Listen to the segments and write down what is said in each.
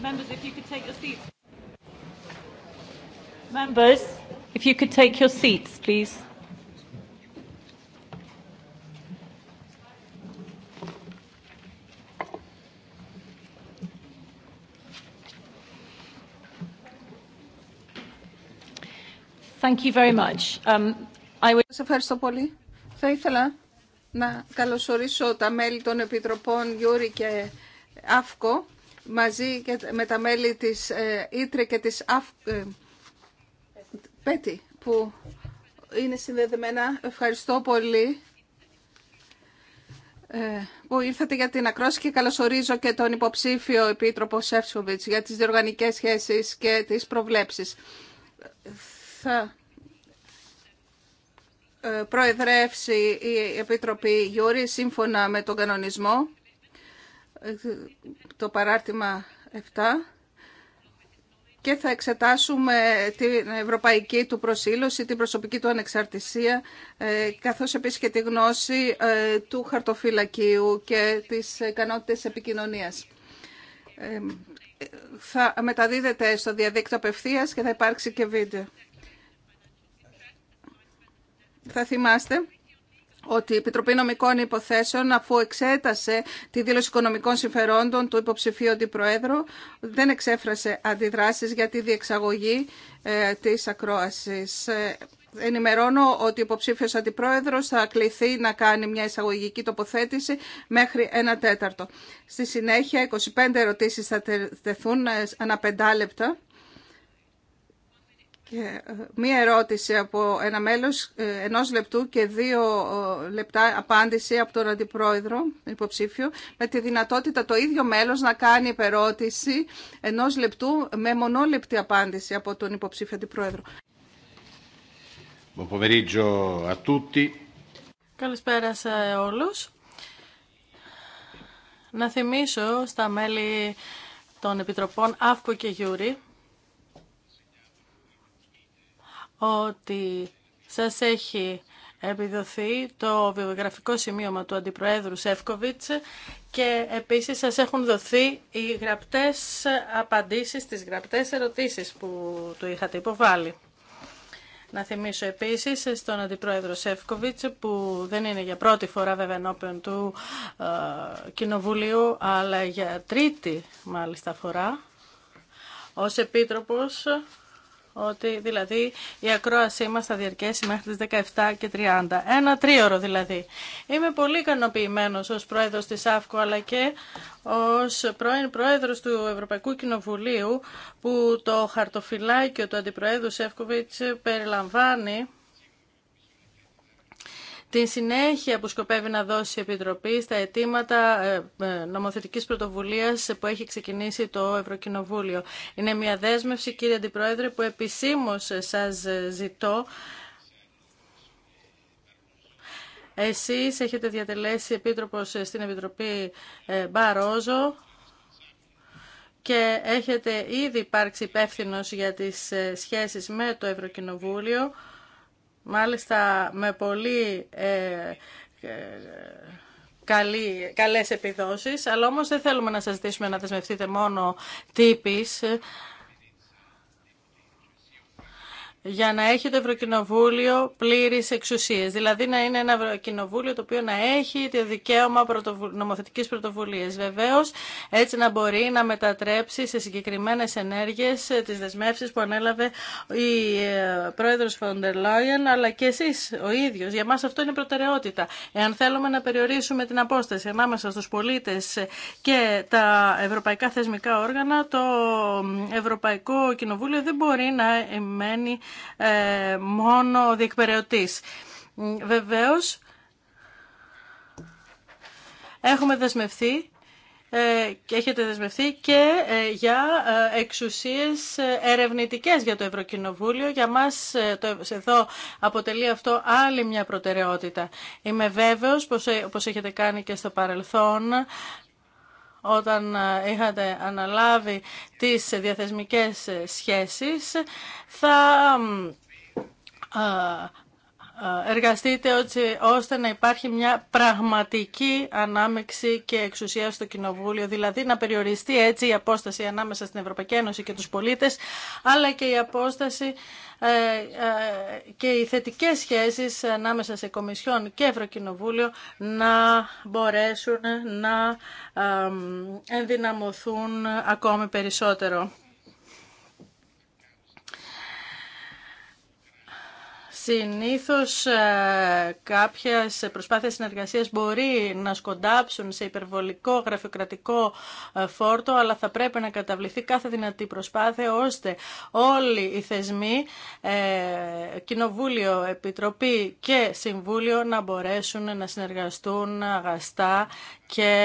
Members, if you could take your seats. Members, if you could take your seats, please. Thank you very much. Um, I would... Σας ευχαριστώ πολύ. Θα ήθελα να καλωσορίσω τα μέλη των Επιτροπών Γιούρη και Αύκο μαζί με τα μέλη της ε, Ήτρε και της ΑΦ... Ε, Πέτη που είναι συνδεδεμένα. Ευχαριστώ πολύ ε, που ήρθατε για την ακρόση και καλωσορίζω και τον υποψήφιο Επίτροπο Σεύσοβιτς για τις διοργανικές σχέσεις και τις προβλέψεις. Θα προεδρεύσει η Επίτροπη Γιώρη σύμφωνα με τον κανονισμό το παράρτημα 7 και θα εξετάσουμε την ευρωπαϊκή του προσήλωση, την προσωπική του ανεξαρτησία, ε, καθώς επίσης και τη γνώση ε, του χαρτοφυλακίου και τις ικανότητε επικοινωνίας. Ε, θα μεταδίδεται στο διαδίκτυο απευθείας και θα υπάρξει και βίντεο. Θα θυμάστε ότι η Επιτροπή Νομικών Υποθέσεων, αφού εξέτασε τη δήλωση οικονομικών συμφερόντων του υποψηφίου αντιπροέδρου, δεν εξέφρασε αντιδράσεις για τη διεξαγωγή ε, της ακρόασης. Ε, ενημερώνω ότι ο υποψήφιος αντιπρόεδρος θα κληθεί να κάνει μια εισαγωγική τοποθέτηση μέχρι ένα τέταρτο. Στη συνέχεια, 25 ερωτήσεις θα τεθούν ε, ανά ε, μία ερώτηση από ένα μέλος ε, ενός λεπτού και δύο ε, λεπτά απάντηση από τον Αντιπρόεδρο υποψήφιο με τη δυνατότητα το ίδιο μέλος να κάνει υπερώτηση ενός λεπτού με μονόλεπτη απάντηση από τον υποψήφιο Αντιπρόεδρο. Καλησπέρα σε όλους. Να θυμίσω στα μέλη των Επιτροπών Αύκο και Γιούρι ότι σας έχει επιδοθεί το βιογραφικό σημείωμα του Αντιπροέδρου Σεύκοβιτς και επίσης σας έχουν δοθεί οι γραπτές απαντήσεις, τις γραπτές ερωτήσεις που του είχατε υποβάλει. Να θυμίσω επίσης στον Αντιπρόεδρο Σεύκοβιτς που δεν είναι για πρώτη φορά βέβαια ενώπιον του ε, Κοινοβουλίου αλλά για τρίτη μάλιστα φορά ως Επίτροπος ότι δηλαδή η ακρόασή μας θα διαρκέσει μέχρι τις 17.30. Ένα τρίωρο δηλαδή. Είμαι πολύ ικανοποιημένο ως πρόεδρος της ΑΦΚΟ αλλά και ως πρώην πρόεδρος του Ευρωπαϊκού Κοινοβουλίου που το χαρτοφυλάκιο του Αντιπροέδρου Σεύκοβιτς περιλαμβάνει την συνέχεια που σκοπεύει να δώσει η Επιτροπή στα αιτήματα ε, ε, νομοθετικής πρωτοβουλίας που έχει ξεκινήσει το Ευρωκοινοβούλιο. Είναι μια δέσμευση, κύριε Αντιπρόεδρε, που επισήμως σας ζητώ εσείς έχετε διατελέσει επίτροπος στην Επιτροπή ε, Μπαρόζο και έχετε ήδη υπάρξει υπεύθυνο για τις σχέσεις με το Ευρωκοινοβούλιο μάλιστα με πολύ ε, ε, καλή, καλές επιδόσεις, αλλά όμως δεν θέλουμε να σας ζητήσουμε να δεσμευτείτε μόνο τύπης, για να έχει το Ευρωκοινοβούλιο πλήρη εξουσία. Δηλαδή να είναι ένα Ευρωκοινοβούλιο το οποίο να έχει το δικαίωμα νομοθετική πρωτοβουλία. Βεβαίω έτσι να μπορεί να μετατρέψει σε συγκεκριμένε ενέργειε, ε, τι δεσμεύσει που ανέλαβε η ε, πρόεδρο Φοντερ Λόιεν αλλά και εσεί, ο ίδιο. Για μα αυτό είναι προτεραιότητα. Εάν θέλουμε να περιορίσουμε την απόσταση ανάμεσα στου πολίτε και τα ευρωπαϊκά θεσμικά όργανα, το Ευρωπαϊκό Κοινοβούλιο δεν μπορεί να μένει ε, μόνο ο διεκπαιρεωτής. Βεβαίως, έχουμε δεσμευθεί ε, και έχετε δεσμευθεί και ε, για εξουσίες ερευνητικές για το Ευρωκοινοβούλιο. Για μας το, εδώ αποτελεί αυτό άλλη μια προτεραιότητα. Είμαι βέβαιος, πως, όπως έχετε κάνει και στο παρελθόν, όταν ε, είχατε αναλάβει τις διαθεσμικές ε, σχέσεις θα ε, εργαστείτε ώστε να υπάρχει μια πραγματική ανάμεξη και εξουσία στο Κοινοβούλιο, δηλαδή να περιοριστεί έτσι η απόσταση ανάμεσα στην Ευρωπαϊκή Ένωση και τους πολίτες, αλλά και η απόσταση ε, ε, και οι θετικές σχέσεις ανάμεσα σε Κομισιόν και Ευρωκοινοβούλιο να μπορέσουν να ε, ενδυναμωθούν ακόμη περισσότερο. Συνήθως ε, κάποιες προσπάθειες συνεργασίας μπορεί να σκοντάψουν σε υπερβολικό γραφειοκρατικό ε, φόρτο, αλλά θα πρέπει να καταβληθεί κάθε δυνατή προσπάθεια, ώστε όλοι οι θεσμοί, ε, Κοινοβούλιο, Επιτροπή και Συμβούλιο να μπορέσουν να συνεργαστούν αγαστά και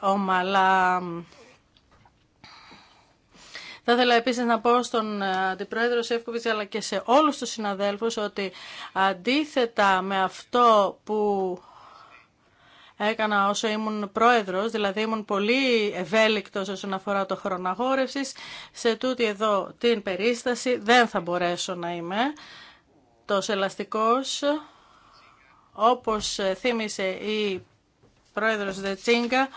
ομαλά. Θα ήθελα επίσης να πω στον ε, Αντιπρόεδρο Σεύκοβιτς αλλά και σε όλους τους συναδέλφους ότι αντίθετα με αυτό που έκανα όσο ήμουν πρόεδρος, δηλαδή ήμουν πολύ ευέλικτος όσον αφορά το χρόνο Σε τούτη εδώ την περίσταση δεν θα μπορέσω να είμαι τόσο ελαστικός, όπως ε, θύμισε η πρόεδρος Δετσίνκα.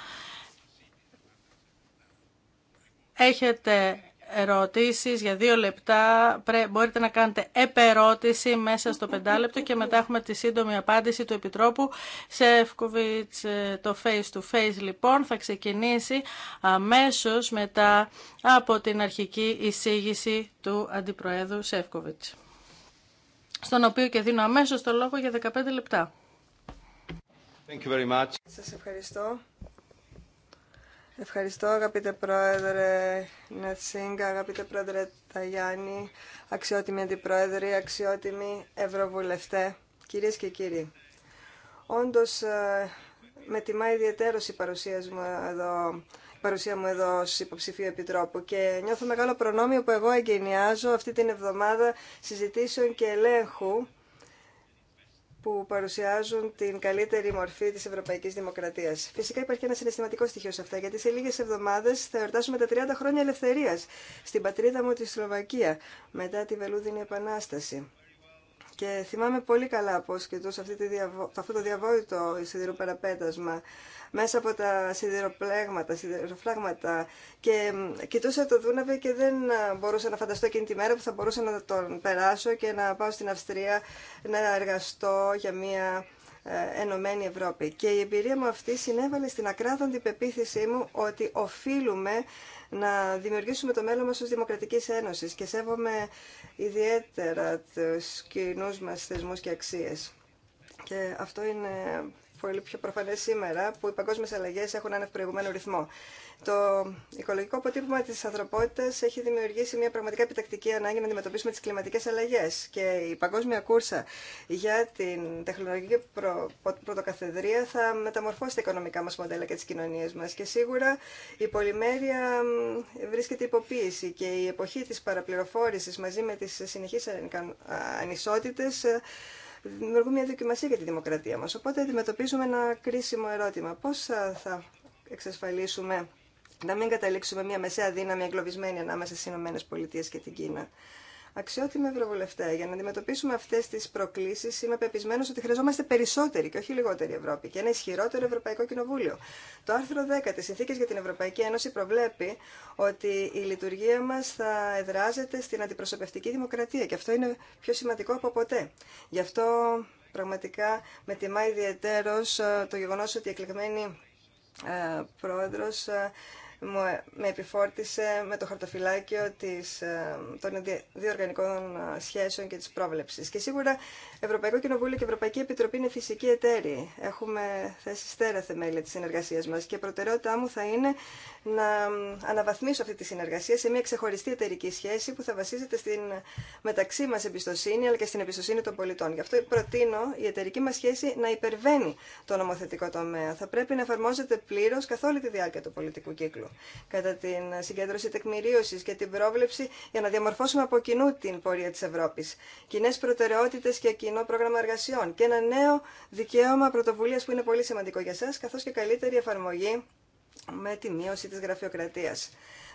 Έχετε ερωτήσεις για δύο λεπτά. Μπορείτε να κάνετε επερώτηση μέσα στο πεντάλεπτο και μετά έχουμε τη σύντομη απάντηση του Επιτρόπου σε ε, το face to face. Λοιπόν, θα ξεκινήσει αμέσως μετά από την αρχική εισήγηση του Αντιπροέδρου Σεύκοβιτς, στον οποίο και δίνω αμέσως το λόγο για 15 λεπτά. Thank Σας ευχαριστώ. Ευχαριστώ αγαπητέ Πρόεδρε Νετσίνκα, αγαπητέ Πρόεδρε Ταγιάννη, αξιότιμοι αντιπρόεδροι, αξιότιμοι ευρωβουλευτέ, κυρίες και κύριοι. Όντως ε, με τιμά ιδιαιτέρως η παρουσία μου εδώ παρουσία μου εδώ ως υποψηφίου επιτρόπου και νιώθω μεγάλο προνόμιο που εγώ εγκαινιάζω αυτή την εβδομάδα συζητήσεων και ελέγχου που παρουσιάζουν την καλύτερη μορφή της ευρωπαϊκής δημοκρατίας. Φυσικά υπάρχει ένα συναισθηματικό στοιχείο σε αυτά, γιατί σε λίγες εβδομάδες θα εορτάσουμε τα 30 χρόνια ελευθερίας στην πατρίδα μου τη Σλοβακία, μετά τη Βελούδινη Επανάσταση. Και θυμάμαι πολύ καλά πώς κοιτούσα αυτό το διαβόητο παραπέτασμα μέσα από τα σιδηροπλέγματα, σιδηροφλάγματα και κοιτούσα το Δούναβι και δεν μπορούσα να φανταστώ εκείνη τη μέρα που θα μπορούσα να τον περάσω και να πάω στην Αυστρία να εργαστώ για μια ε, Ενωμένη Ευρώπη. Και η εμπειρία μου αυτή συνέβαλε στην ακράδαντη πεποίθησή μου ότι οφείλουμε να δημιουργήσουμε το μέλλον μας ως Δημοκρατικής Ένωσης και σέβομαι ιδιαίτερα τους κοινού μας θεσμούς και αξίες. Και αυτό είναι πολύ πιο προφανέ σήμερα που οι παγκόσμιες αλλαγέ έχουν ένα προηγούμενο ρυθμό. Το οικολογικό αποτύπωμα τη ανθρωπότητα έχει δημιουργήσει μια πραγματικά επιτακτική ανάγκη να αντιμετωπίσουμε τι κλιματικέ αλλαγέ. και η παγκόσμια κούρσα για την τεχνολογική προ... πρωτοκαθεδρία θα μεταμορφώσει τα οικονομικά μα μοντέλα και τι κοινωνίε μα. και σίγουρα η πολυμέρεια βρίσκεται υποποίηση και η εποχή τη παραπληροφόρηση μαζί με τις συνεχείς ανισότητες Δημιουργούμε μια δοκιμασία για τη δημοκρατία μας. Οπότε αντιμετωπίζουμε ένα κρίσιμο ερώτημα. Πώς θα εξασφαλίσουμε να μην καταλήξουμε μια μεσαία δύναμη εγκλωβισμένη ανάμεσα στι ΗΠΑ και την Κίνα. Αξιότιμη Ευρωβουλευτέ, για να αντιμετωπίσουμε αυτέ τι προκλήσει, είμαι πεπισμένο ότι χρειαζόμαστε περισσότερη και όχι λιγότερη Ευρώπη και ένα ισχυρότερο Ευρωπαϊκό Κοινοβούλιο. Το άρθρο 10 τη Συνθήκη για την Ευρωπαϊκή Ένωση προβλέπει ότι η λειτουργία μα θα εδράζεται στην αντιπροσωπευτική δημοκρατία και αυτό είναι πιο σημαντικό από ποτέ. Γι' αυτό πραγματικά με τιμά ιδιαίτερο το γεγονό ότι η εκλεγμένη ε, πρόεδρο. Ε, ε, με επιφόρτισε με το χαρτοφυλάκιο της, ε, των διοργανικών ε, σχέσεων και της πρόβλεψης. Και σίγουρα Ευρωπαϊκό Κοινοβούλιο και Ευρωπαϊκή Επιτροπή είναι φυσικοί εταίροι. Έχουμε θέσει στέρα θεμέλια της συνεργασίας μας και προτεραιότητά μου θα είναι να αναβαθμίσω αυτή τη συνεργασία σε μια ξεχωριστή εταιρική σχέση που θα βασίζεται στην μεταξύ μας εμπιστοσύνη αλλά και στην εμπιστοσύνη των πολιτών. Γι' αυτό προτείνω η εταιρική μας σχέση να υπερβαίνει το νομοθετικό τομέα. Θα πρέπει να εφαρμόζεται πλήρως καθ' όλη τη διάρκεια του πολιτικού κύκλου κατά την συγκέντρωση τεκμηρίωσης και την πρόβλεψη για να διαμορφώσουμε από κοινού την πορεία της Ευρώπης. Κοινέ προτεραιότητες και κοινό πρόγραμμα εργασιών και ένα νέο δικαίωμα πρωτοβουλίας που είναι πολύ σημαντικό για σας, καθώς και καλύτερη εφαρμογή με τη μείωση της γραφειοκρατίας.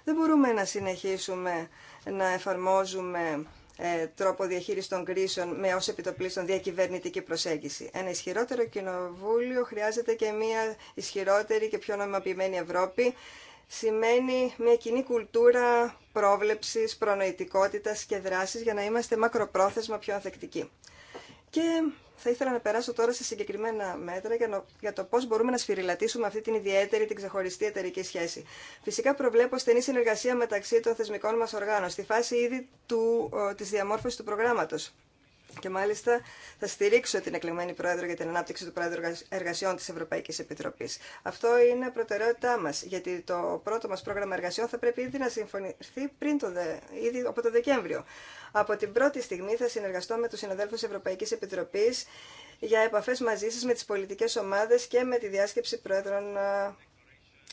Δεν μπορούμε να συνεχίσουμε να εφαρμόζουμε ε, τρόπο διαχείριση των κρίσεων με ω επιτοπλίστων διακυβερνητική προσέγγιση. Ένα ισχυρότερο κοινοβούλιο χρειάζεται και μια ισχυρότερη και πιο νομιμοποιημένη Ευρώπη σημαίνει μια κοινή κουλτούρα πρόβλεψης, προνοητικότητας και δράσης για να είμαστε μακροπρόθεσμα πιο ανθεκτικοί. Και θα ήθελα να περάσω τώρα σε συγκεκριμένα μέτρα για το πώ μπορούμε να σφυριλατήσουμε αυτή την ιδιαίτερη, την ξεχωριστή εταιρική σχέση. Φυσικά προβλέπω στενή συνεργασία μεταξύ των θεσμικών μα οργάνων στη φάση ήδη τη διαμόρφωση του ε, προγράμματο. Και μάλιστα θα στηρίξω την εκλεγμένη πρόεδρο για την ανάπτυξη του πρόεδρου εργασιών τη Ευρωπαϊκή Επιτροπή. Αυτό είναι προτεραιότητά μα, γιατί το πρώτο μα πρόγραμμα εργασιών θα πρέπει ήδη να συμφωνηθεί πριν το δε, ήδη από το Δεκέμβριο. Από την πρώτη στιγμή θα συνεργαστώ με του συναδέλφου Ευρωπαϊκή Επιτροπή για επαφέ μαζί σα με τι πολιτικέ ομάδε και με τη διάσκεψη πρόεδρων ε,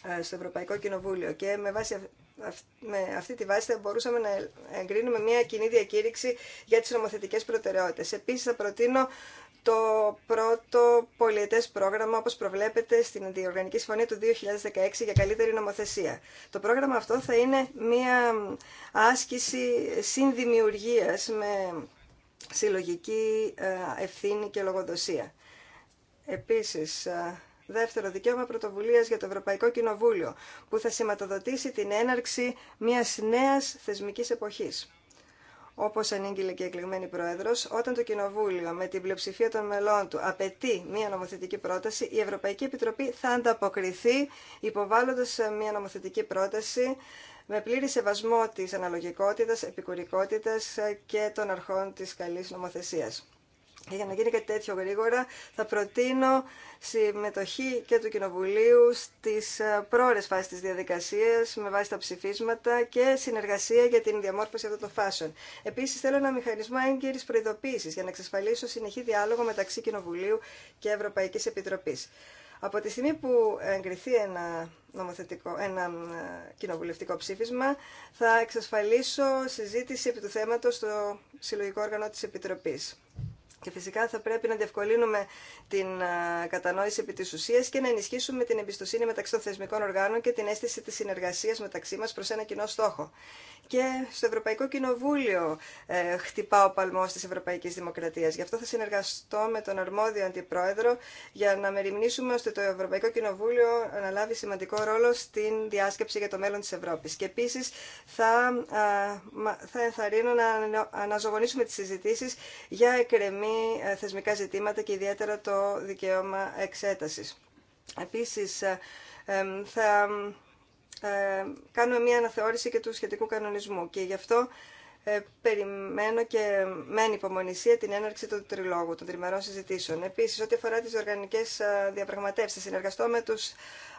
ε, στο Ευρωπαϊκό Κοινοβούλιο και με, βάση, με αυτή τη βάση θα μπορούσαμε να εγκρίνουμε μια κοινή διακήρυξη για τις νομοθετικές προτεραιότητες. Επίσης θα προτείνω το πρώτο πολιετές πρόγραμμα όπως προβλέπεται στην Διοργανική Συμφωνία του 2016 για καλύτερη νομοθεσία. Το πρόγραμμα αυτό θα είναι μια άσκηση συνδημιουργίας με συλλογική ε, ευθύνη και λογοδοσία. Επίσης, ε, Δεύτερο, δικαίωμα πρωτοβουλία για το Ευρωπαϊκό Κοινοβούλιο, που θα σηματοδοτήσει την έναρξη μια νέα θεσμική εποχή. Όπω ανήγγειλε και η εκλεγμένη πρόεδρο, όταν το Κοινοβούλιο με την πλειοψηφία των μελών του απαιτεί μία νομοθετική πρόταση, η Ευρωπαϊκή Επιτροπή θα ανταποκριθεί υποβάλλοντα μία νομοθετική πρόταση με πλήρη σεβασμό τη αναλογικότητα, επικουρικότητα και των αρχών της καλής νομοθεσίας. Για να γίνει κάτι τέτοιο γρήγορα, θα προτείνω συμμετοχή και του Κοινοβουλίου στις ε, πρόορες φάσεις της διαδικασίας με βάση τα ψηφίσματα και συνεργασία για την διαμόρφωση αυτών των φάσεων. Επίσης, θέλω ένα μηχανισμό έγκυρης προειδοποίησης για να εξασφαλίσω συνεχή διάλογο μεταξύ Κοινοβουλίου και Ευρωπαϊκής Επιτροπής. Από τη στιγμή που εγκριθεί ένα, νομοθετικό, ένα ε, κοινοβουλευτικό ψήφισμα, θα εξασφαλίσω συζήτηση επί του θέματος στο συλλογικό όργανο της Επιτροπής. Και φυσικά θα πρέπει να διευκολύνουμε την κατανόηση επί της ουσίας και να ενισχύσουμε την εμπιστοσύνη μεταξύ των θεσμικών οργάνων και την αίσθηση της συνεργασίας μεταξύ μας προς ένα κοινό στόχο. Και στο Ευρωπαϊκό Κοινοβούλιο ε, χτυπά ο παλμός της Ευρωπαϊκής Δημοκρατίας. Γι' αυτό θα συνεργαστώ με τον αρμόδιο αντιπρόεδρο για να μεριμνήσουμε ώστε το Ευρωπαϊκό Κοινοβούλιο να λάβει σημαντικό ρόλο στην διάσκεψη για το μέλλον της Ευρώπης. Και επίσης θα, θα ενθαρρύνω να αναζωογονήσουμε τις συζητήσεις για εκρεμή ε, θεσμικά ζητήματα και ιδιαίτερα το δικαίωμα εξέτασης. Επίσης, ε, θα ε, κάνουμε μία αναθεώρηση και του σχετικού κανονισμού και γι' αυτό περιμένω και με ανυπομονησία την έναρξη του τριλόγου, των τριμερών συζητήσεων. Επίσης, ό,τι αφορά τι οργανικές διαπραγματεύσεις, συνεργαστώ με τους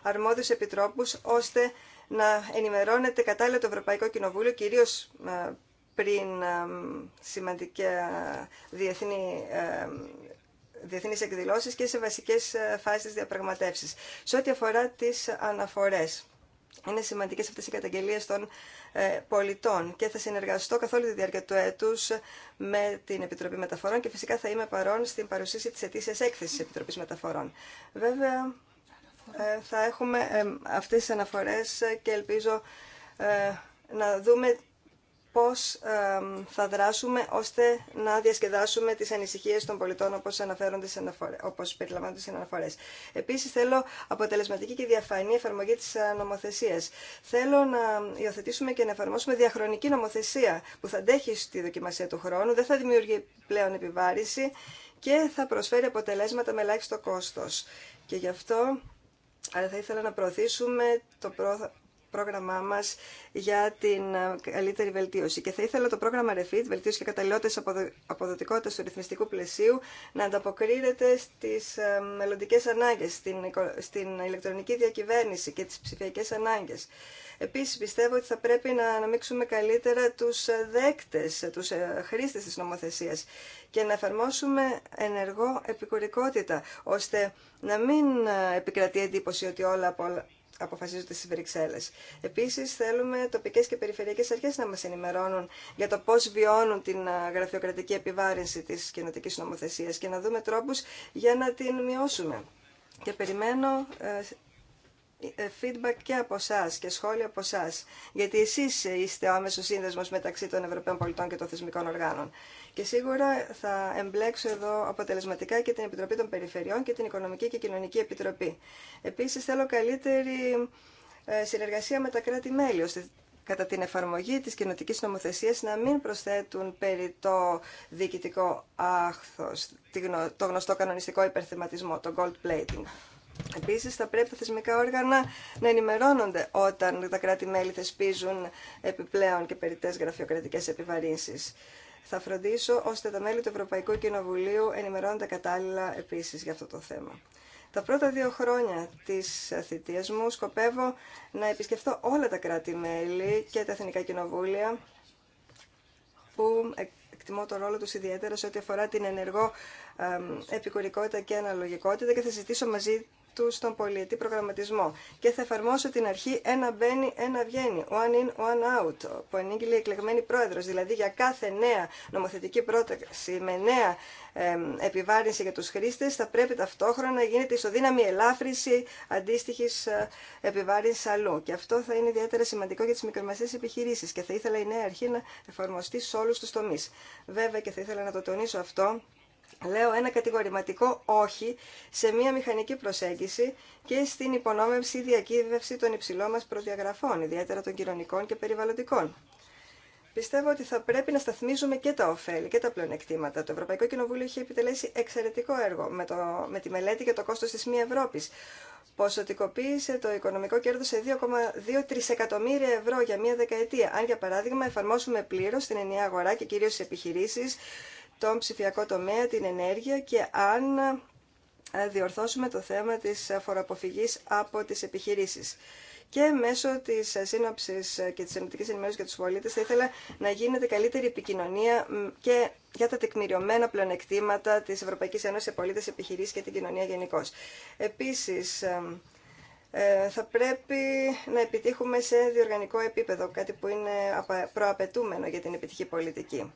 αρμόδιους επιτρόπους ώστε να ενημερώνεται κατάλληλα το Ευρωπαϊκό Κοινοβούλιο, κυρίω πριν σημαντικές διεθνή διεθνείς εκδηλώσεις και σε βασικές ε, φάσεις διαπραγματεύσεις. Σε ό,τι αφορά τις αναφορές, είναι σημαντικές αυτές οι καταγγελίες των ε, πολιτών και θα συνεργαστώ καθ' όλη τη διάρκεια του έτους με την Επιτροπή Μεταφορών και φυσικά θα είμαι παρόν στην παρουσίαση της ετήσιας έκθεσης της Επιτροπής Μεταφορών. Βέβαια, ε, θα έχουμε αυτές τις αναφορές και ελπίζω να δούμε πώς θα δράσουμε ώστε να διασκεδάσουμε τις ανησυχίες των πολιτών όπως, αναφέρονται σε αναφορές, όπως περιλαμβάνονται σε αναφορές. Επίσης θέλω αποτελεσματική και διαφανή εφαρμογή της ε, νομοθεσίας. Θέλω να υιοθετήσουμε και να εφαρμόσουμε διαχρονική νομοθεσία που θα αντέχει στη δοκιμασία του χρόνου, δεν θα δημιουργεί πλέον επιβάρηση και θα προσφέρει αποτελέσματα με ελάχιστο κόστος. Και γι' αυτό ε, θα ήθελα να προωθήσουμε το πρόγραμμά μας για την ε, καλύτερη βελτίωση. Και θα ήθελα το πρόγραμμα REFIT, βελτίωση και καταλληλότητας αποδοτικότητας του ρυθμιστικού πλαισίου, να ανταποκρίνεται στι ε, μελλοντικέ ανάγκε στην, στην ηλεκτρονική διακυβέρνηση και τι ψηφιακέ ανάγκε. Επίση, πιστεύω ότι θα πρέπει να αναμίξουμε καλύτερα του ε, δέκτε, του χρήστε τη νομοθεσία και να εφαρμόσουμε ενεργό επικουρικότητα, ώστε να μην επικρατεί εντύπωση ότι όλα αποφασίζονται στι Βρυξέλλε. Επίσης θέλουμε τοπικέ και περιφερειακές αρχές να μας ενημερώνουν για το πώς βιώνουν την γραφειοκρατική επιβάρυνση της κοινοτική νομοθεσίας και να δούμε τρόπους για να την μειώσουμε. Και περιμένω ε, ε, feedback και από εσά και σχόλια από εσά, γιατί εσεί είστε ο άμεσο σύνδεσμο μεταξύ των Ευρωπαίων πολιτών και των θεσμικών οργάνων. Και σίγουρα θα εμπλέξω εδώ αποτελεσματικά και την Επιτροπή των Περιφερειών και την Οικονομική και Κοινωνική Επιτροπή. Επίσης θέλω καλύτερη ε, συνεργασία με τα κράτη-μέλη, ώστε κατά την εφαρμογή της κοινοτική νομοθεσίας να μην προσθέτουν περί το διοικητικό άχθος, το γνωστό κανονιστικό υπερθεματισμό, το gold plating. Επίσης θα πρέπει τα θεσμικά όργανα να ενημερώνονται όταν τα κράτη-μέλη θεσπίζουν επιπλέον και περιττές γραφειοκρατικές επιβαρύνσεις. Θα φροντίσω ώστε τα μέλη του Ευρωπαϊκού Κοινοβουλίου ενημερώνονται κατάλληλα επίσης για αυτό το θέμα. Τα πρώτα δύο χρόνια της θητείας μου σκοπεύω να επισκεφτώ όλα τα κράτη-μέλη και τα εθνικά κοινοβούλια που εκτιμώ τον ρόλο τους ιδιαίτερα σε ό,τι αφορά την ενεργό επικουρικότητα και αναλογικότητα και θα ζητήσω μαζί στον πολίτη προγραμματισμό και θα εφαρμόσω την αρχή ένα μπαίνει, ένα βγαίνει, one in, one out, που ανήκει η εκλεγμένη πρόεδρος. Δηλαδή για κάθε νέα νομοθετική πρόταση με νέα επιβάρυνση για τους χρήστες θα πρέπει ταυτόχρονα να γίνεται ισοδύναμη ελάφρυνση αντίστοιχη ε, επιβάρυνση αλλού. Και αυτό θα είναι ιδιαίτερα σημαντικό για τι μικρομεσαίες επιχειρήσει. και θα ήθελα η νέα αρχή να εφαρμοστεί σε όλου του τομεί. Βέβαια και θα ήθελα να το τονίσω αυτό, Λέω ένα κατηγορηματικό όχι σε μια μηχανική προσέγγιση και στην υπονόμευση ή διακύβευση των υψηλών μας προδιαγραφών, ιδιαίτερα των κοινωνικών και περιβαλλοντικών. Πιστεύω ότι θα πρέπει να σταθμίζουμε και τα ωφέλη και τα πλεονεκτήματα. Το Ευρωπαϊκό Κοινοβούλιο είχε επιτελέσει εξαιρετικό έργο με, το, με τη μελέτη για το κόστο τη μη Ευρώπη. Ποσοτικοποίησε το οικονομικό κέρδο σε 2,2 τρισεκατομμύρια ευρώ για μία δεκαετία. Αν, για παράδειγμα, εφαρμόσουμε πλήρω την ενιαία αγορά και κυρίω στι επιχειρήσει, τον ψηφιακό τομέα, την ενέργεια και αν ε, διορθώσουμε το θέμα της φοροαποφυγής από τις επιχειρήσεις. Και μέσω της σύνοψης ε, και της ενωτικής ενημέρωσης για τους πολίτες θα ήθελα να γίνεται καλύτερη επικοινωνία και για τα τεκμηριωμένα πλεονεκτήματα της Ευρωπαϊκής Ένωσης σε πολίτες, επιχειρήσεις και την κοινωνία γενικώ. Επίσης, ε, θα πρέπει να επιτύχουμε σε διοργανικό επίπεδο, κάτι που είναι προαπαιτούμενο για την επιτυχή πολιτική.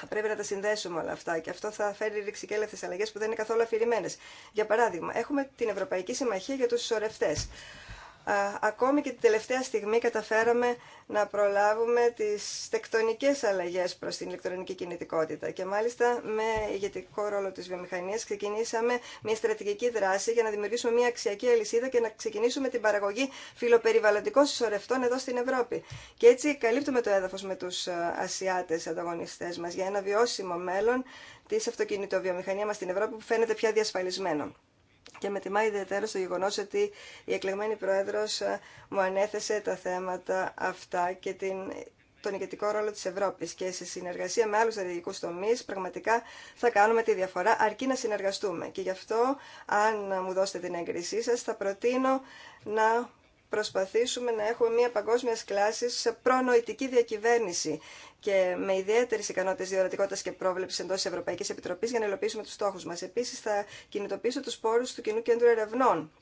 Θα πρέπει να τα συνδέσουμε όλα αυτά και αυτό θα φέρει ρηξικέλευτε αλλαγέ που δεν είναι καθόλου αφηρημένε. Για παράδειγμα, έχουμε την Ευρωπαϊκή Συμμαχία για του Σορευτέ ακόμη και την τελευταία στιγμή καταφέραμε να προλάβουμε τις τεκτονικές αλλαγές προς την ηλεκτρονική κινητικότητα και μάλιστα με ηγετικό ρόλο της βιομηχανίας ξεκινήσαμε μια στρατηγική δράση για να δημιουργήσουμε μια αξιακή αλυσίδα και να ξεκινήσουμε την παραγωγή φιλοπεριβαλλοντικών συσσωρευτών εδώ στην Ευρώπη. Και έτσι καλύπτουμε το έδαφος με τους Ασιάτες ανταγωνιστές μας για ένα βιώσιμο μέλλον της αυτοκινητοβιομηχανία μας στην Ευρώπη που φαίνεται πια διασφαλισμένο και με τιμά ιδιαίτερα στο γεγονός ότι η εκλεγμένη πρόεδρος ε, μου ανέθεσε τα θέματα αυτά και την, τον ηγετικό ρόλο της Ευρώπης και σε συνεργασία με άλλους στρατηγικού τομείς πραγματικά θα κάνουμε τη διαφορά αρκεί να συνεργαστούμε και γι' αυτό αν μου δώσετε την έγκρισή σας θα προτείνω να προσπαθήσουμε να έχουμε μια παγκόσμια κλάση σε προνοητική διακυβέρνηση και με ιδιαίτερε ικανότητε διορατικότητα και πρόβλεψη εντό Ευρωπαϊκή Επιτροπή για να υλοποιήσουμε του στόχου μα. Επίση, θα κινητοποιήσω του πόρου του Κοινού Κέντρου Ερευνών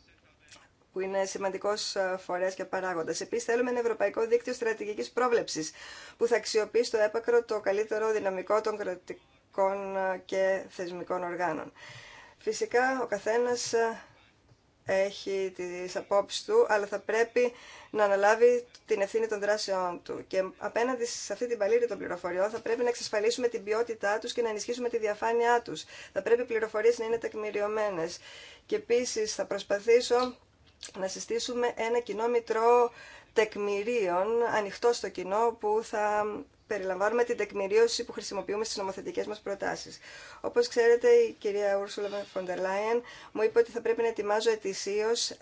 που είναι σημαντικό ε, φορέα και παράγοντα. Επίση, θέλουμε ένα ευρωπαϊκό δίκτυο στρατηγική πρόβλεψη που θα αξιοποιήσει στο έπακρο το καλύτερο δυναμικό των κρατικών ε, και θεσμικών οργάνων. Φυσικά, ο καθένα ε, έχει τις απόψεις του, αλλά θα πρέπει να αναλάβει την ευθύνη των δράσεών του. Και απέναντι σε αυτή την παλήρη των πληροφοριών θα πρέπει να εξασφαλίσουμε την ποιότητά τους και να ενισχύσουμε τη διαφάνειά τους. Θα πρέπει οι πληροφορίες να είναι τεκμηριωμένες. Και επίσης θα προσπαθήσω να συστήσουμε ένα κοινό μητρό τεκμηρίων ανοιχτό στο κοινό που θα περιλαμβάνουμε την τεκμηρίωση που χρησιμοποιούμε στις νομοθετικές μας προτάσεις. Όπως ξέρετε, η κυρία Ούρσουλα Φοντερ μου είπε ότι θα πρέπει να ετοιμάζω ετησίως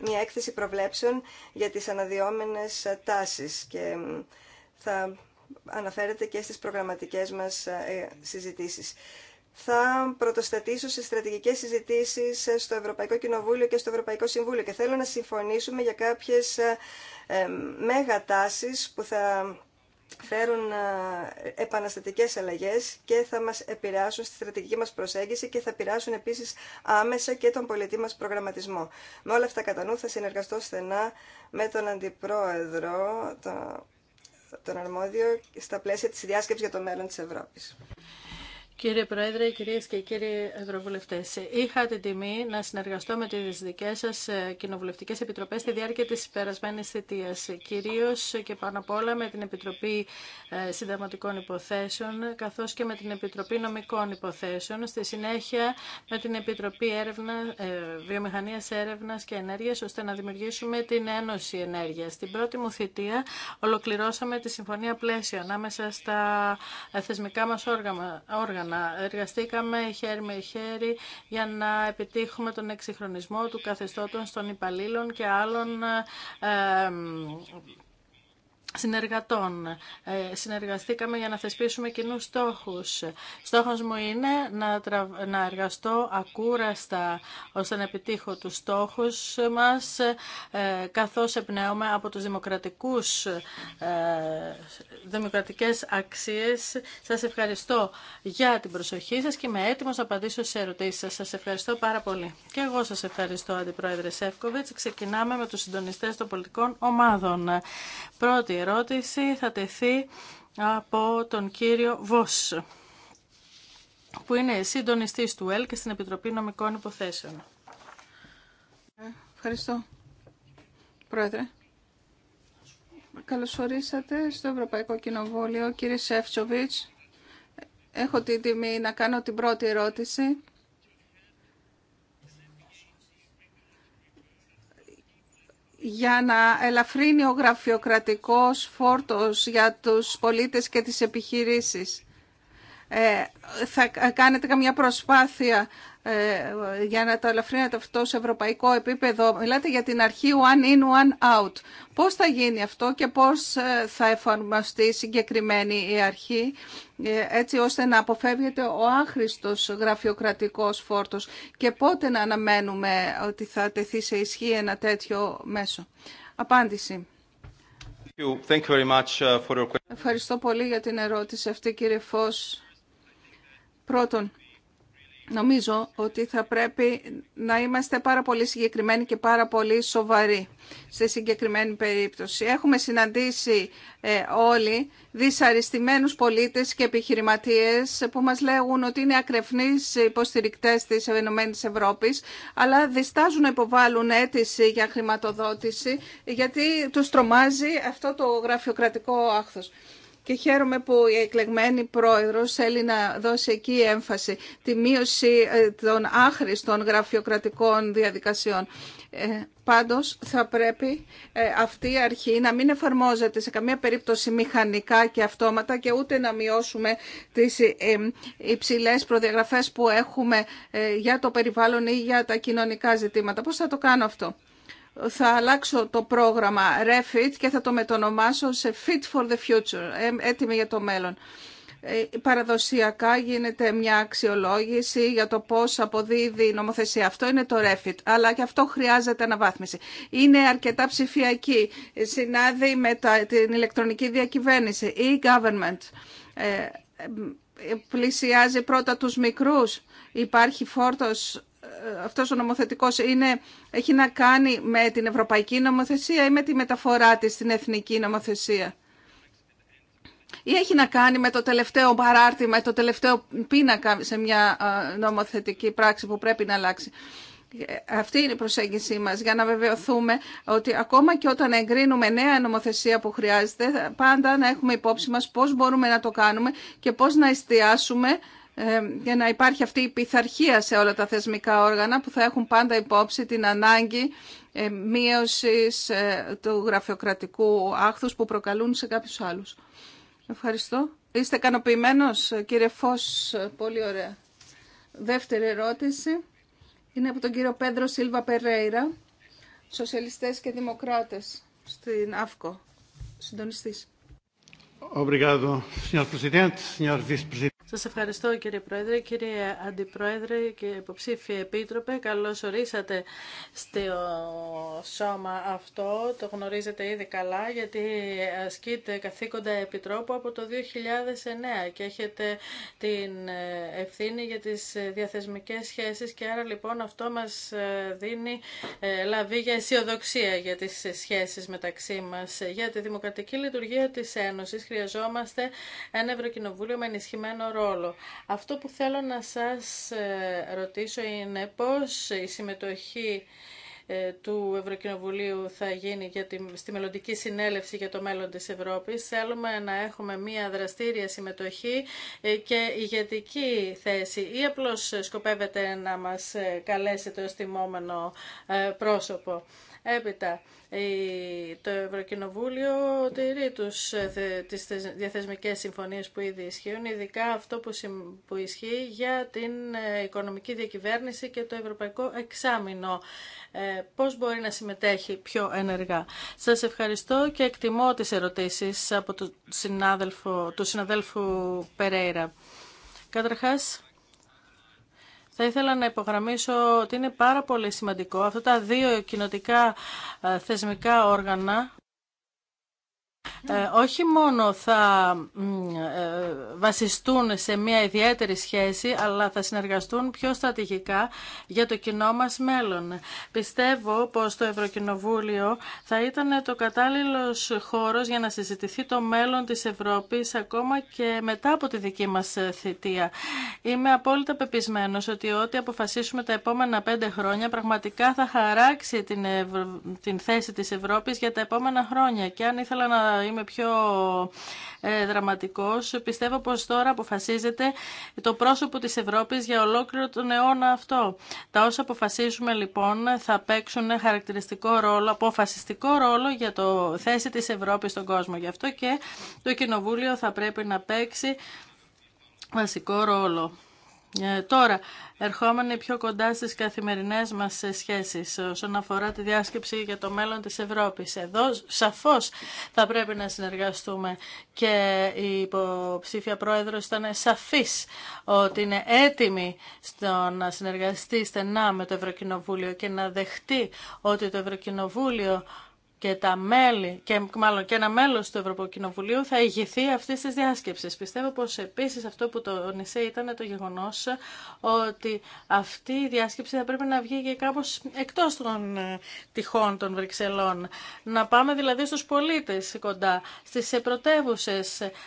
μια έκθεση προβλέψεων για τις αναδυόμενες τάσεις και θα αναφέρεται και στις προγραμματικές μας ε, συζητήσεις θα πρωτοστατήσω σε στρατηγικές συζητήσεις ε, στο Ευρωπαϊκό Κοινοβούλιο και στο Ευρωπαϊκό Συμβούλιο και θέλω να συμφωνήσουμε για κάποιες ε, ε, μέγα τάσεις που θα φέρουν επαναστατικές αλλαγές και θα μας επηρεάσουν στη στρατηγική μας προσέγγιση και θα επηρεάσουν επίσης άμεσα και τον πολιτή μας προγραμματισμό. Με όλα αυτά κατά νου θα συνεργαστώ στενά με τον Αντιπρόεδρο, τον, Αρμόδιο, στα πλαίσια της διάσκεψης για το μέλλον της Ευρώπης. Κύριε Πρόεδρε, κυρίες και κύριοι Ευρωβουλευτές, είχα την τιμή να συνεργαστώ με τις δικές σας ε, κοινοβουλευτικές επιτροπές στη διάρκεια της περασμένης θητείας, κυρίως και πάνω απ' όλα με την Επιτροπή ε, Συνταγματικών Υποθέσεων, καθώς και με την Επιτροπή Νομικών Υποθέσεων, στη συνέχεια με την Επιτροπή Έρευνα, ε, Βιομηχανίας Έρευνας και Ενέργειας, ώστε να δημιουργήσουμε την Ένωση Ενέργειας. Στην πρώτη μου θητεία ολοκληρώσαμε τη Συμφωνία Πλαίσιο ανάμεσα στα θεσμικά μας όργανα Εργαστήκαμε χέρι με χέρι για να επιτύχουμε τον εξυγχρονισμό του καθεστώτων των υπαλλήλων και άλλων ε, συνεργατών. Ε, συνεργαστήκαμε για να θεσπίσουμε κοινούς στόχους. Στόχος μου είναι να, να εργαστώ ακούραστα ώστε να επιτύχω τους στόχους μας, ε, καθώς εμπνέομαι από τους δημοκρατικούς, ε, δημοκρατικές αξίες. Σας ευχαριστώ για την προσοχή σας και είμαι έτοιμος να απαντήσω σε ερωτήσεις σας. Σας ευχαριστώ πάρα πολύ. Και εγώ σας ευχαριστώ, Αντιπρόεδρε Σεύκοβιτς. Ξεκινάμε με τους συντονιστές των πολιτικών ομάδων. Πρώτη ερώτηση θα τεθεί από τον κύριο Βοσ, που είναι συντονιστής του ΕΛ και στην Επιτροπή Νομικών Υποθέσεων. Ε, ευχαριστώ. Πρόεδρε. Καλωσορίσατε στο Ευρωπαϊκό Κοινοβούλιο, κύριε Σεφτσοβιτς. Έχω την τιμή να κάνω την πρώτη ερώτηση για να ελαφρύνει ο γραφειοκρατικός φόρτος για τους πολίτες και τις επιχειρήσεις. Ε, θα κάνετε καμιά προσπάθεια ε, για να το ελαφρύνετε αυτό σε ευρωπαϊκό επίπεδο. Μιλάτε για την αρχή one in, one out. Πώς θα γίνει αυτό και πώς ε, θα εφαρμοστεί συγκεκριμένη η αρχή έτσι ώστε να αποφεύγεται ο άχρηστος γραφειοκρατικός φόρτος και πότε να αναμένουμε ότι θα τεθεί σε ισχύ ένα τέτοιο μέσο. Απάντηση. Uh, Ευχαριστώ πολύ για την ερώτηση αυτή κύριε Φως. Πρώτον, νομίζω ότι θα πρέπει να είμαστε πάρα πολύ συγκεκριμένοι και πάρα πολύ σοβαροί στη συγκεκριμένη περίπτωση. Έχουμε συναντήσει ε, όλοι δυσαρεστημένους πολίτες και επιχειρηματίες που μας λέγουν ότι είναι ακρεφνείς υποστηρικτές της Ευρώπης, αλλά διστάζουν να υποβάλουν αίτηση για χρηματοδότηση γιατί τους τρομάζει αυτό το γραφειοκρατικό άχθος και χαίρομαι που η εκλεγμένη πρόεδρος θέλει να δώσει εκεί έμφαση τη μείωση ε, των άχρηστων γραφειοκρατικών διαδικασιών. Ε, πάντως θα πρέπει ε, αυτή η αρχή να μην εφαρμόζεται σε καμία περίπτωση μηχανικά και αυτόματα και ούτε να μειώσουμε τις ε, ε υψηλές προδιαγραφές που έχουμε για το περιβάλλον ή για τα κοινωνικά ζητήματα. Πώς θα το κάνω αυτό θα αλλάξω το πρόγραμμα REFIT και θα το μετονομάσω σε Fit for the Future, ε, έτοιμη για το μέλλον. Ε, παραδοσιακά γίνεται μια αξιολόγηση για το πώς αποδίδει η νομοθεσία. Αυτό είναι το REFIT, αλλά και αυτό χρειάζεται αναβάθμιση. Είναι αρκετά ψηφιακή, ε, συνάδει με την ηλεκτρονική διακυβέρνηση ή government. Πλησιάζει πρώτα τους μικρούς. Υπάρχει φόρτος αυτός ο νομοθετικός είναι, έχει να κάνει με την ευρωπαϊκή νομοθεσία ή με τη μεταφορά της στην εθνική νομοθεσία. Ή έχει να κάνει με το τελευταίο παράρτημα, το τελευταίο πίνακα σε μια νομοθετική πράξη που πρέπει να αλλάξει. Αυτή είναι η προσέγγιση μας για να βεβαιωθούμε ότι ακόμα και όταν εγκρίνουμε νέα νομοθεσία που χρειάζεται πάντα να έχουμε υπόψη μας πώς μπορούμε να το κάνουμε και πώς να εστιάσουμε ε, για να υπάρχει αυτή η πειθαρχία σε όλα τα θεσμικά όργανα που θα έχουν πάντα υπόψη την ανάγκη ε, μείωσης ε, του γραφειοκρατικού άχθους που προκαλούν σε κάποιους άλλους. Ευχαριστώ. Είστε ικανοποιημένο, κύριε Φως. Πολύ ωραία. Δεύτερη ερώτηση είναι από τον κύριο Πέντρο Σίλβα Περέιρα, σοσιαλιστές και δημοκράτες στην ΑΦΚΟ. Συντονιστής. Σα ευχαριστώ κύριε Πρόεδρε, κύριε Αντιπρόεδρε και υποψήφιε Επίτροπε. Καλώς ορίσατε στο σώμα αυτό. Το γνωρίζετε ήδη καλά γιατί ασκείτε καθήκοντα Επιτρόπου από το 2009 και έχετε την ευθύνη για τις διαθεσμικέ σχέσεις και άρα λοιπόν αυτό μας δίνει ε, λαβή για αισιοδοξία για τις σχέσεις μεταξύ μας. Για τη δημοκρατική λειτουργία της Ένωσης χρειαζόμαστε ένα Ευρωκοινοβούλιο με ενισχυμένο ρόλο αυτό που θέλω να σας ε, ρωτήσω είναι πώς η συμμετοχή ε, του Ευρωκοινοβουλίου θα γίνει για τη, στη μελλοντική συνέλευση για το μέλλον της Ευρώπης. Θέλουμε να έχουμε μια δραστήρια συμμετοχή ε, και ηγετική θέση ή απλώς σκοπεύετε να μας καλέσετε ως τιμόμενο πρόσωπο. Έπειτα, το Ευρωκοινοβούλιο τηρεί τους, ε, τις διαθεσμικές συμφωνίες που ήδη ισχύουν, ειδικά αυτό που ισχύει για την ε, οικονομική διακυβέρνηση και το ευρωπαϊκό εξάμεινο. Ε, πώς μπορεί να συμμετέχει πιο ενεργά. Σας ευχαριστώ και εκτιμώ τις ερωτήσεις από του συναδέλφου Περέιρα. Καταρχάς, θα ήθελα να υπογραμμίσω ότι είναι πάρα πολύ σημαντικό αυτά τα δύο κοινοτικά ε, θεσμικά όργανα ε, όχι μόνο θα ε, βασιστούν σε μια ιδιαίτερη σχέση, αλλά θα συνεργαστούν πιο στρατηγικά για το κοινό μας μέλλον. Πιστεύω πως το Ευρωκοινοβούλιο θα ήταν το κατάλληλος χώρος για να συζητηθεί το μέλλον της Ευρώπης ακόμα και μετά από τη δική μας θητεία. Είμαι απόλυτα πεπισμένος ότι ό,τι αποφασίσουμε τα επόμενα πέντε χρόνια πραγματικά θα χαράξει την, θέση της Ευρώπης για τα επόμενα χρόνια. Και αν ήθελα να είμαι πιο ε, δραματικός, πιστεύω πως τώρα αποφασίζεται το πρόσωπο της Ευρώπης για ολόκληρο τον αιώνα αυτό. Τα όσα αποφασίζουμε λοιπόν θα παίξουν χαρακτηριστικό ρόλο, αποφασιστικό ρόλο για το θέση της Ευρώπης στον κόσμο. Γι' αυτό και το Κοινοβούλιο θα πρέπει να παίξει βασικό ρόλο. Ε, τώρα, ερχόμενοι πιο κοντά στις καθημερινές μας σχέσεις όσον αφορά τη διάσκεψη για το μέλλον της Ευρώπης. Εδώ σαφώς θα πρέπει να συνεργαστούμε και η υποψήφια πρόεδρος ήταν σαφής ότι είναι έτοιμη στο να συνεργαστεί στενά με το Ευρωκοινοβούλιο και να δεχτεί ότι το Ευρωκοινοβούλιο και, τα μέλη, και, μάλλον, και ένα μέλος του Ευρωπαϊκού Κοινοβουλίου θα ηγηθεί αυτή τη διάσκεψη. Πιστεύω πως επίσης αυτό που το τονισέ ήταν το γεγονός ότι αυτή η διάσκεψη θα πρέπει να βγει και κάπως εκτός των ε, τυχών των Βρυξελών. Να πάμε δηλαδή στους πολίτες κοντά, στις πρωτεύουσε,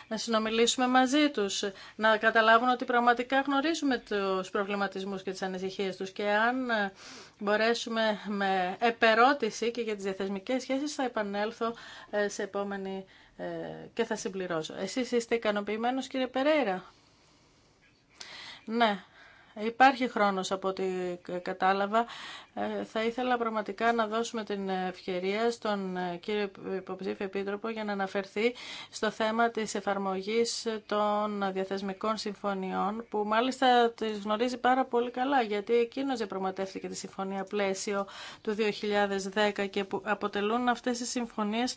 να συνομιλήσουμε μαζί τους, να καταλάβουν ότι πραγματικά γνωρίζουμε τους προβληματισμούς και τις ανησυχίες τους και αν ε, μπορέσουμε με επερώτηση και για τις διαθεσμικές σχέσεις θα επανέλθω ε, σε επόμενη ε, και θα συμπληρώσω. Εσείς είστε ικανοποιημένος κύριε Περέιρα. Ναι, Υπάρχει χρόνος από ό,τι κατάλαβα. Ε, θα ήθελα πραγματικά να δώσουμε την ευκαιρία στον ε, κύριο υποψήφιο επίτροπο για να αναφερθεί στο θέμα της εφαρμογής των διαθεσμικών συμφωνιών που μάλιστα τις γνωρίζει πάρα πολύ καλά γιατί εκείνος διαπραγματεύτηκε τη συμφωνία πλαίσιο του 2010 και που αποτελούν αυτές οι συμφωνίες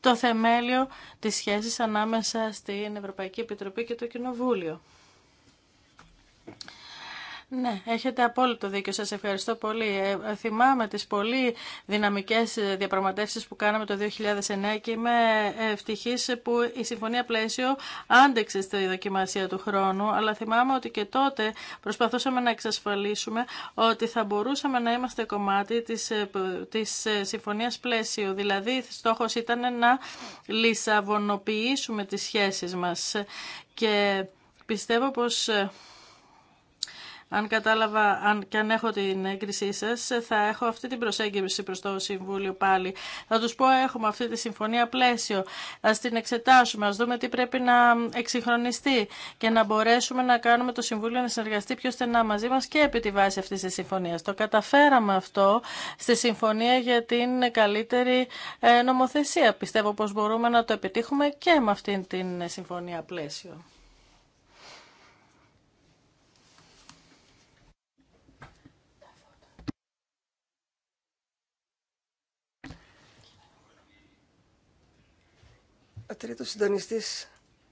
το θεμέλιο της σχέσης ανάμεσα στην Ευρωπαϊκή Επιτροπή και το Κοινοβούλιο. Ναι, έχετε απόλυτο δίκιο. Σας ευχαριστώ πολύ. Ε, θυμάμαι τις πολύ δυναμικές διαπραγματεύσεις που κάναμε το 2009 και είμαι ευτυχής που η Συμφωνία Πλαίσιο άντεξε στη δοκιμασία του χρόνου, αλλά θυμάμαι ότι και τότε προσπαθούσαμε να εξασφαλίσουμε ότι θα μπορούσαμε να είμαστε κομμάτι της, ε, της ε, Συμφωνίας Πλαίσιο. Δηλαδή, στόχος ήταν να λισαβονοποιήσουμε τις σχέσεις μας και πιστεύω πως αν κατάλαβα αν, και αν έχω την έγκρισή σα, θα έχω αυτή την προσέγγιση προ το Συμβούλιο πάλι. Θα του πω έχουμε αυτή τη συμφωνία πλαίσιο, Α την εξετάσουμε, Α δούμε τι πρέπει να εξυγχρονιστεί και να μπορέσουμε να κάνουμε το Συμβούλιο να συνεργαστεί πιο στενά μαζί μα και επί τη βάση αυτή τη συμφωνία. Το καταφέραμε αυτό στη συμφωνία για την καλύτερη ε, νομοθεσία. Πιστεύω πω μπορούμε να το επιτύχουμε και με αυτή την συμφωνία πλαίσιο. Ο τρίτο συντονιστής,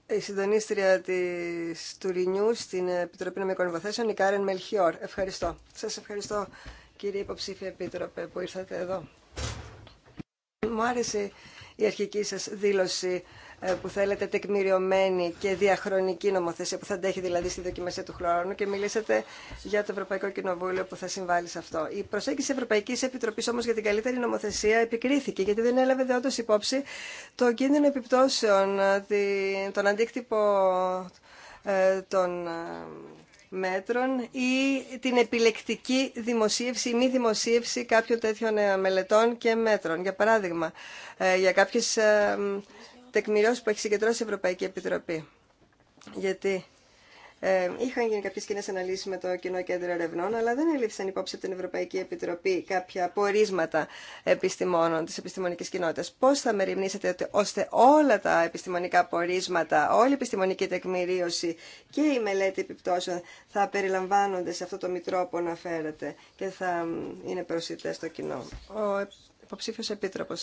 η συντονίστρια της Τουρινιού στην Επιτροπή Νομικών Υποθέσεων, η Κάρεν Μελχιόρ. Ευχαριστώ. Σας ευχαριστώ κύριε υποψήφια επίτροπε που ήρθατε εδώ. Μου άρεσε η αρχική σας δήλωση ε, που θέλετε τεκμηριωμένη και διαχρονική νομοθεσία που θα αντέχει δηλαδή στη δοκιμασία του χρόνου και μιλήσατε για το Ευρωπαϊκό Κοινοβούλιο που θα συμβάλλει σε αυτό. Η προσέγγιση Ευρωπαϊκή Επιτροπή όμω για την καλύτερη νομοθεσία επικρίθηκε γιατί δεν έλαβε δεόντω υπόψη το κίνδυνο επιπτώσεων, ε, τον αντίκτυπο ε, των μέτρων ή την επιλεκτική δημοσίευση ή μη δημοσίευση κάποιων τέτοιων μελετών και μέτρων. Για παράδειγμα, για κάποιες τεκμηριώσει που έχει συγκεντρώσει η Ευρωπαϊκή Επιτροπή. Γιατί ε, είχαν γίνει κάποιε κοινέ αναλύσει με το Κοινό Κέντρο Ερευνών, αλλά δεν ελήφθησαν υπόψη από την Ευρωπαϊκή Επιτροπή κάποια πορίσματα επιστημόνων τη επιστημονική κοινότητα. Πώ θα μεριμνήσετε ώστε όλα τα επιστημονικά πορίσματα, όλη η επιστημονική τεκμηρίωση και η μελέτη επιπτώσεων θα περιλαμβάνονται σε αυτό το μητρό που αναφέρατε και θα είναι προσιτέ στο κοινό υποψήφιο επίτροπο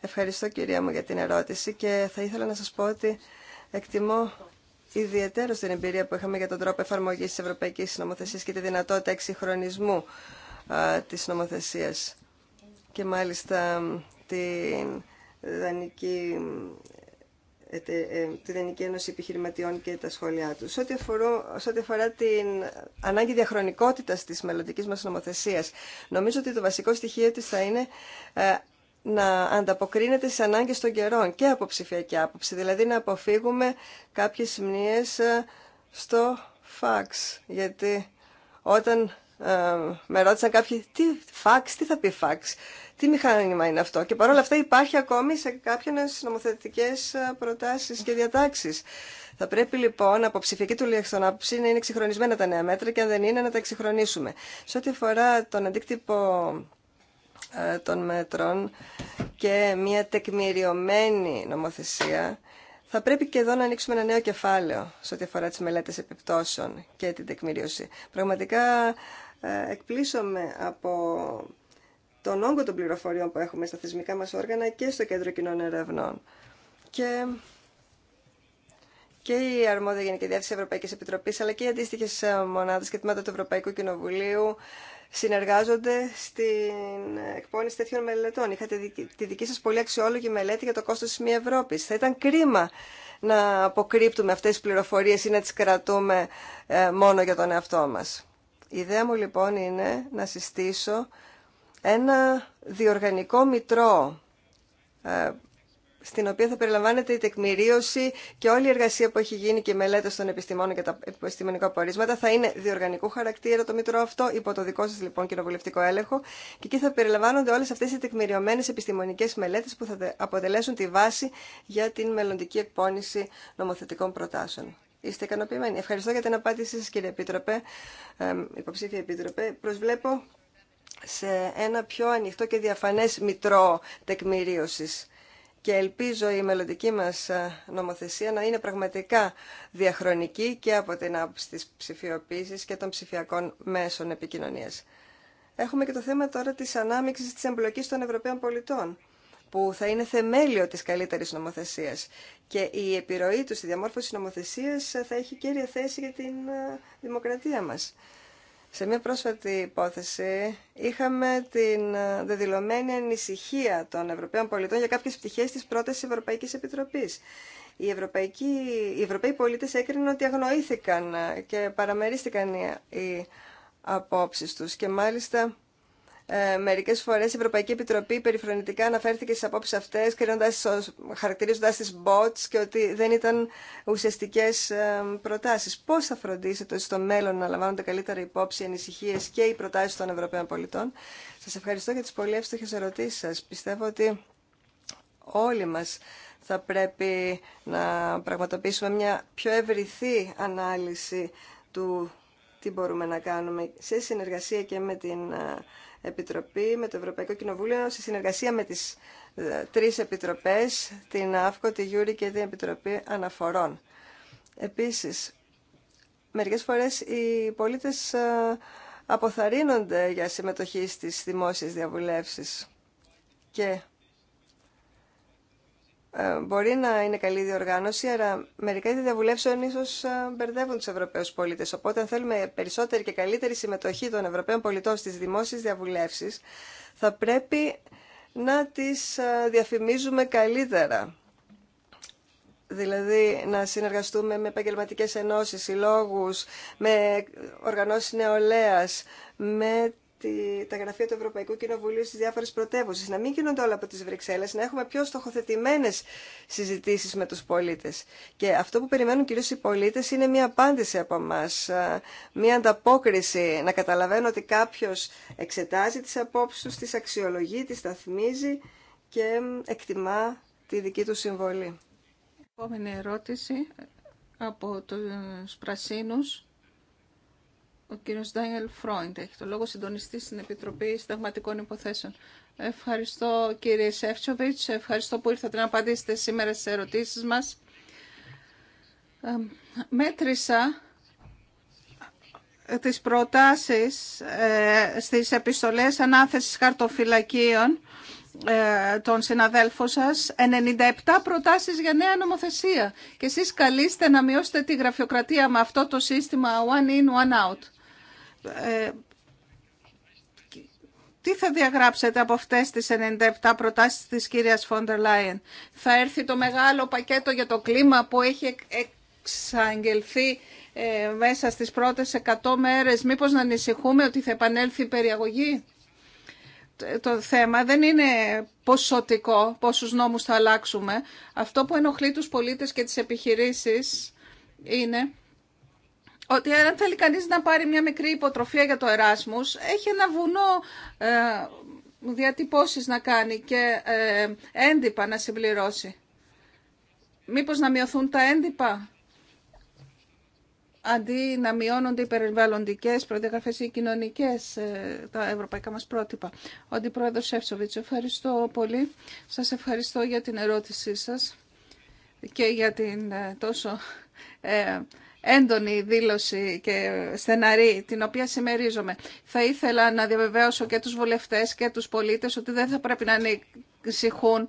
Ευχαριστώ κυρία μου για την ερώτηση και θα ήθελα να σας πω ότι εκτιμώ ιδιαίτερο την εμπειρία που είχαμε για τον τρόπο εφαρμογή τη Ευρωπαϊκή Νομοθεσία και τη δυνατότητα εξυγχρονισμού τη της Και μάλιστα την δανεική ε, ε, τη Δενική Ένωση Επιχειρηματιών και τα σχόλιά τους. Σε ό,τι, αφορά, την ανάγκη διαχρονικότητας της μελλοντική μας νομοθεσίας, νομίζω ότι το βασικό στοιχείο της θα είναι ε, να ανταποκρίνεται στις ανάγκε των καιρών και από ψηφιακή άποψη, δηλαδή να αποφύγουμε κάποιες ε, στο φαξ, γιατί όταν ε, με ρώτησαν κάποιοι τι φάξ, τι θα πει φάξ, τι μηχάνημα είναι αυτό. Και παρόλα αυτά υπάρχει ακόμη σε κάποιες νομοθετικές ε, προτάσεις και διατάξεις. Θα πρέπει λοιπόν από ψηφιακή του άποψη να είναι εξυγχρονισμένα τα νέα μέτρα και αν δεν είναι να τα εξυγχρονίσουμε. Σε ό,τι αφορά τον αντίκτυπο ε, των μέτρων και μια τεκμηριωμένη νομοθεσία, θα πρέπει και εδώ να ανοίξουμε ένα νέο κεφάλαιο σε ό,τι αφορά τις μελέτες επιπτώσεων και την τεκμηρίωση. Πραγματικά ε, εκπλήσωμε από τον όγκο των πληροφοριών που έχουμε στα θεσμικά μας όργανα και στο Κέντρο Κοινών Ερευνών. Και, και η αρμόδια Γενική Διεύθυνση Ευρωπαϊκής Επιτροπής, αλλά και οι αντίστοιχε ε, μονάδες και τμήματα του Ευρωπαϊκού Κοινοβουλίου συνεργάζονται στην εκπόνηση τέτοιων μελετών. Είχατε τη δική σας πολύ αξιόλογη μελέτη για το κόστος της μη Ευρώπης. Θα ήταν κρίμα να αποκρύπτουμε αυτές τις πληροφορίες ή να τις κρατούμε ε, μόνο για τον εαυτό μας. Η ιδέα μου λοιπόν είναι να συστήσω ένα διοργανικό μητρό ε, στην οποία θα περιλαμβάνεται η τεκμηρίωση και όλη η εργασία που έχει γίνει και οι μελέτε των επιστημόνων και τα επιστημονικά πορίσματα θα είναι διοργανικού χαρακτήρα το μητρό αυτό, υπό το δικό σα λοιπόν κοινοβουλευτικό έλεγχο. Και εκεί θα περιλαμβάνονται όλε αυτέ οι τεκμηριωμένε επιστημονικέ μελέτε που θα αποτελέσουν τη βάση για την μελλοντική εκπόνηση νομοθετικών προτάσεων. Είστε ικανοποιημένοι. Ευχαριστώ για την απάντησή σας κύριε Επίτροπε, ε, υποψήφια Επίτροπε. Προσβλέπω σε ένα πιο ανοιχτό και διαφανές μητρό τεκμηρίωσης και ελπίζω η μελλοντική μας ε, νομοθεσία να είναι πραγματικά διαχρονική και από την άποψη της ψηφιοποίησης και των ψηφιακών μέσων επικοινωνίας. Έχουμε και το θέμα τώρα της ανάμειξης της εμπλοκής των Ευρωπαίων πολιτών που θα είναι θεμέλιο της καλύτερης νομοθεσίας. Και η επιρροή του στη διαμόρφωση νομοθεσίας θα έχει κέρια θέση για την ε, δημοκρατία μας. Σε μια πρόσφατη υπόθεση είχαμε την ε, δεδηλωμένη ανησυχία των Ευρωπαίων πολιτών για κάποιες πτυχές της πρώτης Ευρωπαϊκής Επιτροπής. Οι, οι Ευρωπαίοι πολίτες έκριναν ότι αγνοήθηκαν ε, και παραμερίστηκαν οι, οι απόψεις τους και μάλιστα ε, μερικέ φορέ η Ευρωπαϊκή Επιτροπή περιφρονητικά αναφέρθηκε στι απόψει αυτέ, χαρακτηρίζοντα τι bots και ότι δεν ήταν ουσιαστικέ ε, προτάσει. Πώ θα φροντίσετε ότι στο μέλλον να λαμβάνονται καλύτερα υπόψη οι ανησυχίε και οι προτάσει των Ευρωπαίων πολιτών. Σα ευχαριστώ για τι πολύ εύστοχε ερωτήσει σα. Πιστεύω ότι όλοι μα θα πρέπει να πραγματοποιήσουμε μια πιο ευρυθή ανάλυση του τι μπορούμε να κάνουμε σε συνεργασία και με την ε, Επιτροπή, με το Ευρωπαϊκό Κοινοβούλιο, σε συνεργασία με τις ε, τρεις επιτροπές, την ΑΦΚΟ, τη Γιούρη και την Επιτροπή Αναφορών. Επίσης, μερικές φορές οι πολίτες ε, αποθαρρύνονται για συμμετοχή στις δημόσιες διαβουλεύσεις και ε, μπορεί να είναι καλή διοργάνωση, αλλά μερικά είδη διαβουλεύσεων ίσω ε, μπερδεύουν του Ευρωπαίου πολίτε. Οπότε, αν θέλουμε περισσότερη και καλύτερη συμμετοχή των Ευρωπαίων πολιτών στι δημόσιε διαβουλεύσει, θα πρέπει να τι ε, διαφημίζουμε καλύτερα. Δηλαδή να συνεργαστούμε με επαγγελματικέ ενώσεις, συλλόγους, με οργανώσεις νεολαίας, με τα γραφεία του Ευρωπαϊκού Κοινοβουλίου στις διάφορες πρωτεύουσες Να μην γίνονται όλα από τις Βρυξέλλες να έχουμε πιο στοχοθετημένε συζητήσεις με τους πολίτες Και αυτό που περιμένουν κυρίως οι πολίτες είναι μια απάντηση από εμά, μια ανταπόκριση. Να καταλαβαίνω ότι κάποιο εξετάζει τις απόψεις τους τις αξιολογεί, τις σταθμίζει και εκτιμά τη δική του συμβολή. Επόμενη ερώτηση από τους Πρασίνους. Ο κύριο Ντάνιελ Φρόιντ έχει το λόγο συντονιστή στην Επιτροπή Συνταγματικών Υποθέσεων. Ευχαριστώ κύριε Σεύτσοβιτς, ευχαριστώ που ήρθατε να απαντήσετε σήμερα στι ερωτήσεις μας. μέτρησα ε, τι προτάσεις ε, στι επιστολέ ανάθεση χαρτοφυλακίων ε, των συναδέλφων σα 97 προτάσει για νέα νομοθεσία και εσεί καλείστε να μειώσετε τη γραφειοκρατία με αυτό το σύστημα one in, one out. Ε, τι θα διαγράψετε από αυτές τις 97 προτάσεις της κυρίας Φόντερ Λάιεν. Θα έρθει το μεγάλο πακέτο για το κλίμα που έχει εξαγγελθεί ε, μέσα στις πρώτες 100 μέρες. Μήπως να ανησυχούμε ότι θα επανέλθει η περιαγωγή. Το θέμα δεν είναι ποσοτικό, πόσους νόμους θα αλλάξουμε. Αυτό που ενοχλεί τους πολίτες και τις επιχειρήσεις είναι ότι αν θέλει κανείς να πάρει μια μικρή υποτροφία για το Εράσμους, έχει ένα βουνό ε, διατυπώσεις να κάνει και ε, έντυπα να συμπληρώσει. Μήπως να μειωθούν τα έντυπα, αντί να μειώνονται οι περιβαλλοντικές προδιαγραφές ή κοινωνικές, ε, τα ευρωπαϊκά μας πρότυπα. Ο Αντιπρόεδρος Σεύσοβιτς, ευχαριστώ πολύ. Σας ευχαριστώ για την ερώτησή σας και για την τόσο έντονη δήλωση και στεναρή, την οποία συμμερίζομαι. Θα ήθελα να διαβεβαίωσω και τους βουλευτές και τους πολίτες ότι δεν θα πρέπει να ανησυχούν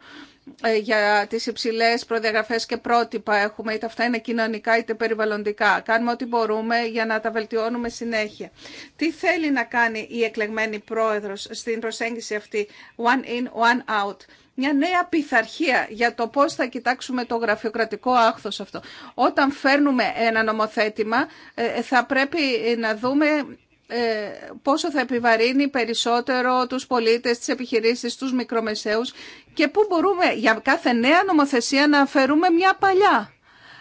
ε, για τις υψηλές προδιαγραφές και πρότυπα έχουμε, είτε αυτά είναι κοινωνικά είτε περιβαλλοντικά. Κάνουμε ό,τι μπορούμε για να τα βελτιώνουμε συνέχεια. Τι θέλει να κάνει η εκλεγμένη πρόεδρος στην προσέγγιση αυτή, one in, one out μια νέα πειθαρχία για το πώς θα κοιτάξουμε το γραφειοκρατικό άχθος αυτό. Όταν φέρνουμε ένα νομοθέτημα ε, θα πρέπει να δούμε ε, πόσο θα επιβαρύνει περισσότερο τους πολίτες, τις επιχειρήσεις, τους μικρομεσαίους και πού μπορούμε για κάθε νέα νομοθεσία να φέρουμε μια παλιά.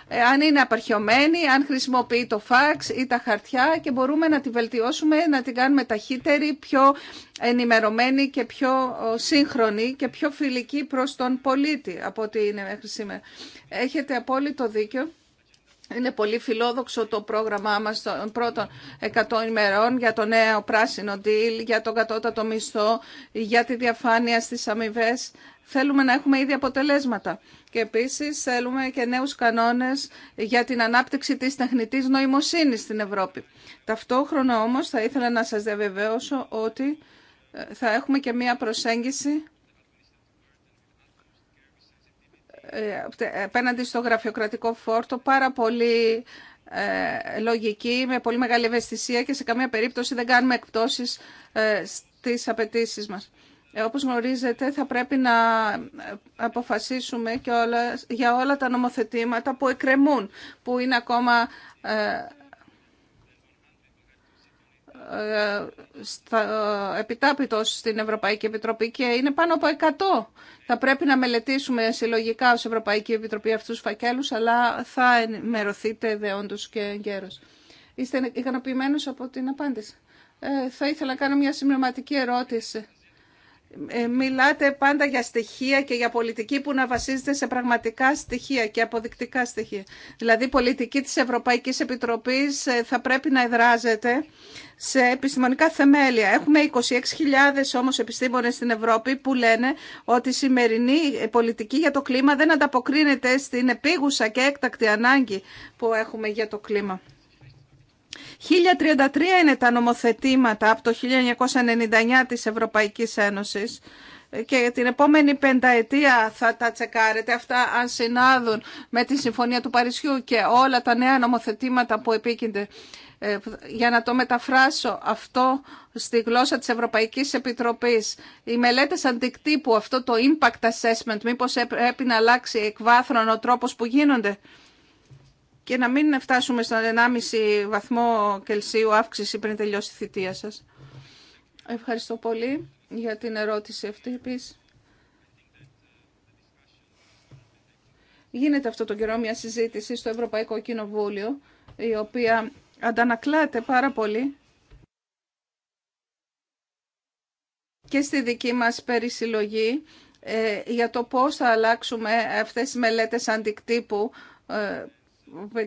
Ε, αν είναι απαρχιωμένη, αν χρησιμοποιεί το φαξ ή τα χαρτιά και μπορούμε να τη βελτιώσουμε, να την κάνουμε ταχύτερη, πιο ενημερωμένη και πιο σύγχρονη και πιο φιλική προς τον πολίτη από ό,τι είναι μέχρι σήμερα. Έχετε απόλυτο δίκιο. Είναι πολύ φιλόδοξο το πρόγραμμά μας των πρώτων 100 ημερών για το νέο πράσινο deal, για τον κατώτατο μισθό, για τη διαφάνεια στις αμοιβέ. Θέλουμε να έχουμε ήδη αποτελέσματα. Και επίσης θέλουμε και νέους κανόνες για την ανάπτυξη της τεχνητής νοημοσύνης στην Ευρώπη. Ταυτόχρονα όμως θα ήθελα να σας διαβεβαιώσω ότι ε, θα έχουμε και μία προσέγγιση Ε, απέναντι στο γραφειοκρατικό φόρτο πάρα πολύ ε, λογική, με πολύ μεγάλη ευαισθησία και σε καμία περίπτωση δεν κάνουμε εκπτώσεις ε, στις απαιτήσει μας. Ε, όπως γνωρίζετε θα πρέπει να ε, αποφασίσουμε και όλα, για όλα τα νομοθετήματα που εκκρεμούν, που είναι ακόμα ε, επιτάπητος στην Ευρωπαϊκή Επιτροπή και είναι πάνω από 100. Θα πρέπει να μελετήσουμε συλλογικά ως Ευρωπαϊκή Επιτροπή αυτούς τους φακέλους, αλλά θα ενημερωθείτε δεόντως και γέρος. Είστε ικανοποιημένος από την απάντηση. Ε, θα ήθελα να κάνω μια συμπληρωματική ερώτηση. Ε, μιλάτε πάντα για στοιχεία και για πολιτική που να βασίζεται σε πραγματικά στοιχεία και αποδεικτικά στοιχεία. Δηλαδή η πολιτική της Ευρωπαϊκής Επιτροπής ε, θα πρέπει να εδράζεται σε επιστημονικά θεμέλια. Έχουμε 26.000 όμως επιστήμονες στην Ευρώπη που λένε ότι η σημερινή πολιτική για το κλίμα δεν ανταποκρίνεται στην επίγουσα και έκτακτη ανάγκη που έχουμε για το κλίμα. 1033 είναι τα νομοθετήματα από το 1999 της Ευρωπαϊκής Ένωσης και την επόμενη πενταετία θα τα τσεκάρετε αυτά αν συνάδουν με τη Συμφωνία του Παρισιού και όλα τα νέα νομοθετήματα που επίκυνται. Ε, για να το μεταφράσω αυτό στη γλώσσα της Ευρωπαϊκής Επιτροπής, οι μελέτες αντικτύπου, αυτό το impact assessment, μήπως πρέπει να αλλάξει εκβάθρον ο τρόπος που γίνονται και να μην φτάσουμε στον 1,5 βαθμό Κελσίου αύξηση πριν τελειώσει η θητεία σας. Ευχαριστώ πολύ για την ερώτηση αυτή επίσης. Γίνεται αυτό το καιρό μια συζήτηση στο Ευρωπαϊκό Κοινοβούλιο, η οποία αντανακλάται πάρα πολύ και στη δική μας περισυλλογή ε, για το πώς θα αλλάξουμε αυτές τις μελέτες αντικτύπου ε,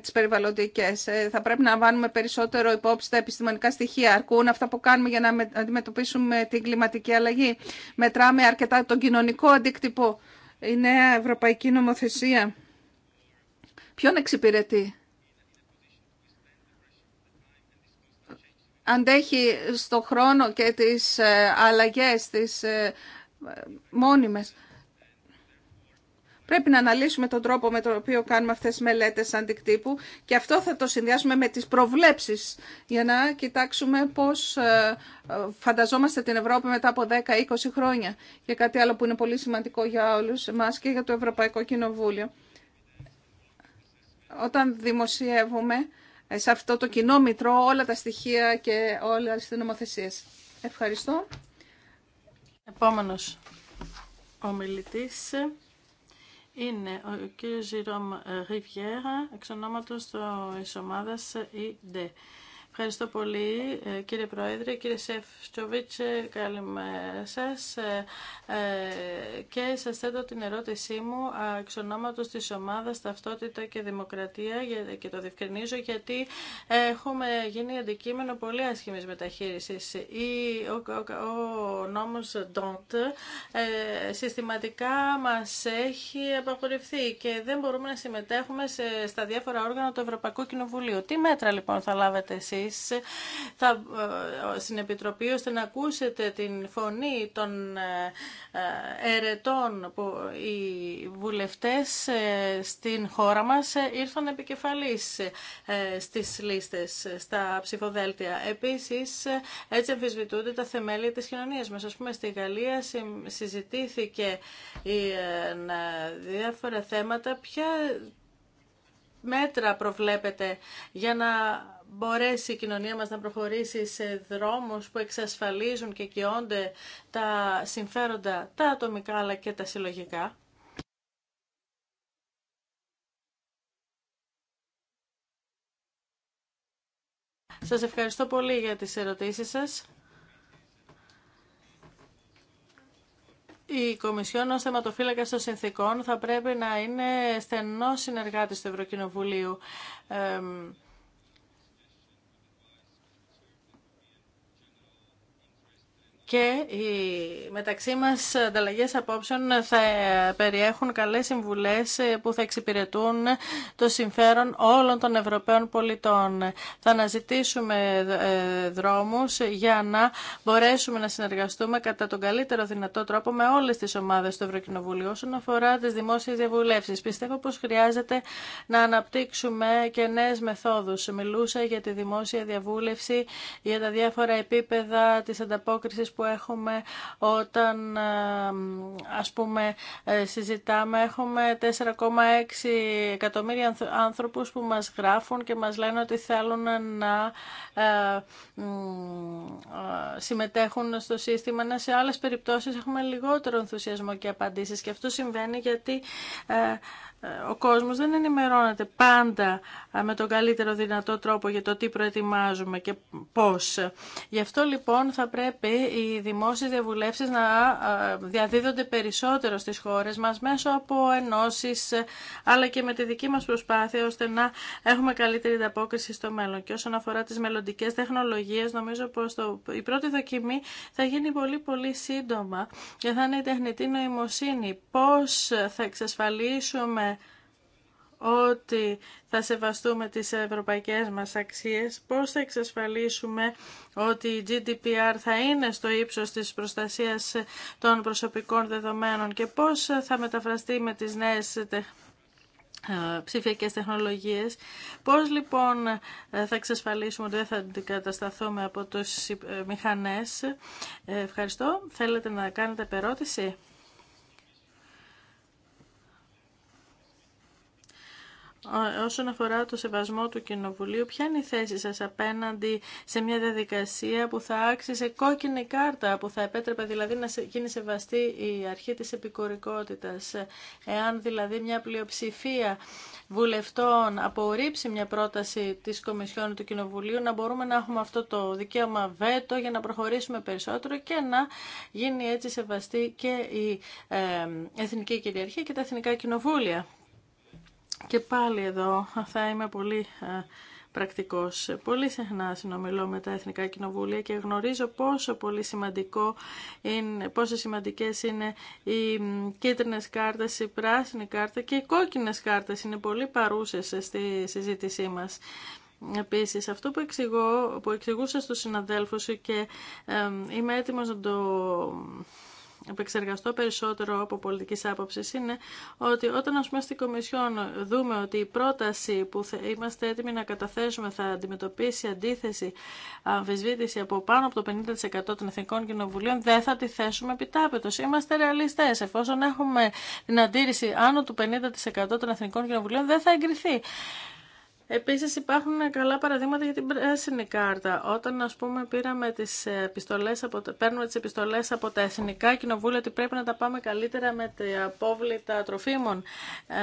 τις περιβαλλοντικές. Ε, θα πρέπει να βάλουμε περισσότερο υπόψη τα επιστημονικά στοιχεία. Αρκούν αυτά που κάνουμε για να αντιμετωπίσουμε την κλιματική αλλαγή. Μετράμε αρκετά τον κοινωνικό αντίκτυπο. Η νέα ευρωπαϊκή νομοθεσία ποιον εξυπηρετεί. Αντέχει στο χρόνο και τις ε, αλλαγές, τις ε, μόνιμες. Πρέπει να αναλύσουμε τον τρόπο με τον οποίο κάνουμε αυτές τις μελέτες αντικτύπου και αυτό θα το συνδυάσουμε με τις προβλέψεις για να κοιτάξουμε πώς ε, ε, φανταζόμαστε την Ευρώπη μετά από 10-20 χρόνια και κάτι άλλο που είναι πολύ σημαντικό για όλους εμάς και για το Ευρωπαϊκό Κοινοβούλιο. Όταν δημοσιεύουμε ε, σε αυτό το κοινό μητρό όλα τα στοιχεία και όλα τις νομοθεσίες. Ευχαριστώ. Επόμενος ομιλητής είναι ο κύριος Ζηρόμ Ριβιέρα, εξ ονόματος της ομάδας ΙΔΕ. Ευχαριστώ πολύ ε, κύριε Πρόεδρε, κύριε Σεφτσοβίτς, ε, καλημέρα σας ε, και σας θέτω την ερώτησή μου εξ ονόματος της ομάδας Ταυτότητα και Δημοκρατία και το διευκρινίζω γιατί έχουμε γίνει αντικείμενο πολύ άσχημης μεταχείρισης. Ο νόμος don't συστηματικά μας έχει απαγορευθεί και δεν μπορούμε να συμμετέχουμε στα διάφορα όργανα του Ευρωπαϊκού Κοινοβουλίου. Τι μέτρα λοιπόν θα λάβετε θα, ε, στην Επιτροπή ώστε να ακούσετε την φωνή των ερετών ε, που οι βουλευτές ε, στην χώρα μας ήρθαν επικεφαλής στις λίστες, στα ψηφοδέλτια. Επίσης, έτσι εμφισβητούνται τα θεμέλια της κοινωνίας μας. Ας πούμε, στη Γαλλία συζητήθηκε διάφορα θέματα. Ποια μέτρα προβλέπετε για να μπορέσει η κοινωνία μας να προχωρήσει σε δρόμους που εξασφαλίζουν και κοιώνται τα συμφέροντα τα ατομικά αλλά και τα συλλογικά. Σας ευχαριστώ πολύ για τις ερωτήσεις σας. Η Κομισιόν ως θεματοφύλακας των συνθήκων θα πρέπει να είναι στενός συνεργάτης του Ευρωκοινοβουλίου. και οι μεταξύ μας ανταλλαγέ απόψεων θα περιέχουν καλές συμβουλές που θα εξυπηρετούν το συμφέρον όλων των Ευρωπαίων πολιτών. Θα αναζητήσουμε ε, δρόμους για να μπορέσουμε να συνεργαστούμε κατά τον καλύτερο δυνατό τρόπο με όλες τις ομάδες του Ευρωκοινοβουλίου όσον αφορά τις δημόσιες διαβουλεύσεις. Πιστεύω πως χρειάζεται να αναπτύξουμε και νέες μεθόδους. Μιλούσα για τη δημόσια διαβούλευση, για τα διάφορα επίπεδα της ανταπόκρισης που έχουμε όταν ε, ας πούμε ε, συζητάμε. Έχουμε 4,6 εκατομμύρια άνθρωπους που μας γράφουν και μας λένε ότι θέλουν να ε, συμμετέχουν στο σύστημα. Να σε άλλες περιπτώσεις έχουμε λιγότερο ενθουσιασμό και απαντήσεις και αυτό συμβαίνει γιατί ο κόσμος δεν ενημερώνεται πάντα με τον καλύτερο δυνατό τρόπο για το τι προετοιμάζουμε και πώς. Γι' αυτό λοιπόν θα πρέπει οι δημόσιες διαβουλεύσεις να διαδίδονται περισσότερο στις χώρες μας μέσω από ενώσεις αλλά και με τη δική μας προσπάθεια ώστε να έχουμε καλύτερη ανταπόκριση στο μέλλον. Και όσον αφορά τις μελλοντικέ τεχνολογίες νομίζω πως το... η πρώτη δοκιμή θα γίνει πολύ πολύ σύντομα και θα είναι η τεχνητή νοημοσύνη. Πώς θα εξασφαλίσουμε ότι θα σεβαστούμε τις ευρωπαϊκές μας αξίες, πώς θα εξασφαλίσουμε ότι η GDPR θα είναι στο ύψος της προστασίας των προσωπικών δεδομένων και πώς θα μεταφραστεί με τις νέες ε, ψηφιακές τεχνολογίες. Πώς λοιπόν ε, θα εξασφαλίσουμε ότι δεν θα αντικατασταθούμε από τους ε, μηχανές. Ευχαριστώ. Θέλετε να κάνετε περώτηση. όσον αφορά το σεβασμό του Κοινοβουλίου, ποια είναι η θέση σας απέναντι σε μια διαδικασία που θα άξιζε κόκκινη κάρτα, που θα επέτρεπε δηλαδή να γίνει σεβαστή η αρχή της επικουρικότητας. Εάν δηλαδή μια πλειοψηφία βουλευτών απορρίψει μια πρόταση της Κομισιόν του Κοινοβουλίου, να μπορούμε να έχουμε αυτό το δικαίωμα βέτο για να προχωρήσουμε περισσότερο και να γίνει έτσι σεβαστή και η ε, εθνική κυριαρχία και τα εθνικά κοινοβούλια. Και πάλι εδώ θα είμαι πολύ ε, πρακτικός. Πολύ συχνά συνομιλώ με τα Εθνικά Κοινοβούλια και γνωρίζω πόσο πολύ σημαντικό είναι, πόσο σημαντικές είναι οι κίτρινες κάρτες, οι πράσινη κάρτα και οι κόκκινες κάρτες είναι πολύ παρούσες στη συζήτησή μας. Επίσης, αυτό που, εξηγώ, που εξηγούσα στους συναδέλφους και ε, είμαι έτοιμος να το επεξεργαστώ περισσότερο από πολιτική άποψη είναι ότι όταν ας πούμε στην Κομισιόν δούμε ότι η πρόταση που είμαστε έτοιμοι να καταθέσουμε θα αντιμετωπίσει αντίθεση, αμφισβήτηση από πάνω από το 50% των Εθνικών Κοινοβουλίων, δεν θα τη θέσουμε επιτάπητος. Είμαστε ρεαλιστές. Εφόσον έχουμε την αντίρρηση άνω του 50% των Εθνικών Κοινοβουλίων, δεν θα εγκριθεί. Επίσης υπάρχουν καλά παραδείγματα για την πράσινη κάρτα. Όταν ας πούμε πήραμε τις επιστολές από, παίρνουμε τις επιστολές από τα εθνικά κοινοβούλια ότι πρέπει να τα πάμε καλύτερα με τα απόβλητα τροφίμων. Ε,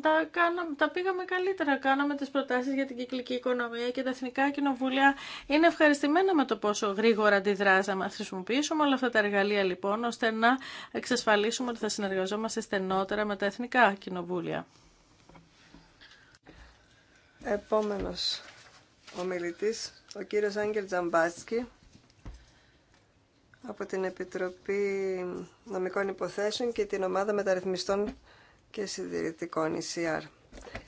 τα, κάνα, τα πήγαμε καλύτερα, κάναμε τις προτάσεις για την κυκλική οικονομία και τα εθνικά κοινοβούλια είναι ευχαριστημένα με το πόσο γρήγορα αντιδράσαμε. Χρησιμοποιήσουμε όλα αυτά τα εργαλεία λοιπόν ώστε να εξασφαλίσουμε ότι θα συνεργαζόμαστε στενότερα με τα εθνικά κοινοβούλια. Επόμενος ομιλητής, ο κύριος Άγγελ Τζαμπάτσκι από την Επιτροπή Νομικών Υποθέσεων και την Ομάδα Μεταρρυθμιστών και Συντηρητικών ECR.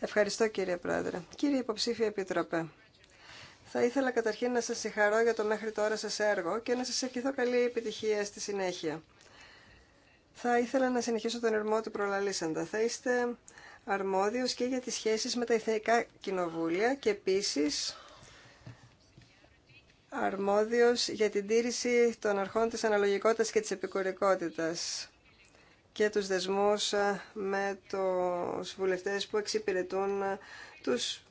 Ευχαριστώ κύριε Πρόεδρε. Κύριε Υποψήφια Επιτροπέ, θα ήθελα καταρχήν να σας συγχαρώ για το μέχρι τώρα σας έργο και να σας ευχηθώ καλή επιτυχία στη συνέχεια. Θα ήθελα να συνεχίσω τον ερμό του προλαλήσαντα. Θα αρμόδιος και για τις σχέσεις με τα εθνικά κοινοβούλια και επίσης αρμόδιος για την τήρηση των αρχών της αναλογικότητας και της επικορικότητας και τους δεσμούς ε, με τους βουλευτές που εξυπηρετούν ε, τους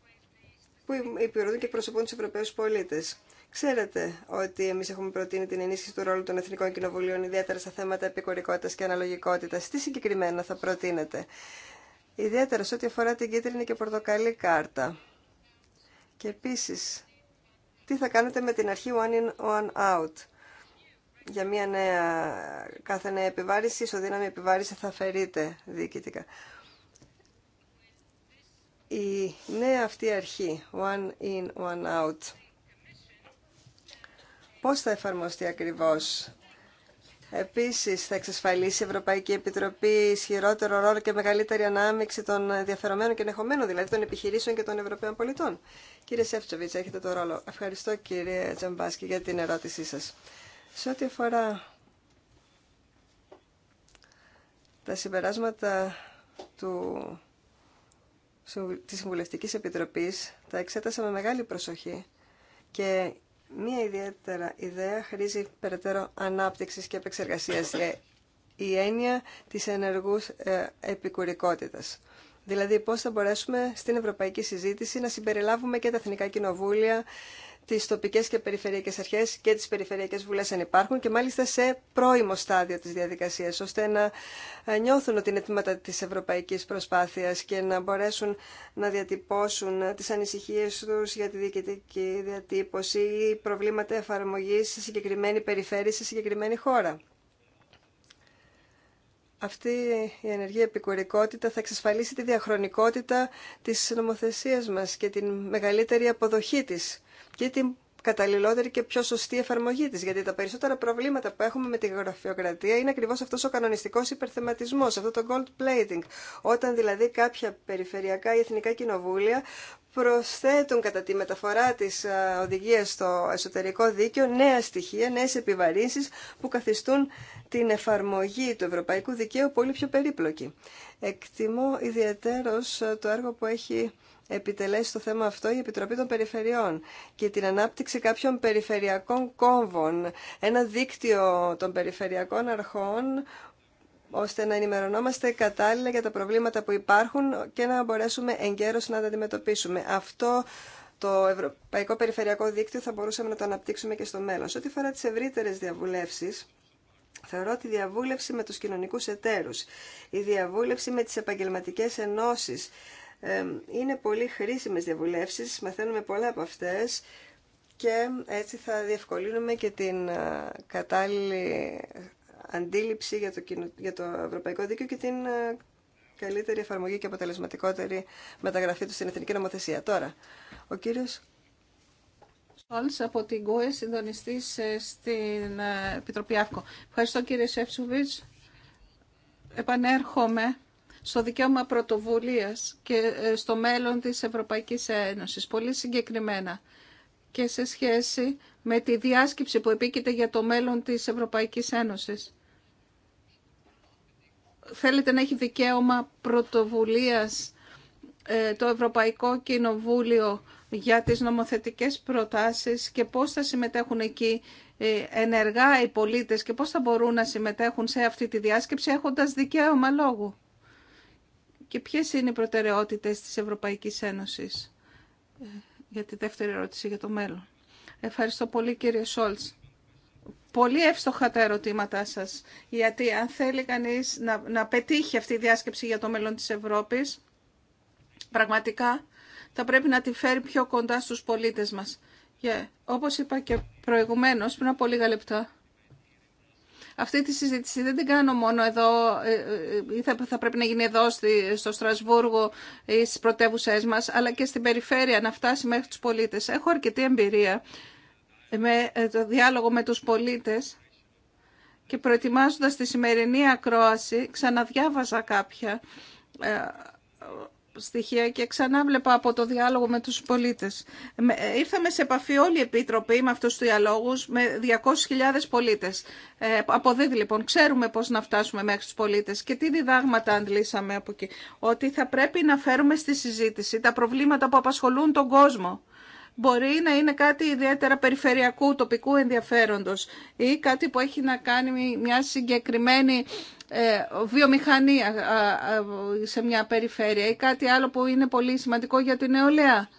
που υπηρετούν και προσωπούν τους Ευρωπαίους πολίτες. Ξέρετε ότι εμείς έχουμε προτείνει την ενίσχυση του ρόλου των Εθνικών Κοινοβουλίων, ιδιαίτερα στα θέματα επικορικότητα και αναλογικότητα. Τι συγκεκριμένα θα προτείνετε, ιδιαίτερα σε ό,τι αφορά την κίτρινη και πορτοκαλί κάρτα. Και επίσης, τι θα κάνετε με την αρχή one in, one out. Για μια νέα, κάθε νέα επιβάρηση, ισοδύναμη επιβάρηση θα φερείτε διοικητικά. Η νέα αυτή αρχή, one in, one out, πώς θα εφαρμοστεί ακριβώς Επίσης, θα εξασφαλίσει η Ευρωπαϊκή Επιτροπή ισχυρότερο ρόλο και μεγαλύτερη ανάμειξη των ενδιαφερομένων και ενεχομένων, δηλαδή των επιχειρήσεων και των Ευρωπαίων πολιτών. Κύριε Σεύτσοβιτς, έχετε το ρόλο. Ευχαριστώ κύριε Τζαμπάσκη για την ερώτησή σας. Σε ό,τι αφορά τα συμπεράσματα του, της Συμβουλευτικής Επιτροπής, τα εξέτασα με μεγάλη προσοχή και Μία ιδιαίτερα ιδέα χρήζει περαιτέρω ανάπτυξης και επεξεργασίας η έννοια της ενεργούς ε, επικουρικότητας. Δηλαδή πώς θα μπορέσουμε στην ευρωπαϊκή συζήτηση να συμπεριλάβουμε και τα εθνικά κοινοβούλια τι τοπικέ και περιφερειακέ αρχέ και τι περιφερειακές βουλές αν υπάρχουν και μάλιστα σε πρώιμο στάδιο της διαδικασίας, ώστε να ε, νιώθουν ότι είναι τμήματα της ευρωπαϊκής προσπάθειας και να μπορέσουν να διατυπώσουν ε, τι ανησυχίε του για τη διοικητική διατύπωση ή προβλήματα εφαρμογής σε συγκεκριμένη περιφέρεια, σε συγκεκριμένη χώρα. Αυτή η προβληματα εφαρμογη σε συγκεκριμενη περιφερεια σε επικουρικότητα θα εξασφαλίσει τη διαχρονικότητα της νομοθεσίας μας και την μεγαλύτερη αποδοχή της και την καταλληλότερη και πιο σωστή εφαρμογή της. Γιατί τα περισσότερα προβλήματα που έχουμε με τη γραφειοκρατία είναι ακριβώς αυτός ο κανονιστικός υπερθεματισμός, αυτό το gold plating. Όταν δηλαδή κάποια περιφερειακά ή εθνικά κοινοβούλια προσθέτουν κατά τη μεταφορά της ε, οδηγίας στο εσωτερικό δίκαιο νέα στοιχεία, νέες επιβαρύνσεις που καθιστούν την εφαρμογή του ευρωπαϊκού δικαίου πολύ πιο περίπλοκη. Εκτιμώ ιδιαίτερος ε, το έργο που έχει επιτελέσει το θέμα αυτό η Επιτροπή των Περιφερειών και την ανάπτυξη κάποιων περιφερειακών κόμβων, ένα δίκτυο των περιφερειακών αρχών ώστε να ενημερωνόμαστε κατάλληλα για τα προβλήματα που υπάρχουν και να μπορέσουμε εγκαίρως να τα αντιμετωπίσουμε. Αυτό το Ευρωπαϊκό Περιφερειακό Δίκτυο θα μπορούσαμε να το αναπτύξουμε και στο μέλλον. Σε ό,τι αφορά τις ευρύτερες διαβουλεύσεις, Θεωρώ τη διαβούλευση με τους κοινωνικούς εταίρους, η διαβούλευση με τις επαγγελματικές ενώσεις, είναι πολύ χρήσιμες διαβουλεύσεις, μαθαίνουμε πολλά από αυτές και έτσι θα διευκολύνουμε και την κατάλληλη αντίληψη για το, για το ευρωπαϊκό δίκαιο και την καλύτερη εφαρμογή και αποτελεσματικότερη μεταγραφή του στην εθνική νομοθεσία. Τώρα, ο κύριος Σόλτς από την ΚΟΕ, συντονιστή ε, στην ε, Επιτροπή ΑΦΚΟ. Ευχαριστώ κύριε Σεφσουβίτς. Επανέρχομαι στο δικαίωμα πρωτοβουλίας και ε, στο μέλλον της Ευρωπαϊκής Ένωσης, πολύ συγκεκριμένα και σε σχέση με τη διάσκεψη που επίκειται για το μέλλον της Ευρωπαϊκής Ένωσης. Θέλετε να έχει δικαίωμα πρωτοβουλίας ε, το Ευρωπαϊκό Κοινοβούλιο για τις νομοθετικές προτάσεις και πώς θα συμμετέχουν εκεί ε, ενεργά οι πολίτες και πώς θα μπορούν να συμμετέχουν σε αυτή τη διάσκεψη έχοντας δικαίωμα λόγου και ποιες είναι οι προτεραιότητες της Ευρωπαϊκής Ένωσης ε, για τη δεύτερη ερώτηση για το μέλλον. Ευχαριστώ πολύ κύριε Σόλτς. Πολύ εύστοχα τα ερωτήματά σας, γιατί αν θέλει κανείς να, να πετύχει αυτή η διάσκεψη για το μέλλον της Ευρώπης, πραγματικά θα πρέπει να τη φέρει πιο κοντά στους πολίτες μας. Yeah. Όπως είπα και προηγουμένως, πριν από λίγα λεπτά, αυτή τη συζήτηση δεν την κάνω μόνο εδώ, ε, ε, θα πρέπει να γίνει εδώ στο Στρασβούργο ή στις πρωτεύουσές μας, αλλά και στην περιφέρεια να φτάσει μέχρι τους πολίτες. Έχω αρκετή εμπειρία με ε, το διάλογο με τους πολίτες και προετοιμάζοντας τη σημερινή ακρόαση ξαναδιάβαζα κάποια στοιχεία και ξανά βλέπα από το διάλογο με τους πολίτες. Ε, ήρθαμε σε επαφή όλοι οι επίτροποι με αυτούς τους διαλόγους με 200.000 πολίτες. Ε, από δίδυ, λοιπόν, ξέρουμε πώς να φτάσουμε μέχρι τους πολίτες και τι διδάγματα αντλήσαμε από εκεί. Ότι θα πρέπει να φέρουμε στη συζήτηση τα προβλήματα που απασχολούν τον κόσμο. Μπορεί να είναι κάτι ιδιαίτερα περιφερειακού, τοπικού ενδιαφέροντος ή κάτι που έχει να κάνει μια συγκεκριμένη ε, βιομηχανία σε μια περιφέρεια ή κάτι άλλο που είναι πολύ σημαντικό για την νεολαία.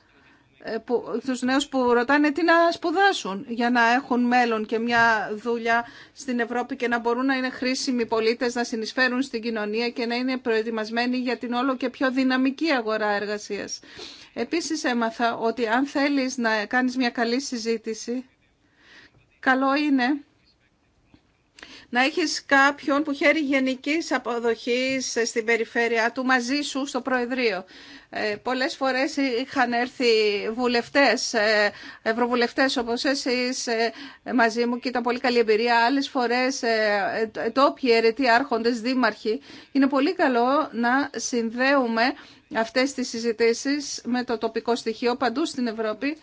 Ε, που, τους νέους που ρωτάνε τι να σπουδάσουν για να έχουν μέλλον και μια δουλειά στην Ευρώπη και να μπορούν να είναι χρήσιμοι πολίτες, να συνεισφέρουν στην κοινωνία και να είναι προετοιμασμένοι για την όλο και πιο δυναμική αγορά εργασίας. Επίσης έμαθα ότι αν θέλεις να κάνεις μια καλή συζήτηση, καλό είναι να έχεις κάποιον που χαίρει γενικής αποδοχής στην περιφέρεια του μαζί σου στο Προεδρείο. Ε, πολλές φορές είχαν έρθει βουλευτές, ε, ευρωβουλευτές όπως εσείς ε, μαζί μου και ήταν πολύ καλή εμπειρία. Άλλες φορές ε, ε αιρετοί άρχοντες, δήμαρχοι. Είναι πολύ καλό να συνδέουμε αυτές τις συζητήσεις με το τοπικό στοιχείο παντού στην Ευρώπη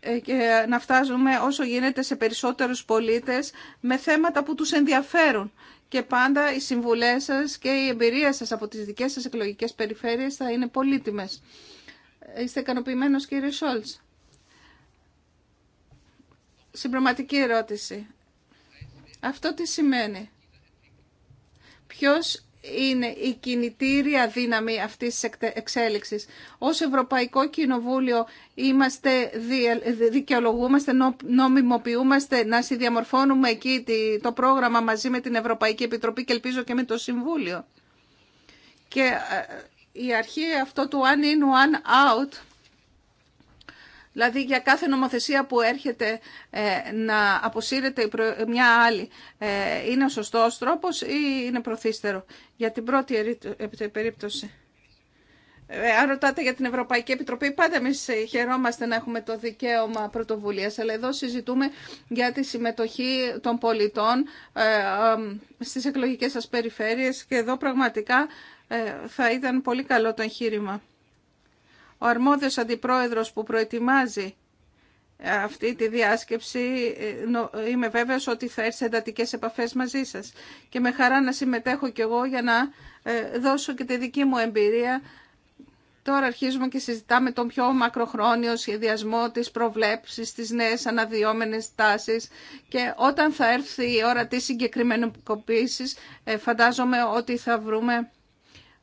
ε, και να φτάζουμε όσο γίνεται σε περισσότερους πολίτες με θέματα που τους ενδιαφέρουν. Και πάντα οι συμβουλές σας και η εμπειρία σας από τις δικές σας εκλογικές περιφέρειες θα είναι πολύτιμες. Είστε ικανοποιημένο κύριε Σόλτς. Συμπροματική ερώτηση. Αυτό τι σημαίνει. Ποιος είναι η κινητήρια δύναμη αυτής της εξέλιξης. Ως Ευρωπαϊκό Κοινοβούλιο είμαστε, δικαιολογούμαστε, νομιμοποιούμαστε να συνδιαμορφώνουμε εκεί το πρόγραμμα μαζί με την Ευρωπαϊκή Επιτροπή και ελπίζω και με το Συμβούλιο. Και ε, η αρχή αυτό του one in, one out Δηλαδή για κάθε νομοθεσία που έρχεται ε, να αποσύρεται μια άλλη ε, είναι ο σωστός τρόπος ή είναι προθύστερο. Για την πρώτη περίπτωση. Ε, αν ρωτάτε για την Ευρωπαϊκή Επιτροπή, πάντα εμεί χαιρόμαστε να έχουμε το δικαίωμα πρωτοβουλία, αλλά εδώ συζητούμε για τη συμμετοχή των πολιτών στι εκλογικές σα περιφέρειες και εδώ πραγματικά θα ήταν πολύ καλό το εγχείρημα. Ο αρμόδιος αντιπρόεδρος που προετοιμάζει αυτή τη διάσκεψη ε, είμαι βέβαιος ότι θα έρθει σε εντατικές επαφές μαζί σας και με χαρά να συμμετέχω κι εγώ για να ε, δώσω και τη δική μου εμπειρία Τώρα αρχίζουμε και συζητάμε τον πιο μακροχρόνιο σχεδιασμό της προβλέψης, τις νέες αναδυόμενες τάσεις και όταν θα έρθει η ώρα της συγκεκριμένης ε, φαντάζομαι ότι θα βρούμε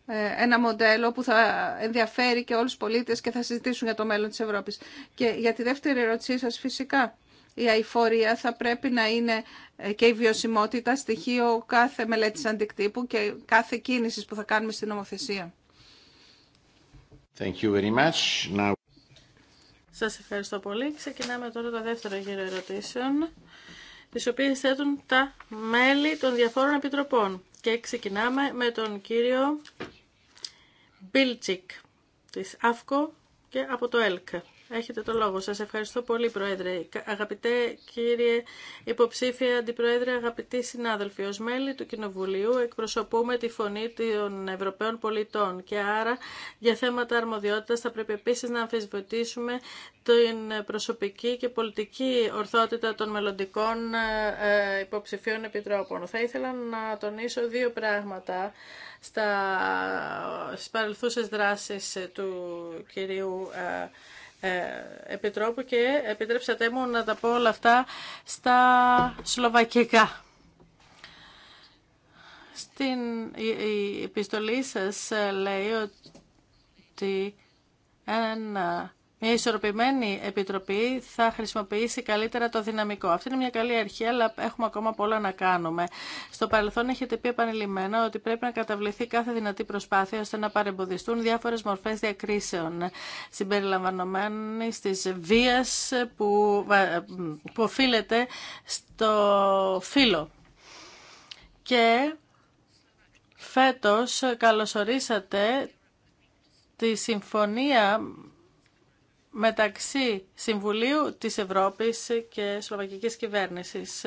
ε, ένα μοντέλο που θα ενδιαφέρει και όλους τους πολίτες και θα συζητήσουν για το μέλλον της Ευρώπης. Και για τη δεύτερη ερώτησή σας φυσικά η αηφορία θα πρέπει να είναι ε, και η βιωσιμότητα στοιχείο κάθε μελέτης αντικτύπου και κάθε κίνησης που θα κάνουμε στην νομοθεσία. Thank you very much. Now... Σας ευχαριστώ πολύ. Ξεκινάμε τώρα το δεύτερο γύρο ερωτήσεων, τις οποίες θέτουν τα μέλη των διαφόρων επιτροπών. Και ξεκινάμε με τον κύριο Μπίλτσικ της αύκο και από το ΕΛΚ. Έχετε το λόγο. Σας ευχαριστώ πολύ, Πρόεδρε. Αγαπητέ κύριε υποψήφια αντιπρόεδρε, αγαπητοί συνάδελφοι, ως μέλη του Κοινοβουλίου εκπροσωπούμε τη φωνή των Ευρωπαίων πολιτών και άρα για θέματα αρμοδιότητας θα πρέπει επίσης να αμφισβητήσουμε την προσωπική και πολιτική ορθότητα των μελλοντικών ε, ε, υποψηφίων επιτρόπων. Θα ήθελα να τονίσω δύο πράγματα στα, στις παρελθούσες δράσεις του κυρίου ε, ε, Επιτρόπου και επιτρέψατε μου να τα πω όλα αυτά στα σλοβακικά. Στην η, επιστολή σας λέει ότι ένα μια ισορροπημένη επιτροπή θα χρησιμοποιήσει καλύτερα το δυναμικό. Αυτή είναι μια καλή αρχή, αλλά έχουμε ακόμα πολλά να κάνουμε. Στο παρελθόν έχετε πει επανειλημμένα ότι πρέπει να καταβληθεί κάθε δυνατή προσπάθεια ώστε να παρεμποδιστούν διάφορε μορφέ διακρίσεων, συμπεριλαμβανομένη τη βία που, που οφείλεται στο φύλλο. Και φέτος καλωσορίσατε τη συμφωνία μεταξύ Συμβουλίου της Ευρώπης και Σλοβακικής Κυβέρνησης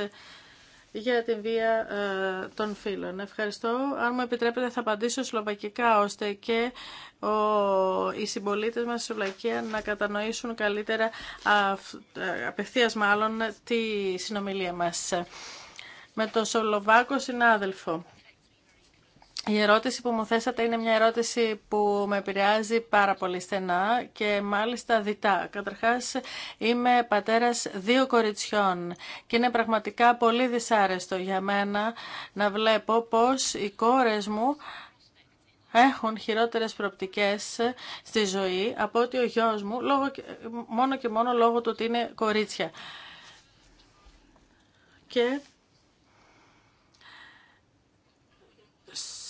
για την βία ε, των φίλων. Ευχαριστώ. Αν μου επιτρέπετε θα απαντήσω σλοβακικά ώστε και ο, οι συμπολίτες μας στη Σλοβακία να κατανοήσουν καλύτερα ε, απευθείας μάλλον τη συνομιλία μας με τον Σολοβάκο συνάδελφο. Η ερώτηση που μου θέσατε είναι μια ερώτηση που με επηρεάζει πάρα πολύ στενά και μάλιστα διτά. Καταρχάς είμαι πατέρας δύο κοριτσιών και είναι πραγματικά πολύ δυσάρεστο για μένα να βλέπω πως οι κόρες μου έχουν χειρότερες προπτικές στη ζωή από ότι ο γιος μου μόνο και μόνο λόγω του ότι είναι κορίτσια. Και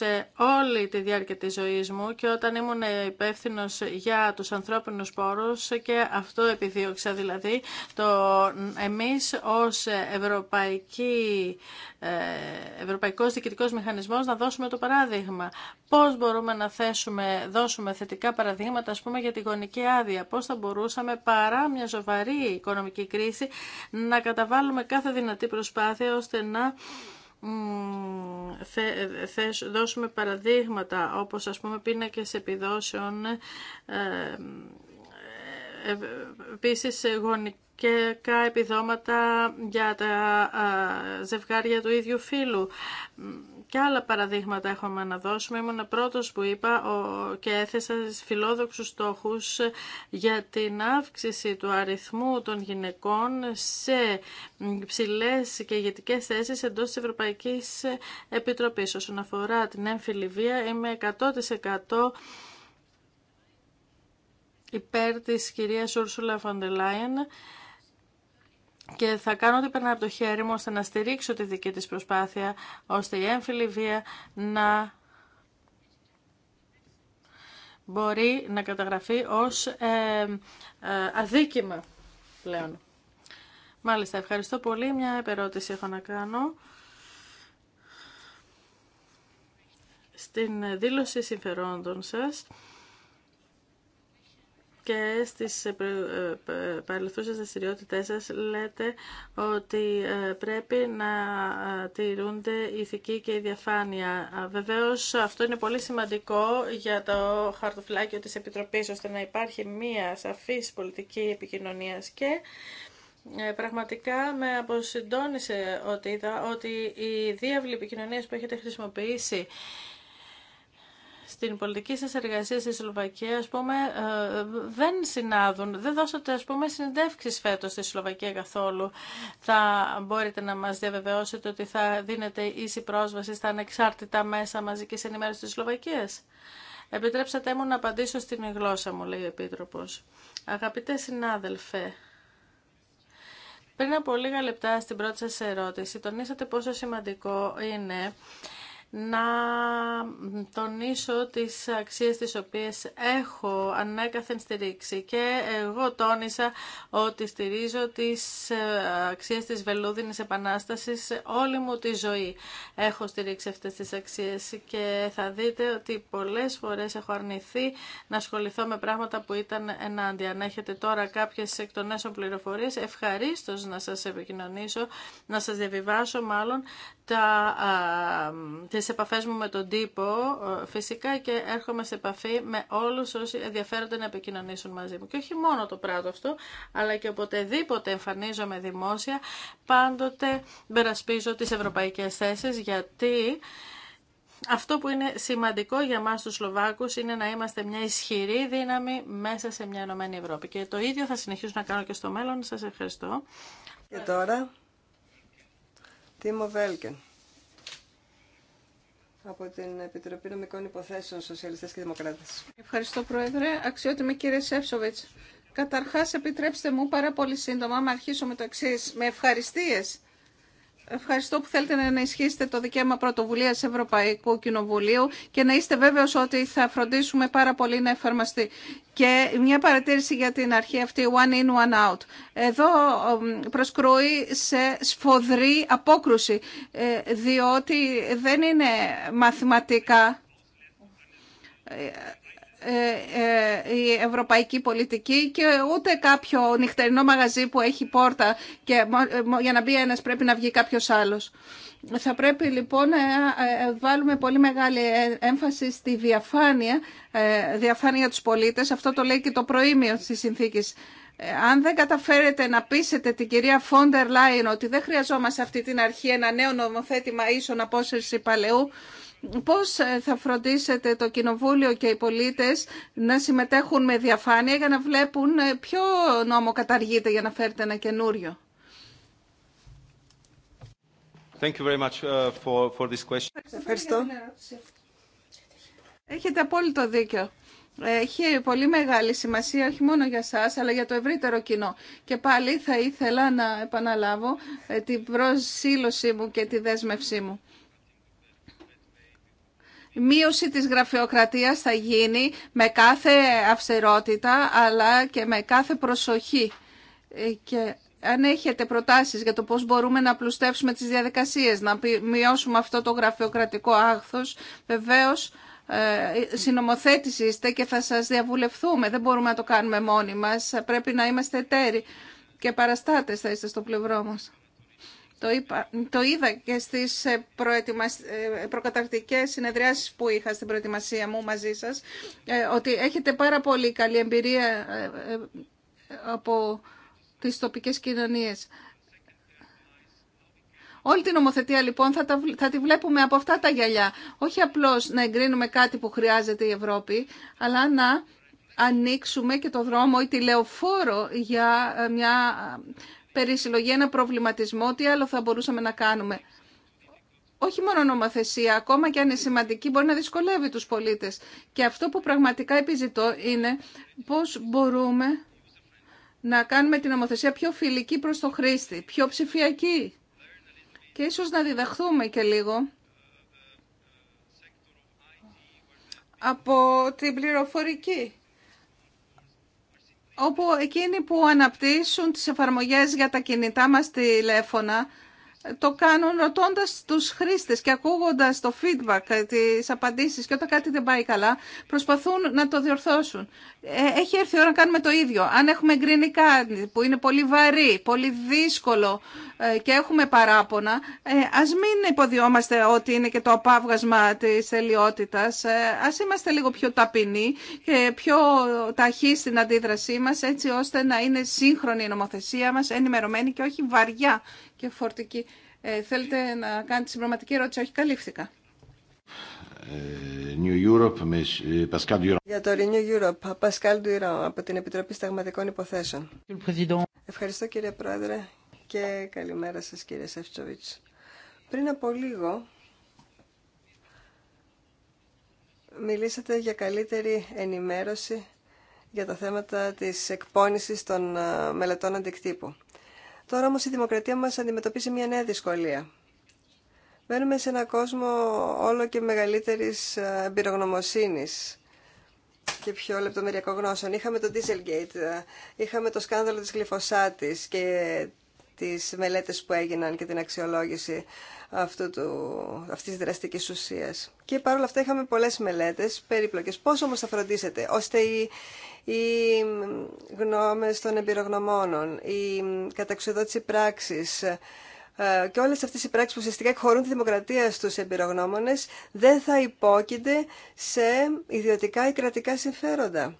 σε όλη τη διάρκεια της ζωής μου και όταν ήμουν υπεύθυνο για τους ανθρώπινους πόρους και αυτό επιδίωξα δηλαδή το εμείς ως ευρωπαϊκή, ε, ευρωπαϊκός διοικητικός μηχανισμός να δώσουμε το παράδειγμα. Πώς μπορούμε να θέσουμε, δώσουμε θετικά παραδείγματα ας πούμε για τη γονική άδεια. Πώς θα μπορούσαμε παρά μια σοβαρή οικονομική κρίση να καταβάλουμε κάθε δυνατή προσπάθεια ώστε να θες, δώσουμε παραδείγματα όπως ας πούμε πίνακες επιδόσεων ε, ε, ε επίσης και επιδόματα για τα ζευγάρια του ίδιου φίλου. Και άλλα παραδείγματα έχουμε να δώσουμε. Ήμουν πρώτος που είπα και έθεσα φιλόδοξους στόχους για την αύξηση του αριθμού των γυναικών σε ψηλές και ηγετικές θέσεις εντός της Ευρωπαϊκής Επιτροπής. Όσον αφορά την έμφυλη βία, είμαι 100% υπέρ της κυρίας Ούρσουλα Φοντελάιεν και θα κάνω ό,τι περνά από το χέρι μου ώστε να στηρίξω τη δική της προσπάθεια, ώστε η έμφυλη βία να μπορεί να καταγραφεί ως ε, ε αδίκημα πλέον. Μάλιστα, ευχαριστώ πολύ. Μια επερώτηση έχω να κάνω. Στην δήλωση συμφερόντων σας, και στις ε, ε, παρελθούσες δραστηριότητε σας λέτε ότι ε, πρέπει να τηρούνται η ηθική και η διαφάνεια. Βεβαίως αυτό είναι πολύ σημαντικό για το χαρτοφυλάκιο της Επιτροπής ώστε να υπάρχει μία σαφής πολιτική επικοινωνίας και πραγματικά με αποσυντόνισε ότι είδα ότι οι διάβλοι που έχετε χρησιμοποιήσει στην πολιτική σας εργασία στη Σλοβακία, ας πούμε, ε, δεν συνάδουν. Δεν δώσατε, ας πούμε, φέτος στη Σλοβακία καθόλου. Θα μπορείτε να μας διαβεβαιώσετε ότι θα δίνετε ίση πρόσβαση στα ανεξάρτητα μέσα μαζικής ενημέρωσης της Σλοβακίας. Επιτρέψατε μου να απαντήσω στην γλώσσα μου, λέει ο Επίτροπος. Αγαπητέ συνάδελφε, πριν από λίγα λεπτά στην πρώτη σας ερώτηση, τονίσατε πόσο σημαντικό είναι να τονίσω τις αξίες τις οποίες έχω ανέκαθεν στηρίξει και εγώ τόνισα ότι στηρίζω τις ε, αξίες της Βελούδινης Επανάστασης όλη μου τη ζωή έχω στηρίξει αυτές τις αξίες και θα δείτε ότι πολλές φορές έχω αρνηθεί να ασχοληθώ με πράγματα που ήταν ενάντια. Αν έχετε τώρα κάποιες εκ των πληροφορίες ευχαρίστως να σας επικοινωνήσω, να σας διαβιβάσω μάλλον τα, τις επαφές μου με τον τύπο ε, φυσικά και έρχομαι σε επαφή με όλους όσοι ενδιαφέρονται να επικοινωνήσουν μαζί μου. Και όχι μόνο το πράγμα αυτό, αλλά και οποτεδήποτε εμφανίζομαι δημόσια, πάντοτε περασπίζω τις ευρωπαϊκές θέσεις, γιατί... Αυτό που είναι σημαντικό για μας τους Σλοβάκους είναι να είμαστε μια ισχυρή δύναμη μέσα σε μια Ενωμένη Ευρώπη. Και το ίδιο θα συνεχίσω να κάνω και στο μέλλον. Σας ευχαριστώ. Και τώρα, Τίμο Βέλκεν από την Επιτροπή Νομικών Υποθέσεων Σοσιαλιστές και Δημοκράτες. Ευχαριστώ Πρόεδρε. Αξιότιμη κύριε Σεύσοβιτς. Καταρχάς επιτρέψτε μου πάρα πολύ σύντομα να αρχίσω με το εξή. Με ευχαριστίες Ευχαριστώ που θέλετε να ενισχύσετε το δικαίωμα πρωτοβουλία Ευρωπαϊκού Κοινοβουλίου και να είστε βέβαιο ότι θα φροντίσουμε πάρα πολύ να εφαρμοστεί. Και μια παρατήρηση για την αρχή αυτή, one in, one out. Εδώ προσκρούει σε σφοδρή απόκρουση, ε, διότι δεν είναι μαθηματικά ε, ε, ε, η ευρωπαϊκή πολιτική και ούτε κάποιο νυχτερινό μαγαζί που έχει πόρτα και ε, για να μπει ένας πρέπει να βγει κάποιος άλλος. Θα πρέπει λοιπόν να βάλουμε πολύ μεγάλη έμφαση στη διαφάνεια, διαφάνεια τους πολίτες. Αυτό το λέει και το προήμιο της συνθήκης. Αν δεν καταφέρετε να πείσετε την κυρία Φόντερ Λάιν ότι δεν χρειαζόμαστε αυτή την αρχή ένα νέο νομοθέτημα ίσον απόσυρση παλαιού, Πώς ε, θα φροντίσετε το Κοινοβούλιο και οι πολίτες να συμμετέχουν με διαφάνεια για να βλέπουν ε, ποιο νόμο καταργείται για να φέρετε ένα καινούριο. Thank you uh, this Ευχαριστώ. Έχετε απόλυτο δίκιο. Έχει πολύ μεγάλη σημασία όχι μόνο για σας αλλά για το ευρύτερο κοινό. Και πάλι θα ήθελα να επαναλάβω ε, την προσήλωσή μου και τη δέσμευσή μου μείωση της γραφειοκρατίας θα γίνει με κάθε αυστηρότητα αλλά και με κάθε προσοχή. Ε, και αν έχετε προτάσεις για το πώς μπορούμε να πλουστεύσουμε τις διαδικασίες, να μειώσουμε αυτό το γραφειοκρατικό άγχος, βεβαίως ε, συνομοθέτης είστε και θα σας διαβουλευθούμε. Δεν μπορούμε να το κάνουμε μόνοι μας. Πρέπει να είμαστε εταίροι και παραστάτες θα είστε στο πλευρό μας. Το, είδα και στις ε, προετοιμασ... Ε, προκαταρκτικές συνεδριάσεις που είχα στην προετοιμασία μου μαζί σας, ε, ότι έχετε πάρα πολύ καλή εμπειρία από τις τοπικές κοινωνίες. Όλη την νομοθετία λοιπόν θα, τη βλέπουμε από αυτά τα γυαλιά. Όχι απλώς να εγκρίνουμε κάτι που χρειάζεται η Ευρώπη, αλλά να ανοίξουμε και το δρόμο ή τηλεοφόρο για μια Περί συλλογή ένα προβληματισμό τι άλλο θα μπορούσαμε να κάνουμε. Όχι μόνο νομοθεσία, ακόμα και αν είναι σημαντική, μπορεί να δυσκολεύει τους πολίτες. Και αυτό που πραγματικά επιζητώ είναι πώς μπορούμε να κάνουμε την νομοθεσία πιο φιλική προς το χρήστη, πιο ψηφιακή. Και ίσως να διδαχθούμε και λίγο από την πληροφορική όπου εκείνοι που αναπτύσσουν τις εφαρμογές για τα κινητά μας τηλέφωνα το κάνουν ρωτώντα τους χρήστες και ακούγοντας το feedback, ε, τις απαντήσεις και όταν κάτι δεν πάει καλά, προσπαθούν να το διορθώσουν. Ε, έχει έρθει η ώρα να κάνουμε το ίδιο. Αν έχουμε γκρινικά που είναι πολύ βαρύ, πολύ δύσκολο ε, και έχουμε παράπονα, ας μην υποδιόμαστε ότι είναι και το απάβγασμα της ελιότητας Ας είμαστε λίγο πιο ταπεινοί και πιο ταχύ στην αντίδρασή μας, έτσι ώστε να είναι σύγχρονη η νομοθεσία μας, ενημερωμένη και όχι βαριά και φορτική. Ε, θέλετε να κάνετε συμπληρωματική ερώτηση, όχι καλύφθηκα. Ε, New Europe, με ε, Pascal Για το Renew Europe, Pascal Durand από την Επιτροπή Σταγματικών Υποθέσεων. Ευχαριστώ κύριε Πρόεδρε και καλημέρα σας κύριε Σεφτσοβίτς. Πριν από λίγο μιλήσατε για καλύτερη ενημέρωση για τα θέματα της εκπόνησης των μελετών αντικτύπου. Τώρα όμως η δημοκρατία μας αντιμετωπίζει μια νέα δυσκολία. Μένουμε σε έναν κόσμο όλο και μεγαλύτερης ε, εμπειρογνωμοσύνης και πιο λεπτομεριακό γνώσεων. Είχαμε το Dieselgate, ε, είχαμε το σκάνδαλο της γλυφοσάτης και τις μελέτες που έγιναν και την αξιολόγηση αυτού του, αυτής της δραστικής ουσίας. Και παρόλα αυτά είχαμε πολλές μελέτες περίπλοκες. Πώς όμως θα φροντίσετε ώστε οι, οι γνώμες των εμπειρογνωμόνων, η καταξιδότηση πράξης, ε, και όλες αυτές οι πράξεις που ουσιαστικά εκχωρούν τη δημοκρατία στους εμπειρογνώμονες δεν θα υπόκεινται σε ιδιωτικά ή κρατικά συμφέροντα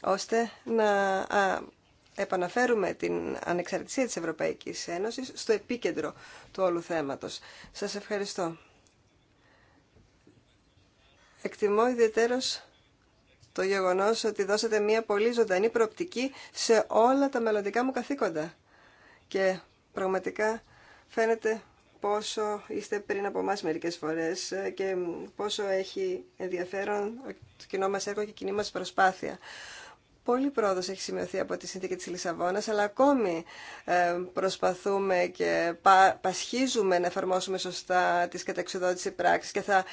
ώστε να επαναφέρουμε την ανεξαρτησία της Ευρωπαϊκής Ένωσης στο επίκεντρο του όλου θέματος. Σας ευχαριστώ. Εκτιμώ ιδιαίτερος το γεγονός ότι δώσατε μια πολύ ζωντανή προοπτική σε όλα τα μελλοντικά μου καθήκοντα. Και πραγματικά φαίνεται πόσο είστε πριν από εμά μερικές φορές και πόσο έχει ενδιαφέρον το κοινό μας έργο και η κοινή μας προσπάθεια. Πολύ πρόοδος έχει σημειωθεί από τη Συνθήκη της Λισαβόνας, αλλά ακόμη ε, προσπαθούμε και πασχίζουμε να εφαρμόσουμε σωστά τις καταξιδότηση πράξεις και θα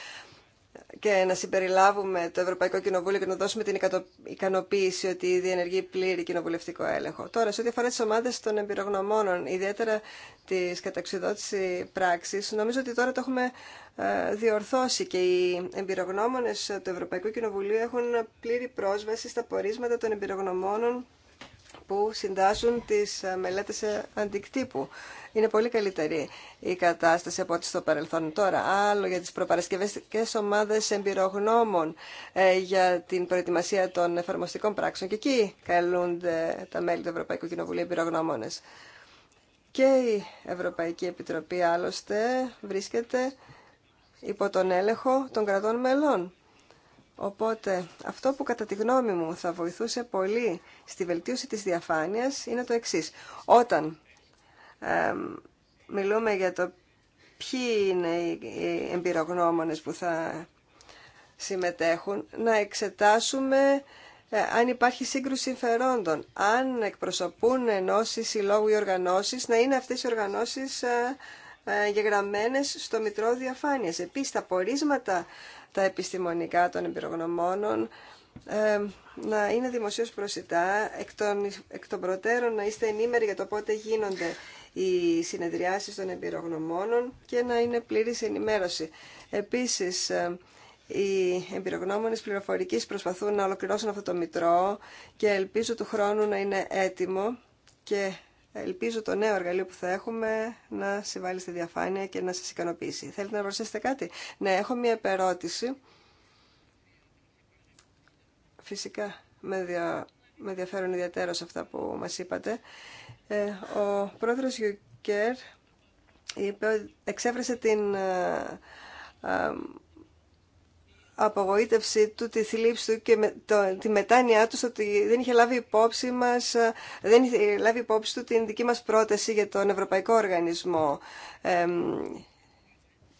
και να συμπεριλάβουμε το Ευρωπαϊκό Κοινοβούλιο και να δώσουμε την ικανοποίηση ότι ήδη ενεργεί πλήρη κοινοβουλευτικό έλεγχο. Τώρα, σε ό,τι αφορά τι ομάδε των εμπειρογνωμόνων, ιδιαίτερα τη καταξιδότηση πράξη, νομίζω ότι τώρα το έχουμε ε, διορθώσει και οι εμπειρογνώμονε του Ευρωπαϊκού Κοινοβουλίου έχουν πλήρη πρόσβαση στα πορίσματα των εμπειρογνωμόνων που συντάσσουν τις ε, μελέτες ε, αντικτύπου. Είναι πολύ καλύτερη η κατάσταση από ό,τι στο παρελθόν τώρα. Άλλο για τις προπαρασκευές ομάδες εμπειρογνώμων ε, για την προετοιμασία των εφαρμοστικών πράξεων. Και εκεί καλούνται τα μέλη του Ευρωπαϊκού Κοινοβουλίου εμπειρογνώμονες. Και η Ευρωπαϊκή Επιτροπή άλλωστε βρίσκεται υπό τον έλεγχο των κρατών μελών. Οπότε αυτό που κατά τη γνώμη μου θα βοηθούσε πολύ στη βελτίωση της διαφάνειας είναι το εξής. Όταν μιλούμε για το ποιοι είναι οι εμπειρογνώμονες που θα συμμετέχουν, να εξετάσουμε ε, αν υπάρχει σύγκρουση συμφερόντων, αν εκπροσωπούν ενώσει συλλόγου ή οργανώσεις, να είναι αυτές οι οργανώσεις ε, ε γεγραμμένες στο Μητρό Διαφάνειας. Επίσης, τα πορίσματα τα επιστημονικά των εμπειρογνωμόνων, ε, να είναι δημοσίως προσιτά, εκ των, εκ των προτέρων να είστε ενήμεροι για το πότε γίνονται οι συνεδριάσεις των εμπειρογνωμόνων και να είναι πλήρης ενημέρωση. Επίσης, ε, οι εμπειρογνώμονες πληροφορικής προσπαθούν να ολοκληρώσουν αυτό το μητρό και ελπίζω του χρόνου να είναι έτοιμο και Ελπίζω το νέο εργαλείο που θα έχουμε να συμβάλλει στη διαφάνεια και να σας ικανοποιήσει. Θέλετε να προσθέσετε κάτι? Ναι, έχω μία επερώτηση. Φυσικά, με, δια... με ιδιαίτερα αυτά που μας είπατε. Ε, ο πρόεδρος Γιουκέρ είπε, εξέφρασε την ε, ε, απογοήτευσή του, τη θλίψη του και τη μετάνοιά του ότι δεν είχε λάβει υπόψη ε, δεν είχε λάβει υπόψη του την δική μας πρόταση για τον Ευρωπαϊκό Οργανισμό.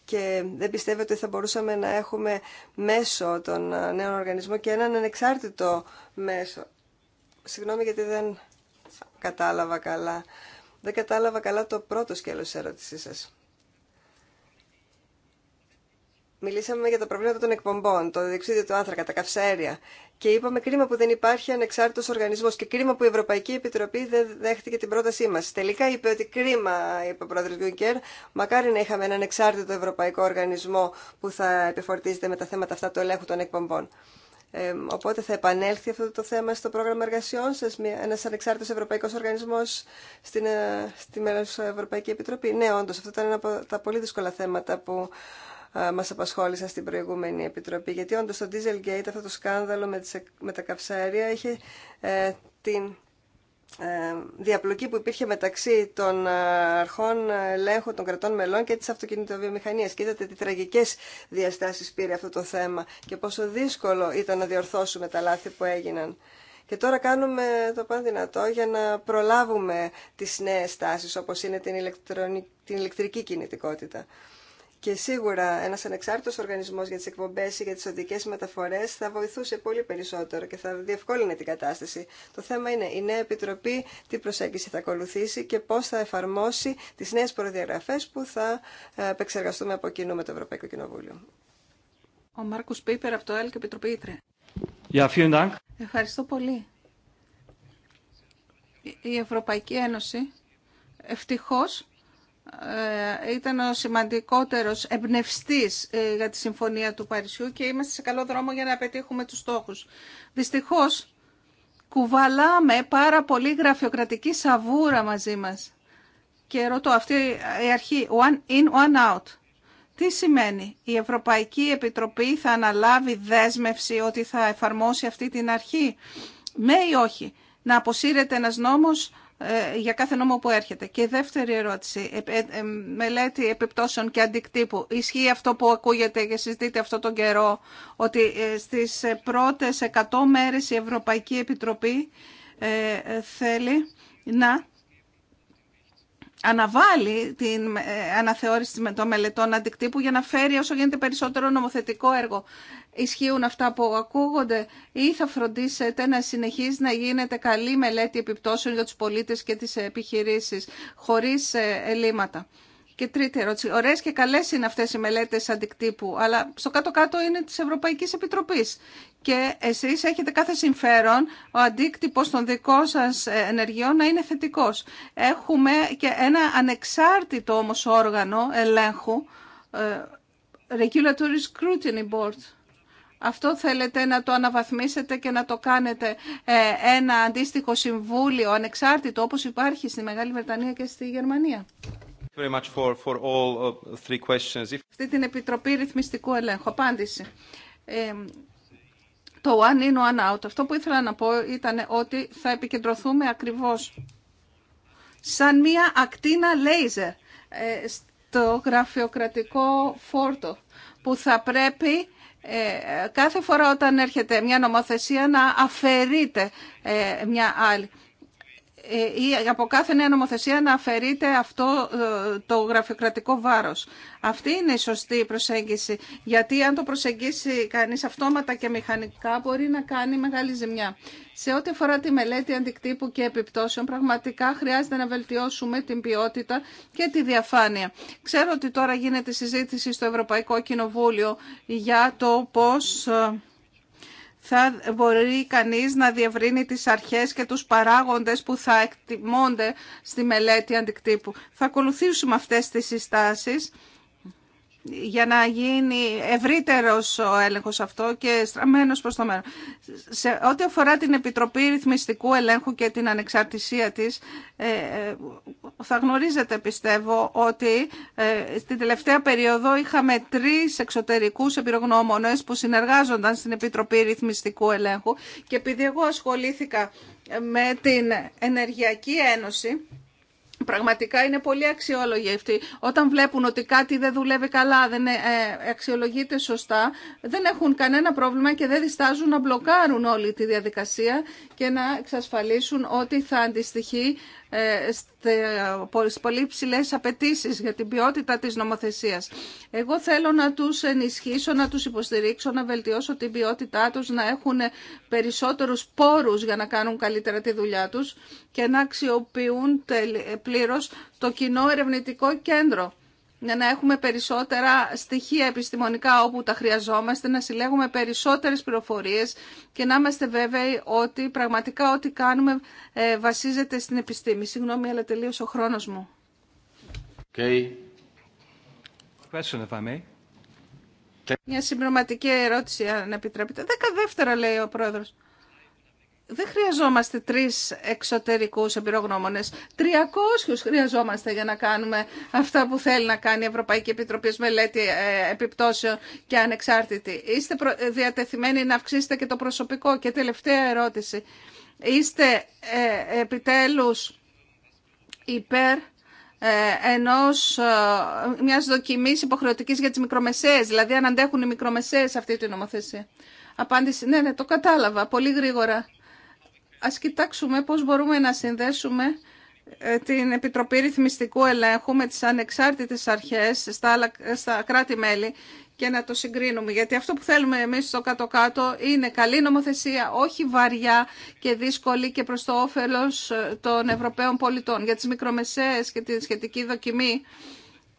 και δεν πιστεύω ότι θα μπορούσαμε να έχουμε μέσω τον ε, νέο οργανισμό και έναν ανεξάρτητο μέσο. Συγγνώμη γιατί δεν κατάλαβα καλά. Δεν κατάλαβα καλά το πρώτο σκέλος της ερώτησής σας μιλήσαμε για τα προβλήματα των εκπομπών, το διεξίδιο του άνθρακα, τα καυσαέρια. Και είπαμε κρίμα που δεν υπάρχει ανεξάρτητο οργανισμό και κρίμα που η Ευρωπαϊκή Επιτροπή δεν δέχτηκε την πρότασή μα. Τελικά είπε ότι κρίμα, είπε ο πρόεδρο Γιούγκερ, μακάρι να είχαμε έναν ανεξάρτητο ευρωπαϊκό οργανισμό που θα επιφορτίζεται με τα θέματα αυτά του ελέγχου των εκπομπών. Ε, οπότε θα επανέλθει αυτό το θέμα στο πρόγραμμα εργασιών σα, ένα ανεξάρτητο ευρωπαϊκό οργανισμό στην ε, στη Ευρωπαϊκή Επιτροπή. Ναι, όντω, αυτό ήταν ένα από τα πολύ δύσκολα θέματα που ε, μας απασχόλησαν στην προηγούμενη επιτροπή. Γιατί όντω το Dieselgate, αυτό το σκάνδαλο με, με τα καυσαέρια, είχε ε, την ε, διαπλοκή που υπήρχε μεταξύ των ε, αρχών ελέγχου των κρατών μελών και της αυτοκινητοβιομηχανίας. Και είδατε τι τραγικές διαστάσεις πήρε αυτό το θέμα και πόσο δύσκολο ήταν να διορθώσουμε τα λάθη που έγιναν. Και τώρα κάνουμε το πάνω δυνατό για να προλάβουμε τις νέες τάσεις όπως είναι την ηλεκτρική κινητικότητα. Και σίγουρα ένας ανεξάρτητος οργανισμός για τι εκπομπέ ή για τις οδικές μεταφορές θα βοηθούσε πολύ περισσότερο και θα διευκόλυνε την κατάσταση. Το θέμα είναι η νέα επιτροπή τι προσέγγιση θα ακολουθήσει και πώς θα εφαρμόσει τις νέες προδιαγραφές που θα ε, επεξεργαστούμε από κοινού με το Ευρωπαϊκό Κοινοβούλιο. Ο Μάρκο Πίπερ από το ΕΛΚ Επιτροπή Ήτρε. Ευχαριστώ πολύ. Η Ευρωπαϊκή Ένωση ευτυχώς ε, ήταν ο σημαντικότερος εμπνευστή ε, για τη Συμφωνία του Παρισιού και είμαστε σε καλό δρόμο για να πετύχουμε τους στόχους. Δυστυχώς, κουβαλάμε πάρα πολύ γραφειοκρατική σαβούρα μαζί μας. Και ρωτώ αυτή η αρχή, one in, one out. Τι σημαίνει, η Ευρωπαϊκή Επιτροπή θα αναλάβει δέσμευση ότι θα εφαρμόσει αυτή την αρχή, ναι ή όχι. Να αποσύρεται ένας νόμος ε, για κάθε νόμο που έρχεται. Και δεύτερη ερώτηση, ε, ε, μελέτη επιπτώσεων και αντικτύπου. Ισχύει αυτό που ακούγεται και συζητείτε αυτό τον καιρό, ότι στις πρώτες 100 μέρες η Ευρωπαϊκή Επιτροπή θέλει να αναβάλει την ε, αναθεώρηση το μελετών αντικτύπου για να φέρει όσο γίνεται περισσότερο νομοθετικό έργο. Ισχύουν αυτά που ακούγονται ή θα φροντίσετε να συνεχίζει να γίνεται καλή μελέτη επιπτώσεων για τους πολίτες και τις επιχειρήσεις χωρίς ε, ελλείμματα. Και τρίτη ερώτηση. Ωραίε και καλέ είναι αυτέ οι μελέτε αντικτύπου, αλλά στο κάτω-κάτω είναι τη Ευρωπαϊκή Επιτροπή. Και εσεί έχετε κάθε συμφέρον ο αντίκτυπο των δικών σα ε, ενεργειών να είναι θετικό. Έχουμε και ένα ανεξάρτητο όμω όργανο ελέγχου, ε, Regulatory Scrutiny Board. Αυτό θέλετε να το αναβαθμίσετε και να το κάνετε ε, ένα αντίστοιχο συμβούλιο ανεξάρτητο όπως υπάρχει στη Μεγάλη Βρετανία και στη Γερμανία. Uh, Αυτή την Επιτροπή Ρυθμιστικού Ελέγχου. Απάντηση. Ε, το one in, one out. Αυτό που ήθελα να πω ήταν ότι θα επικεντρωθούμε ακριβώς σαν μία ακτίνα λέιζερ ε, στο γραφειοκρατικό φόρτο που θα πρέπει ε, κάθε φορά όταν έρχεται μια νομοθεσία να αφαιρείται ε, μια άλλη ή από κάθε νέα νομοθεσία να αφαιρείται αυτό ε, το γραφειοκρατικό βάρος. Αυτή είναι η σωστή προσέγγιση, γιατί αν το προσεγγίσει κανείς αυτόματα και μηχανικά μπορεί να κάνει μεγάλη ζημιά. Σε ό,τι αφορά τη μελέτη αντικτύπου και επιπτώσεων, πραγματικά χρειάζεται να βελτιώσουμε την ποιότητα και τη διαφάνεια. Ξέρω ότι τώρα γίνεται συζήτηση στο Ευρωπαϊκό Κοινοβούλιο για το πώς ε, θα μπορεί κανείς να διευρύνει τις αρχές και τους παράγοντες που θα εκτιμώνται στη μελέτη αντικτύπου. Θα ακολουθήσουμε αυτές τις συστάσεις για να γίνει ευρύτερος ο έλεγχος αυτό και στραμμένος προ το μέλλον. Σε ό,τι αφορά την Επιτροπή Ρυθμιστικού Ελέγχου και την ανεξαρτησία της, ε, ε, θα γνωρίζετε πιστεύω ότι ε, στην τελευταία περίοδο είχαμε τρεις εξωτερικούς επιρρογνώμονες που συνεργάζονταν στην Επιτροπή Ρυθμιστικού Ελέγχου και επειδή εγώ ασχολήθηκα με την Ενεργειακή Ένωση, Πραγματικά είναι πολύ αξιόλογοι αυτοί. Όταν βλέπουν ότι κάτι δεν δουλεύει καλά, δεν ε, ε, αξιολογείται σωστά, δεν έχουν κανένα πρόβλημα και δεν διστάζουν να μπλοκάρουν όλη τη διαδικασία και να εξασφαλίσουν ότι θα αντιστοιχεί ε, στις πολύ ψηλέ απαιτήσει για την ποιότητα της νομοθεσίας. Εγώ θέλω να τους ενισχύσω, να τους υποστηρίξω, να βελτιώσω την ποιότητά τους, να έχουν περισσότερους πόρους για να κάνουν καλύτερα τη δουλειά τους και να αξιοποιούν πλήρως το κοινό ερευνητικό κέντρο για ναι, να έχουμε περισσότερα στοιχεία επιστημονικά όπου τα χρειαζόμαστε, να συλλέγουμε περισσότερες πληροφορίες και να είμαστε βέβαιοι ότι πραγματικά ό,τι κάνουμε ε, βασίζεται στην επιστήμη. Συγγνώμη, αλλά τελείωσε ο χρόνος μου. Okay. Question, Μια συμπληρωματική ερώτηση, αν επιτρέπετε. Δέκα λέει ο πρόεδρος δεν χρειαζόμαστε τρεις εξωτερικούς εμπειρογνώμονες. 300 χρειαζόμαστε για να κάνουμε αυτά που θέλει να κάνει η Ευρωπαϊκή Επιτροπή μελέτη ε, επιπτώσεων και ανεξάρτητη. Είστε διατεθειμένοι να αυξήσετε και το προσωπικό. Και τελευταία ερώτηση. Είστε ε, επιτέλους υπέρ ε, ενός, ε, μιας δοκιμής υποχρεωτικής για τις μικρομεσαίες, δηλαδή αν αντέχουν οι μικρομεσαίες αυτή τη νομοθεσία. Απάντηση, ναι, ναι, το κατάλαβα, πολύ γρήγορα. Ας κοιτάξουμε πώς μπορούμε να συνδέσουμε ε, την Επιτροπή Ρυθμιστικού Ελέγχου με τις ανεξάρτητες αρχές στα, στα κράτη-μέλη και να το συγκρίνουμε. Γιατί αυτό που θέλουμε εμείς στο κάτω-κάτω είναι καλή νομοθεσία, όχι βαριά και δύσκολη και προς το όφελος ε, των Ευρωπαίων πολιτών. Για τις μικρομεσαίες και τη σχετική δοκιμή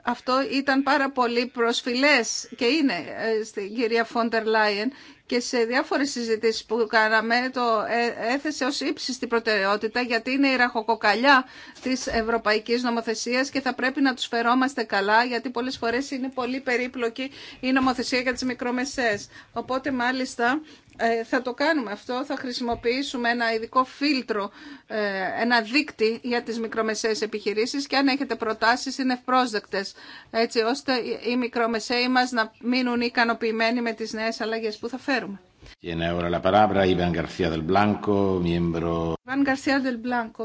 αυτό ήταν πάρα πολύ προσφυλές και είναι ε, στην κυρία Φόντερ Λάιεν και σε διάφορες συζητήσεις που κάναμε το ε, έθεσε ως ύψιστη προτεραιότητα γιατί είναι η ραχοκοκαλιά της ευρωπαϊκής νομοθεσίας και θα πρέπει να τους φερόμαστε καλά γιατί πολλές φορές είναι πολύ περίπλοκη η νομοθεσία για τις μικρομεσαίες. Οπότε μάλιστα ε, θα το κάνουμε αυτό, θα χρησιμοποιήσουμε ένα ειδικό φίλτρο, ε, ένα δίκτυ για τις μικρομεσαίες επιχειρήσεις και αν έχετε προτάσεις είναι ευπρόσδεκτες, έτσι ώστε οι μικρομεσαίοι μας να μείνουν ικανοποιημένοι με τις νέες αλλαγές που θα φέρουμε. Tiene ahora la palabra Iván García del Blanco, miembro... Iván García del Blanco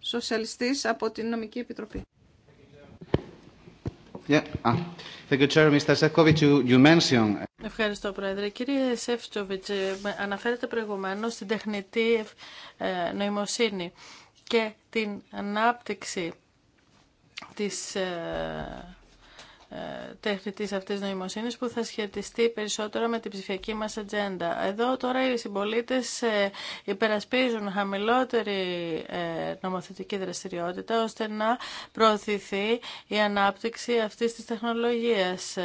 σοσιαλιστής από την Νομική Επιτροπή. Ah. Ευχαριστώ, Πρόεδρε. Κύριε Σεφτσοβιτς, ε, αναφέρετε προηγουμένως στην τεχνητή ε, νοημοσύνη και την ανάπτυξη της ε, της αυτής νοημοσύνης που θα σχετιστεί περισσότερο με την ψηφιακή μας ατζέντα. Εδώ τώρα οι συμπολίτε ε, υπερασπίζουν χαμηλότερη ε, νομοθετική δραστηριότητα ώστε να προωθηθεί η ανάπτυξη αυτής της τεχνολογίας.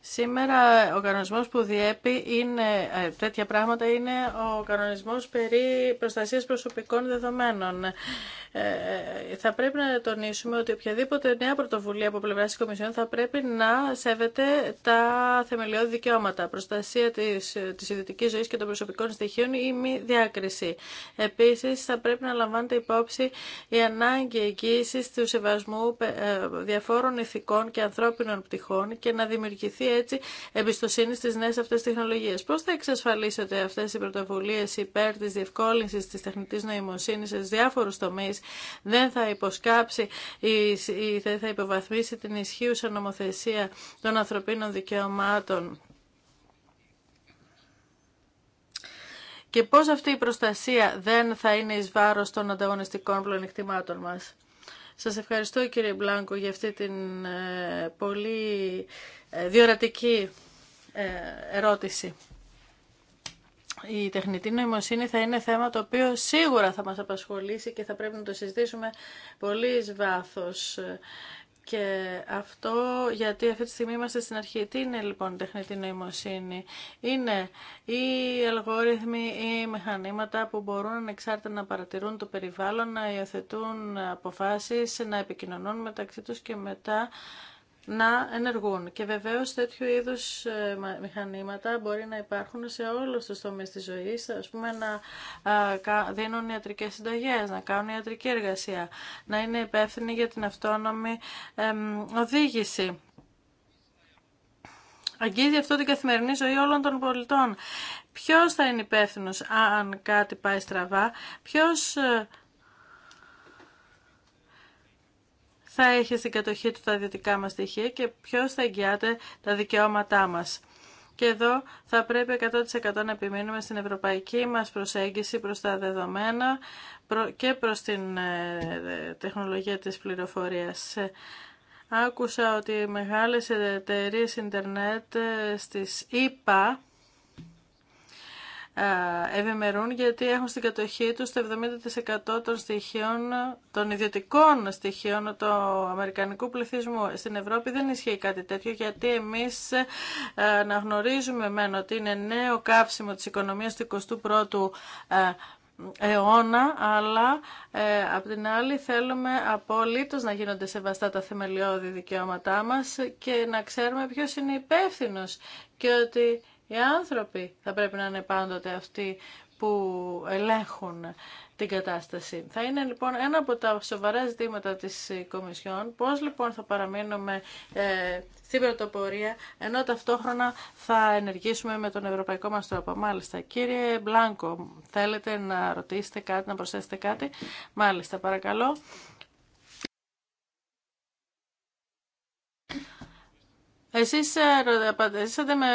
Σήμερα ο κανονισμός που διέπει είναι, ε, τέτοια πράγματα είναι ο κανονισμός περί προστασίας προσωπικών δεδομένων. Ε, ε, θα πρέπει να τονίσουμε ότι οποιαδήποτε νέα πρωτοβουλία από πλευρά τη Κομισιόν θα πρέπει να σέβεται τα θεμελιώδη δικαιώματα, προστασία τη ιδιωτική ζωή και των προσωπικών στοιχείων ή μη διάκριση. Επίση, θα πρέπει να λαμβάνεται υπόψη η ανάγκη εγγύηση του σεβασμού ε, διαφόρων ηθικών και ανθρώπινων πτυχών και να δημιουργηθεί έτσι εμπιστοσύνη στι νέε αυτέ τεχνολογίε. Πώ θα εξασφαλίσετε αυτέ οι πρωτοβουλίε υπέρ τη διευκόλυνση τη τεχνητή νοημοσύνη σε διάφορου τομεί δεν θα υποσκάψει ή δεν θα υποβαθμίσει την ισχύουσα νομοθεσία των ανθρωπίνων δικαιωμάτων. Και πώς αυτή η προστασία δεν θα είναι εις βάρος των ανταγωνιστικών πλονεκτημάτων μας. Σας ευχαριστώ κύριε Μπλάνκο για αυτή την ε, πολύ ε, διορατική ε, ερώτηση η τεχνητή νοημοσύνη θα είναι θέμα το οποίο σίγουρα θα μας απασχολήσει και θα πρέπει να το συζητήσουμε πολύ εις βάθος. Και αυτό γιατί αυτή τη στιγμή είμαστε στην αρχή. Τι είναι λοιπόν η τεχνητή νοημοσύνη. Είναι οι αλγόριθμοι ή οι μηχανήματα που μπορούν ανεξάρτητα να παρατηρούν το περιβάλλον, να υιοθετούν αποφάσεις, να επικοινωνούν μεταξύ τους και μετά να ενεργούν. Και βεβαίως τέτοιου είδους ε, μηχανήματα μπορεί να υπάρχουν σε όλους τους τομείς της ζωή, ας πούμε να δίνουν ιατρικές συνταγές, να κάνουν ιατρική εργασία, να είναι υπεύθυνοι για την αυτόνομη οδήγηση. Αγγίζει αυτό την καθημερινή ζωή όλων των πολιτών. Ποιος θα είναι υπεύθυνο αν κάτι πάει στραβά, ποιος ε, θα έχει στην κατοχή του τα δυτικά μας στοιχεία και ποιος θα εγγυάται τα δικαιώματά μας. Και εδώ θα πρέπει 100% να επιμείνουμε στην ευρωπαϊκή μας προσέγγιση προς τα δεδομένα και προς την ε, τεχνολογία της πληροφορίας. Άκουσα ότι οι μεγάλες εταιρείες ίντερνετ ε, στις ίπα ε, ευημερούν γιατί έχουν στην κατοχή τους το 70% των στοιχείων, των ιδιωτικών στοιχείων του αμερικανικού πληθυσμού. Στην Ευρώπη δεν ισχύει κάτι τέτοιο γιατί εμείς ε, να γνωρίζουμε ότι είναι νέο κάψιμο της οικονομίας του 21ου ε, αιώνα, αλλά ε, απ' την άλλη θέλουμε απολύτως να γίνονται σεβαστά τα θεμελιώδη δικαιώματά μας και να ξέρουμε ποιος είναι υπεύθυνο και ότι οι άνθρωποι θα πρέπει να είναι πάντοτε αυτοί που ελέγχουν την κατάσταση. Θα είναι λοιπόν ένα από τα σοβαρά ζητήματα της Κομισιόν, πώς λοιπόν θα παραμείνουμε ε, στην πρωτοπορία, ενώ ταυτόχρονα θα ενεργήσουμε με τον ευρωπαϊκό μας τρόπο. Μάλιστα, κύριε Μπλάνκο, θέλετε να ρωτήσετε κάτι, να προσθέσετε κάτι. Μάλιστα, παρακαλώ. Εσείς ε, απαντήσατε με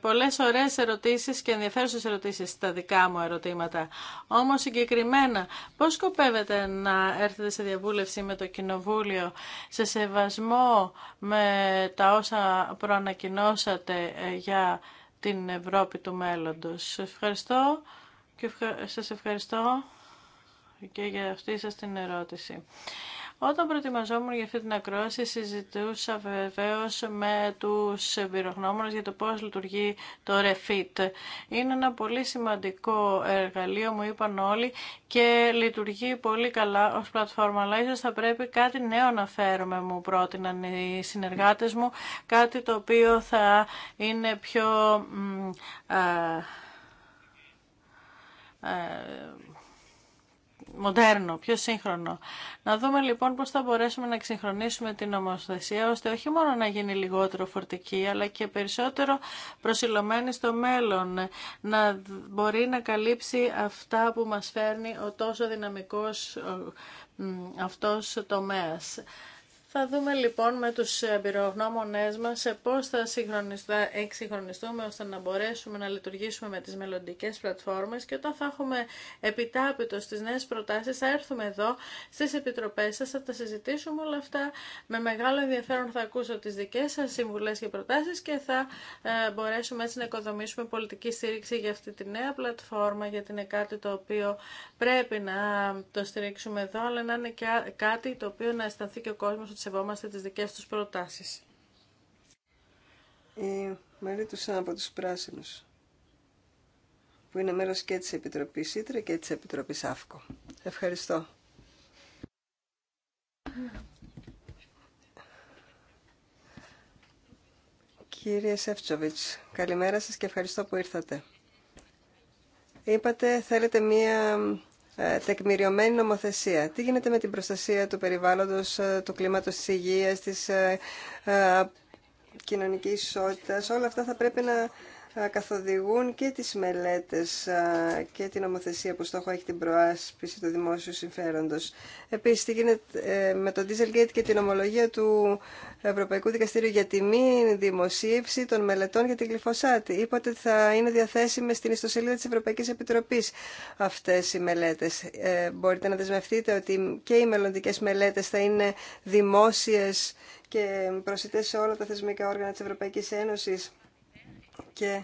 πολλές ωραίες ερωτήσεις και ενδιαφέρουσες ερωτήσεις στα δικά μου ερωτήματα. Όμως συγκεκριμένα, πώς σκοπεύετε να έρθετε σε διαβούλευση με το Κοινοβούλιο σε σεβασμό με τα όσα προανακοινώσατε ε, για την Ευρώπη του μέλλοντος. Σας ευχαριστώ και σας ευχαριστώ και για αυτή σας την ερώτηση. Όταν προετοιμαζόμουν για αυτή την ακρόαση, συζητούσα βεβαίω με του εμπειρογνώμονε για το πώ λειτουργεί το REFIT. Είναι ένα πολύ σημαντικό εργαλείο, μου είπαν όλοι, και λειτουργεί πολύ καλά ω πλατφόρμα. Αλλά ίσω θα πρέπει κάτι νέο να φέρουμε, μου πρότειναν οι συνεργάτε μου, κάτι το οποίο θα είναι πιο. Ε, ε, μοντέρνο, πιο σύγχρονο. Να δούμε λοιπόν πώς θα μπορέσουμε να ξυγχρονίσουμε την ομοστασία, ώστε όχι μόνο να γίνει λιγότερο φορτική, αλλά και περισσότερο προσιλωμένη στο μέλλον, να μπορεί να καλύψει αυτά που μας φέρνει ο τόσο δυναμικός αυτός τομέας. Θα δούμε λοιπόν με τους εμπειρογνώμονές μας πώς θα εξυγχρονιστούμε ώστε να μπορέσουμε να λειτουργήσουμε με τις μελλοντικέ πλατφόρμες και όταν θα έχουμε επιτάπητο στις νέες προτάσεις θα έρθουμε εδώ στις επιτροπές σας, θα τα συζητήσουμε όλα αυτά. Με μεγάλο ενδιαφέρον θα ακούσω τις δικές σας συμβουλές και προτάσεις και θα ε, μπορέσουμε έτσι να οικοδομήσουμε πολιτική στήριξη για αυτή τη νέα πλατφόρμα γιατί είναι κάτι το οποίο πρέπει να το στηρίξουμε εδώ αλλά να είναι και κάτι το οποίο να αισθανθεί και ο κόσμος σεβόμαστε τις δικές τους προτάσεις. Η Μαρή από τους Πράσινους, που είναι μέρος και της Επιτροπής Ήτρε και της Επιτροπής ΑΦΚΟ. Ευχαριστώ. Κύριε Σεφτσοβιτς, καλημέρα σας και ευχαριστώ που ήρθατε. Είπατε θέλετε μία ε, τεκμηριωμένη νομοθεσία. Τι γίνεται με την προστασία του περιβάλλοντος, ε, του κλίματος, της υγείας, της ε, κοινωνικής ισότητας. Όλα αυτά θα πρέπει να καθοδηγούν και τις μελέτες και την ομοθεσία που στόχο έχει την προάσπιση του δημόσιου συμφέροντος. Επίσης, τι γίνεται ε, με το Dieselgate και την ομολογία του Ευρωπαϊκού Δικαστήριου για τη μη δημοσίευση των μελετών για την κλειφωσάτη. Είπατε ότι θα είναι διαθέσιμες στην ιστοσελίδα της Ευρωπαϊκής Επιτροπής αυτές οι μελέτες. Ε, μπορείτε να δεσμευτείτε ότι και οι μελλοντικέ μελέτες θα είναι δημόσιες και προσιτές σε όλα τα θεσμικά όργανα της Ευρωπαϊκής Ένωσης και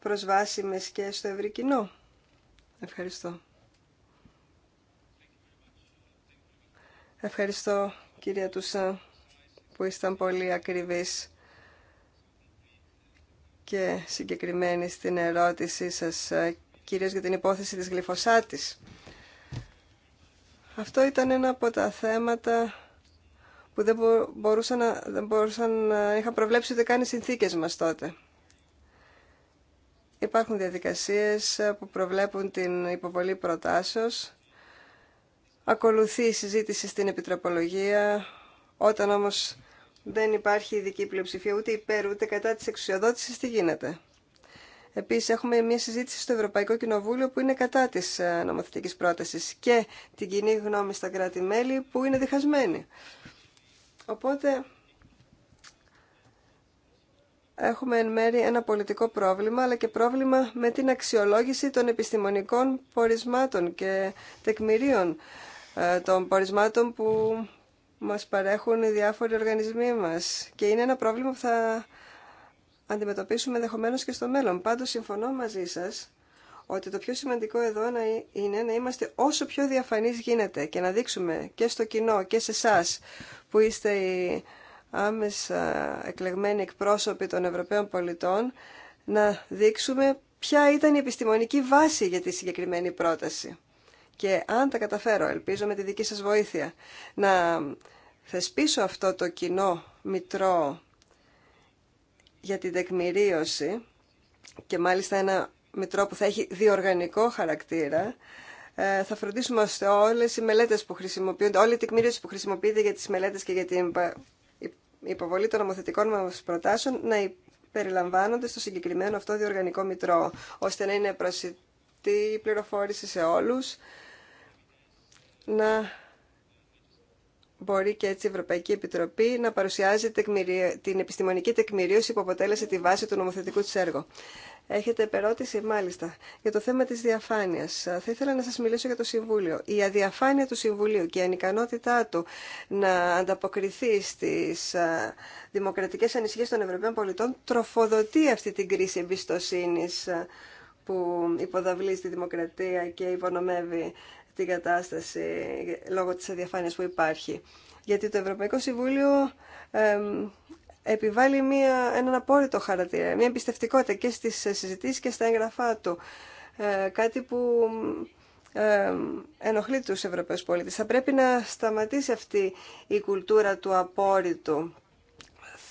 προσβάσιμες και στο ευρύ κοινό. Ευχαριστώ. Ευχαριστώ κυρία Τουσά που ήσταν πολύ ακριβής και συγκεκριμένη στην ερώτησή σας, ε, κυρίως για την υπόθεση της γλυφοσάτης. Αυτό ήταν ένα από τα θέματα που δεν μπορούσαν να, δεν να είχα προβλέψει ούτε καν οι συνθήκες μας τότε. Υπάρχουν διαδικασίες που προβλέπουν την υποβολή προτάσεως. Ακολουθεί η συζήτηση στην επιτροπολογία. Όταν όμως δεν υπάρχει ειδική πλειοψηφία ούτε υπέρ ούτε κατά της εξουσιοδότησης, τι γίνεται. Επίσης έχουμε μια συζήτηση στο Ευρωπαϊκό Κοινοβούλιο που είναι κατά της ε, νομοθετικής πρότασης και την κοινή γνώμη στα κράτη-μέλη που είναι διχασμένη. Οπότε έχουμε εν μέρη ένα πολιτικό πρόβλημα, αλλά και πρόβλημα με την αξιολόγηση των επιστημονικών πορισμάτων και τεκμηρίων ε, των πορισμάτων που μας παρέχουν οι διάφοροι οργανισμοί μας. Και είναι ένα πρόβλημα που θα αντιμετωπίσουμε ενδεχομένω και στο μέλλον. Πάντως συμφωνώ μαζί σας ότι το πιο σημαντικό εδώ είναι να είμαστε όσο πιο διαφανείς γίνεται και να δείξουμε και στο κοινό και σε εσά που είστε οι άμεσα εκλεγμένοι εκπρόσωποι των Ευρωπαίων πολιτών να δείξουμε ποια ήταν η επιστημονική βάση για τη συγκεκριμένη πρόταση. Και αν τα καταφέρω, ελπίζω με τη δική σας βοήθεια, να θεσπίσω αυτό το κοινό μητρό για την τεκμηρίωση και μάλιστα ένα μητρό που θα έχει διοργανικό χαρακτήρα, ε, θα φροντίσουμε ώστε όλες οι μελέτες που χρησιμοποιούνται, όλη η τεκμηρίωση που χρησιμοποιείται για τις μελέτες και για την υποβολή των νομοθετικών μας προτάσεων να περιλαμβάνονται στο συγκεκριμένο αυτό διοργανικό μητρό, ώστε να είναι προσιτή η πληροφόρηση σε όλους, να μπορεί και έτσι η Ευρωπαϊκή Επιτροπή να παρουσιάζει την επιστημονική τεκμηρίωση που αποτέλεσε τη βάση του νομοθετικού της έργου. Έχετε επερώτηση, μάλιστα, για το θέμα της διαφάνειας. Θα ήθελα να σας μιλήσω για το Συμβούλιο. Η αδιαφάνεια του Συμβουλίου και η ανικανότητά του να ανταποκριθεί στις δημοκρατικές ανησυχίες των Ευρωπαίων πολιτών τροφοδοτεί αυτή την κρίση εμπιστοσύνης που υποδαβλεί τη δημοκρατία και υπονομεύει την κατάσταση λόγω της αδιαφάνειας που υπάρχει. Γιατί το Ευρωπαϊκό Συμβούλιο επιβάλλει μια, έναν απόρριτο χαρακτήρα, μια εμπιστευτικότητα και στις συζητήσεις και στα έγγραφά του. Ε, κάτι που ενοχλεί τους Ευρωπαίους πολίτες. Θα πρέπει να σταματήσει αυτή η κουλτούρα του απόρριτου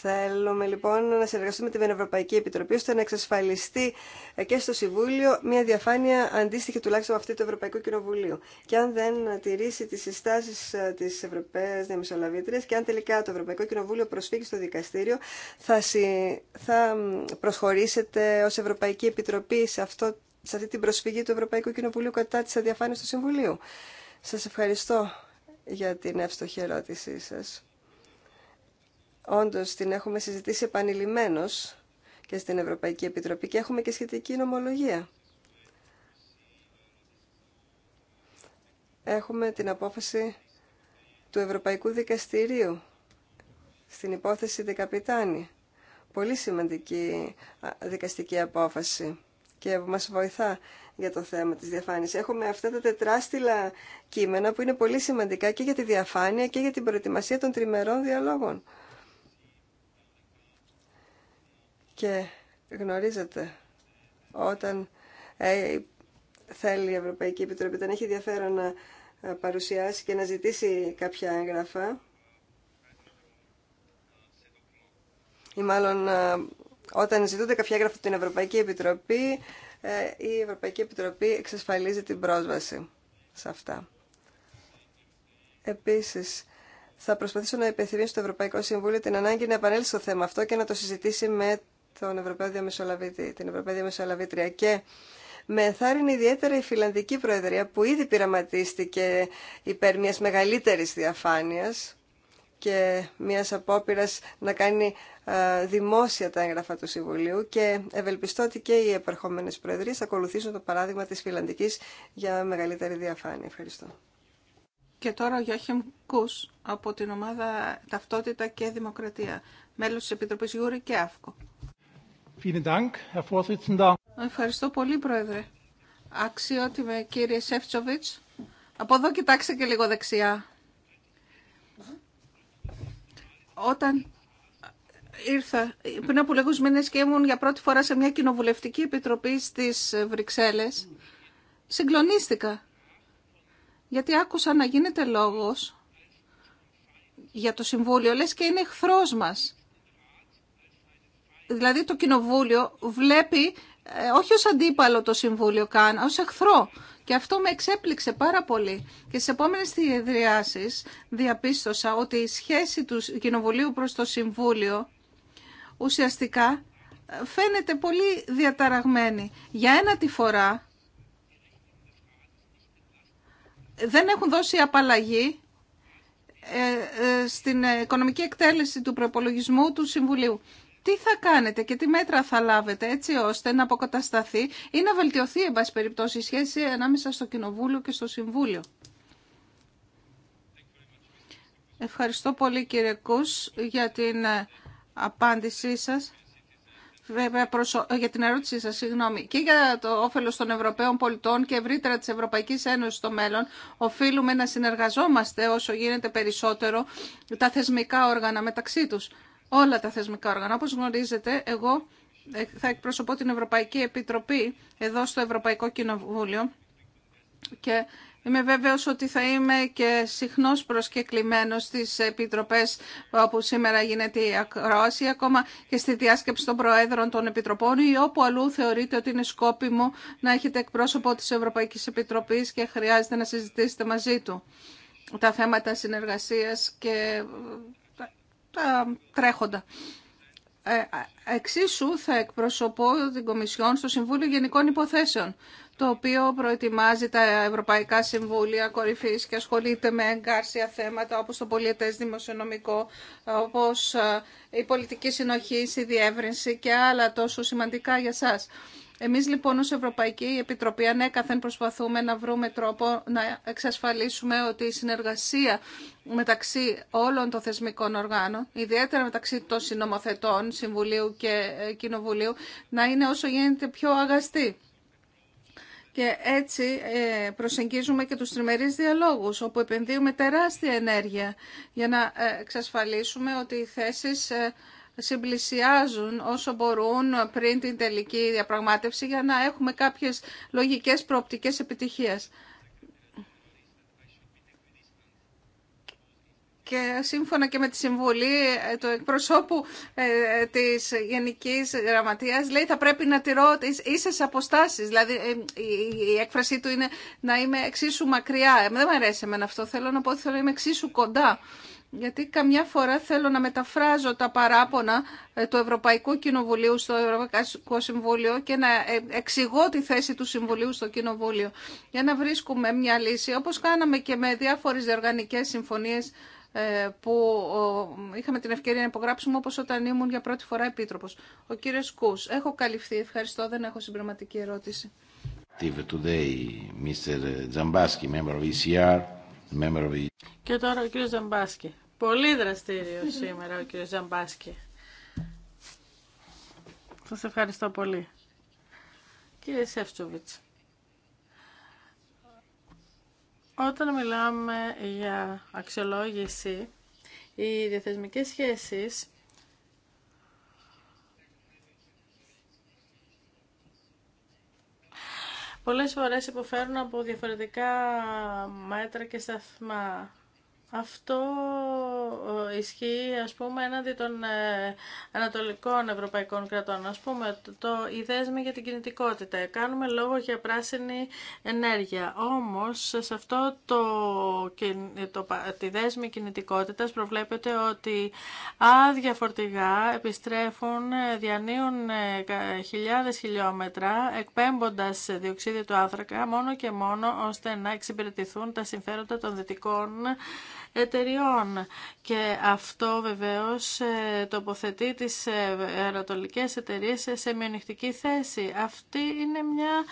Θέλουμε λοιπόν να συνεργαστούμε με την Ευρωπαϊκή Επιτροπή ώστε να εξασφαλιστεί ε, και στο Συμβούλιο μια διαφάνεια αντίστοιχη τουλάχιστον αυτή του Ευρωπαϊκού Κοινοβουλίου. Και αν δεν τηρήσει τι συστάσει ε, τη Ευρωπαϊκή Διαμεσολαβήτρια και αν τελικά το Ευρωπαϊκό Κοινοβούλιο προσφύγει στο δικαστήριο, θα, θα προσχωρήσετε ω Ευρωπαϊκή Επιτροπή σε, αυτό, σε αυτή την προσφυγή του Ευρωπαϊκού Κοινοβουλίου κατά τη αδιαφάνεια του Συμβουλίου. Σα ευχαριστώ για την εύστοχη ερώτησή σα. Όντως την έχουμε συζητήσει επανειλημμένως και στην Ευρωπαϊκή Επιτροπή και έχουμε και σχετική νομολογία. Έχουμε την απόφαση του Ευρωπαϊκού Δικαστηρίου στην υπόθεση Δεκαπιτάνη. Πολύ σημαντική δικαστική απόφαση και μας βοηθά για το θέμα της διαφάνειας. Έχουμε αυτά τα τετράστιλα κείμενα που είναι πολύ σημαντικά και για τη διαφάνεια και για την προετοιμασία των τριμερών διαλόγων. Και γνωρίζετε, όταν ε, θέλει η Ευρωπαϊκή Επιτροπή, όταν έχει ενδιαφέρον να ε, παρουσιάσει και να ζητήσει κάποια έγγραφα, ή μάλλον ε, όταν ζητούνται κάποια έγγραφα από την Ευρωπαϊκή Επιτροπή, η Ευρωπαϊκή Επιτροπή εξασφαλίζει την πρόσβαση σε αυτά. Επίσης, θα προσπαθήσω να υπενθυμίσω στο Ευρωπαϊκό Συμβούλιο την ανάγκη να επανέλθει στο θέμα αυτό και να το συζητήσει με τον Ευρωπαίο Διαμεσολαβητή, την Ευρωπαϊκή Διαμεσολαβήτρια και με ενθάρρυνε ιδιαίτερα η Φιλανδική Προεδρία που ήδη πειραματίστηκε υπέρ μιας μεγαλύτερης διαφάνειας και μιας απόπειρας να κάνει δημόσια τα έγγραφα του Συμβουλίου και ευελπιστώ ότι και οι επερχόμενες Προεδρίες θα ακολουθήσουν το παράδειγμα της Φιλανδικής για μεγαλύτερη διαφάνεια. Ευχαριστώ. Και τώρα ο Γιώχεμ Κούς από την ομάδα Ταυτότητα και Δημοκρατία, μέλος της Επιτροπής Γιούρη και Αύκο. Ευχαριστώ πολύ, Πρόεδρε. Αξιότιμε, κύριε Σεφτσοβιτς. Από εδώ κοιτάξτε και λίγο δεξιά. Όταν ήρθα πριν από λίγους μήνες και ήμουν για πρώτη φορά σε μια κοινοβουλευτική επιτροπή στις Βρυξέλλες, συγκλονίστηκα. Γιατί άκουσα να γίνεται λόγος για το Συμβούλιο, λες και είναι εχθρός μας. Δηλαδή το Κοινοβούλιο βλέπει ε, όχι ως αντίπαλο το Συμβούλιο καν, ως εχθρό. Και αυτό με εξέπληξε πάρα πολύ. Και στις επόμενες διεδριάσεις διαπίστωσα ότι η σχέση του Κοινοβουλίου προς το Συμβούλιο ουσιαστικά ε, φαίνεται πολύ διαταραγμένη. Για ένα τη φορά δεν έχουν δώσει απαλλαγή ε, στην οικονομική εκτέλεση του προπολογισμού του Συμβουλίου τι θα κάνετε και τι μέτρα θα λάβετε έτσι ώστε να αποκατασταθεί ή να βελτιωθεί, εν πάση περιπτώσει, η σχέση ανάμεσα στο Κοινοβούλιο και στο Συμβούλιο. Ευχαριστώ πολύ κύριε Κούς για την ε, απάντησή σας. Βέβαια, ε, για την ερώτησή σας, συγγνώμη, και για το όφελος των Ευρωπαίων πολιτών και ευρύτερα της Ευρωπαϊκής Ένωσης στο μέλλον, οφείλουμε να συνεργαζόμαστε όσο γίνεται περισσότερο τα θεσμικά όργανα μεταξύ τους όλα τα θεσμικά όργανα. Όπως γνωρίζετε, εγώ ε, θα εκπροσωπώ την Ευρωπαϊκή Επιτροπή εδώ στο Ευρωπαϊκό Κοινοβούλιο και είμαι βέβαιος ότι θα είμαι και συχνός προσκεκλημένος στις επιτροπές όπου σήμερα γίνεται η ακρόαση, ακόμα και στη διάσκεψη των Προέδρων των Επιτροπών ή όπου αλλού θεωρείτε ότι είναι σκόπιμο να έχετε εκπρόσωπο της Ευρωπαϊκής Επιτροπής και χρειάζεται να συζητήσετε μαζί του τα θέματα συνεργασίας και τα τρέχοντα. Ε, εξίσου θα εκπροσωπώ την Κομισιόν στο Συμβούλιο Γενικών Υποθέσεων, το οποίο προετοιμάζει τα Ευρωπαϊκά Συμβούλια Κορυφής και ασχολείται με εγκάρσια θέματα όπως το πολιετές δημοσιονομικό, όπως ε, η πολιτική συνοχή, η διεύρυνση και άλλα τόσο σημαντικά για σας. Εμείς λοιπόν ως Ευρωπαϊκή Επιτροπή ανέκαθεν προσπαθούμε να βρούμε τρόπο να εξασφαλίσουμε ότι η συνεργασία μεταξύ όλων των θεσμικών οργάνων, ιδιαίτερα μεταξύ των συνομοθετών, Συμβουλίου και ε, Κοινοβουλίου, να είναι όσο γίνεται πιο αγαστή. Και έτσι ε, προσεγγίζουμε και τους τριμερείς διαλόγους, όπου επενδύουμε τεράστια ενέργεια για να ε, εξασφαλίσουμε ότι οι θέσεις συμπλησιάζουν όσο μπορούν πριν την τελική διαπραγμάτευση για να έχουμε κάποιες λογικές προοπτικές επιτυχίας. και σύμφωνα και με τη συμβολή ε, του εκπροσώπου ε, της Γενικής Γραμματείας λέει θα πρέπει να τηρώ τις ίσες αποστάσεις. Δηλαδή ε, η έκφρασή του είναι να είμαι εξίσου μακριά. Δεν μου αρέσει εμένα αυτό. Θέλω να πω ότι θέλω να είμαι εξίσου κοντά γιατί καμιά φορά θέλω να μεταφράζω τα παράπονα ε, του Ευρωπαϊκού Κοινοβουλίου στο Ευρωπαϊκό Συμβούλιο και να ε, εξηγώ τη θέση του Συμβουλίου στο Κοινοβούλιο για να βρίσκουμε μια λύση, όπως κάναμε και με διάφορες διοργανικές συμφωνίες ε, που είχαμε την ευκαιρία να υπογράψουμε όπως όταν ήμουν για πρώτη φορά επίτροπος. Ο κύριος Κούς, έχω καλυφθεί, ευχαριστώ, δεν έχω συμπληρωματική ερώτηση. E e και τώρα ο κύριος Ζαμπάσκι, Πολύ δραστήριο σήμερα ο κύριος Ζαμπάσκη. Σας ευχαριστώ πολύ. Κύριε Σεύτσοβιτς, όταν μιλάμε για αξιολόγηση, οι διαθεσμικές σχέσεις πολλές φορές υποφέρουν από διαφορετικά μέτρα και σταθμά. Αυτό ε, ισχύει ας πούμε έναντι των ε, ανατολικών ευρωπαϊκών κρατών. Ας πούμε το, η για την κινητικότητα. Κάνουμε λόγο για πράσινη ενέργεια. Όμως σε αυτό το, το, τη δέσμη κινητικότητας προβλέπεται ότι άδεια φορτηγά επιστρέφουν, ε, διανύουν χιλιάδες χιλιόμετρα εκπέμποντας διοξίδιο του άνθρακα μόνο και μόνο ώστε να εξυπηρετηθούν τα συμφέροντα των δυτικών εταιριών. Και αυτό βεβαίως ε, τοποθετεί τις ε, αεροτολικές εταιρείες σε μειονεκτική θέση. Αυτή είναι μια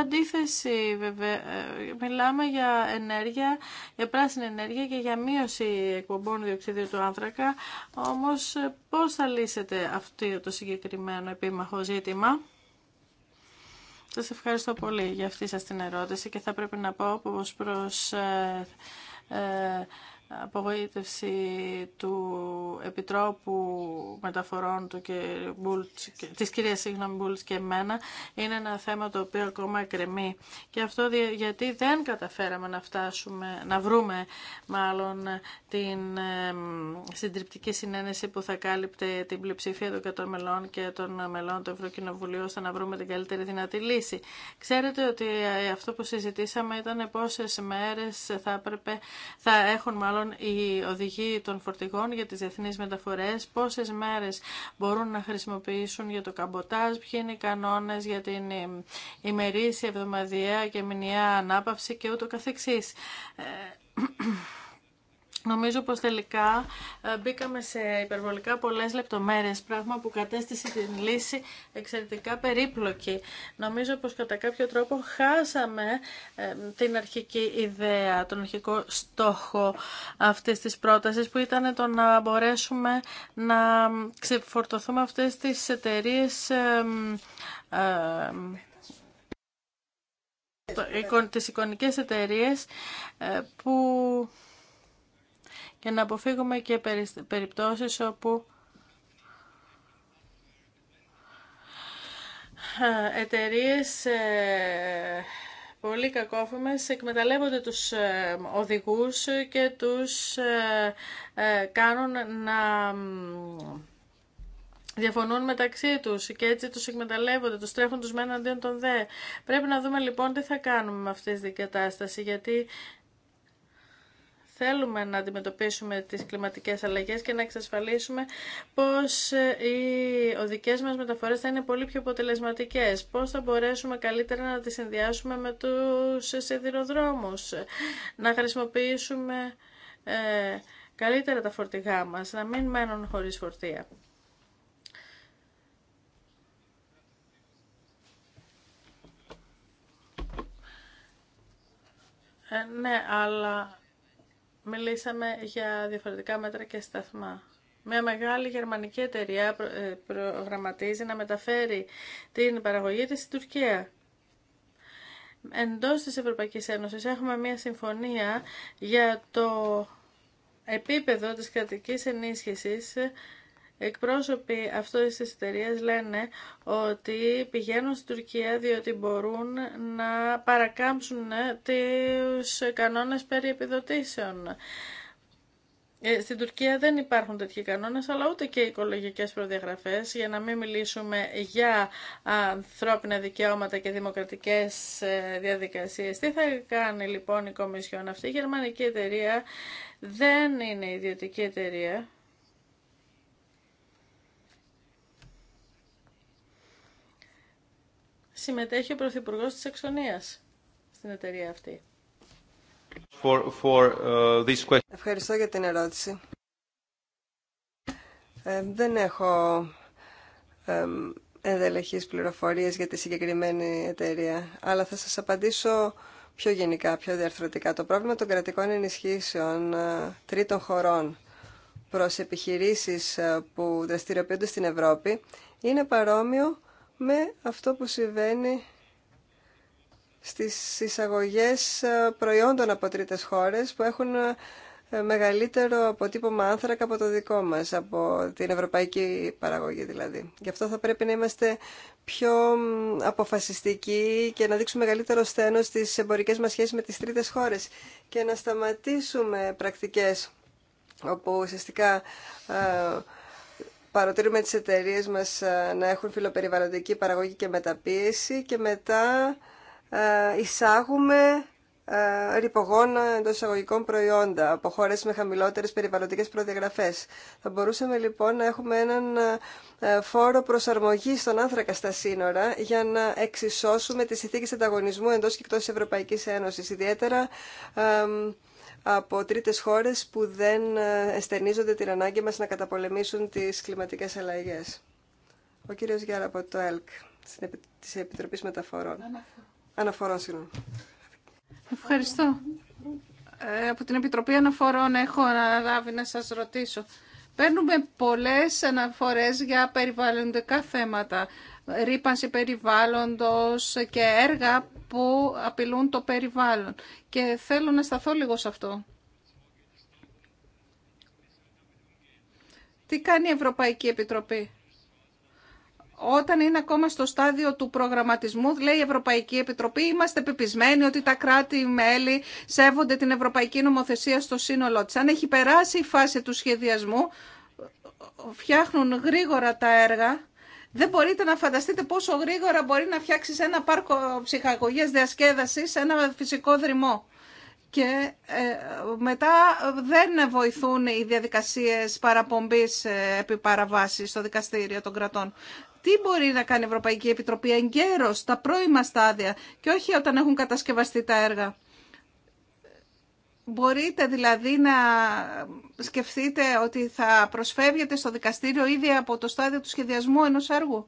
αντίθεση βέβαια. Ε, μιλάμε για ενέργεια, για πράσινη ενέργεια και για μείωση εκπομπών διοξιδίου του άνθρακα. Όμως πώς θα λύσετε αυτό το συγκεκριμένο επίμαχο ζήτημα. Σας ευχαριστώ πολύ για αυτή σας την ερώτηση και θα πρέπει να πω πως προς ε, απογοήτευση του Επιτρόπου Μεταφορών του και Μπούλτς, της κυρίας Μπούλτς και εμένα είναι ένα θέμα το οποίο ακόμα κρεμεί. Και αυτό γιατί δεν καταφέραμε να φτάσουμε, να βρούμε μάλλον την συντριπτική συνένεση που θα κάλυπτε την πλειοψηφία των 100 μελών και των μελών του Ευρωκοινοβουλίου ώστε να βρούμε την καλύτερη δυνατή λύση. Ξέρετε ότι ε, αυτό που συζητήσαμε ήταν πόσες μέρες θα, θα έχουν μάλλον μάλλον οι οδηγοί των φορτηγών για τις διεθνείς μεταφορές, πόσες μέρες μπορούν να χρησιμοποιήσουν για το καμποτάζ, ποιοι είναι οι κανόνες για την ε, ημερήσια, εβδομαδιαία και μηνιαία ανάπαυση και ούτω καθεξής. Ε, Νομίζω πως τελικά ε, μπήκαμε σε υπερβολικά πολλές λεπτομέρειες, πράγμα που κατέστησε την λύση εξαιρετικά περίπλοκη. Νομίζω πως κατά κάποιο τρόπο χάσαμε ε, την αρχική ιδέα, τον αρχικό στόχο αυτής της πρότασης που ήταν το να μπορέσουμε να ξεφορτωθούμε αυτές τις εταιρείε ε, τις εικονικές εταιρείε που και να αποφύγουμε και περιπτώσεις όπου ε, εταιρείες ε, πολύ κακόφημες εκμεταλλεύονται τους ε, οδηγούς και τους κάνουν να διαφωνούν μεταξύ τους και έτσι τους εκμεταλλεύονται, τους τρέχουν τους μένα αντίον των δε. Πρέπει να δούμε λοιπόν τι θα κάνουμε με αυτή την κατάσταση γιατί θέλουμε να αντιμετωπίσουμε τις κλιματικές αλλαγές και να εξασφαλίσουμε πως ε, οι οδικές μας μεταφορές θα είναι πολύ πιο αποτελεσματικές, πως θα μπορέσουμε καλύτερα να τις συνδυάσουμε με τους σιδηροδρόμους, να χρησιμοποιήσουμε ε, καλύτερα τα φορτηγά μας, να μην μένουν χωρίς φορτία. Ε, ναι, αλλά μιλήσαμε για διαφορετικά μέτρα και σταθμά. Μια μεγάλη γερμανική εταιρεία ε, προγραμματίζει να μεταφέρει την παραγωγή της στην Τουρκία. Εντός της Ευρωπαϊκής Ένωσης έχουμε μια συμφωνία για το επίπεδο της κρατικής ενίσχυσης Εκπρόσωποι αυτής της εταιρεία λένε ότι πηγαίνουν στην Τουρκία διότι μπορούν να παρακάμψουν ε, τους κανόνες περί επιδοτήσεων. Ε, στην Τουρκία δεν υπάρχουν τέτοιοι κανόνες, αλλά ούτε και οικολογικές προδιαγραφές, για να μην μιλήσουμε για ανθρώπινα δικαιώματα και δημοκρατικές ε, διαδικασίες. Τι θα κάνει λοιπόν η Κομισιόν αυτή, η γερμανική εταιρεία δεν είναι ιδιωτική εταιρεία, συμμετέχει ο Πρωθυπουργός της Εξονίας στην εταιρεία αυτή. For, for, uh, this question. Ευχαριστώ για την ερώτηση. Ε, δεν έχω ε, ενδελεχείς πληροφορίες για τη συγκεκριμένη εταιρεία, αλλά θα σας απαντήσω πιο γενικά, πιο διαρθρωτικά. Το πρόβλημα των κρατικών ενισχύσεων ε, τρίτων χωρών προς επιχειρήσεις ε, που δραστηριοποιούνται στην Ευρώπη είναι παρόμοιο με αυτό που συμβαίνει στις εισαγωγές ε, προϊόντων από τρίτες χώρες που έχουν ε, μεγαλύτερο αποτύπωμα άνθρακα από το δικό μας, από την ευρωπαϊκή παραγωγή δηλαδή. Γι' αυτό θα πρέπει να είμαστε πιο αποφασιστικοί και να δείξουμε μεγαλύτερο στένος στις εμπορικές μας σχέσεις με τις τρίτες χώρες και να σταματήσουμε πρακτικές όπου ουσιαστικά ε, Παρατηρούμε τις εταιρείε μας ε, να έχουν φιλοπεριβαλλοντική παραγωγή και μεταπίεση και μετά ε, εισάγουμε ε, ρηπογόνα εντό εισαγωγικών προϊόντα από χώρε με χαμηλότερες περιβαλλοντικές προδιαγραφές. Θα μπορούσαμε λοιπόν να έχουμε έναν φόρο προσαρμογή στον άνθρακα στα σύνορα για να εξισώσουμε τις ηθίκες ανταγωνισμού εντός και εκτό της Ευρωπαϊκή Ένωση. Ιδιαίτερα από τρίτες χώρες που δεν ε, εστερνίζονται την ανάγκη μας να καταπολεμήσουν τις κλιματικές αλλαγές. Ο κύριος Γιάρα από το ΕΛΚ, της Επιτροπής Μεταφορών. Αναφορών, συγγνώμη. Ευχαριστώ. Ε, από την Επιτροπή Αναφορών έχω αναλάβει να σας ρωτήσω. Παίρνουμε πολλές αναφορές για περιβαλλοντικά θέματα ρήπανση περιβάλλοντος και έργα που απειλούν το περιβάλλον. Και θέλω να σταθώ λίγο σε αυτό. Τι κάνει η Ευρωπαϊκή Επιτροπή. Όταν είναι ακόμα στο στάδιο του προγραμματισμού, λέει η Ευρωπαϊκή Επιτροπή, είμαστε πεπισμένοι ότι τα κράτη-μέλη σέβονται την Ευρωπαϊκή Νομοθεσία στο σύνολό της. Αν έχει περάσει η φάση του σχεδιασμού, φτιάχνουν γρήγορα τα έργα δεν μπορείτε να φανταστείτε πόσο γρήγορα μπορεί να φτιάξεις ένα πάρκο ψυχαγωγίας διασκέδασης, ένα φυσικό δρυμό. Και ε, μετά δεν βοηθούν οι διαδικασίες παραπομπής ε, επί παραβάση στο δικαστήριο των κρατών. Τι μπορεί να κάνει η Ευρωπαϊκή Επιτροπή εγκαίρως, στα πρώιμα στάδια και όχι όταν έχουν κατασκευαστεί τα έργα. Μπορείτε δηλαδή να σκεφτείτε ότι θα προσφεύγετε στο δικαστήριο ήδη από το στάδιο του σχεδιασμού ενός έργου.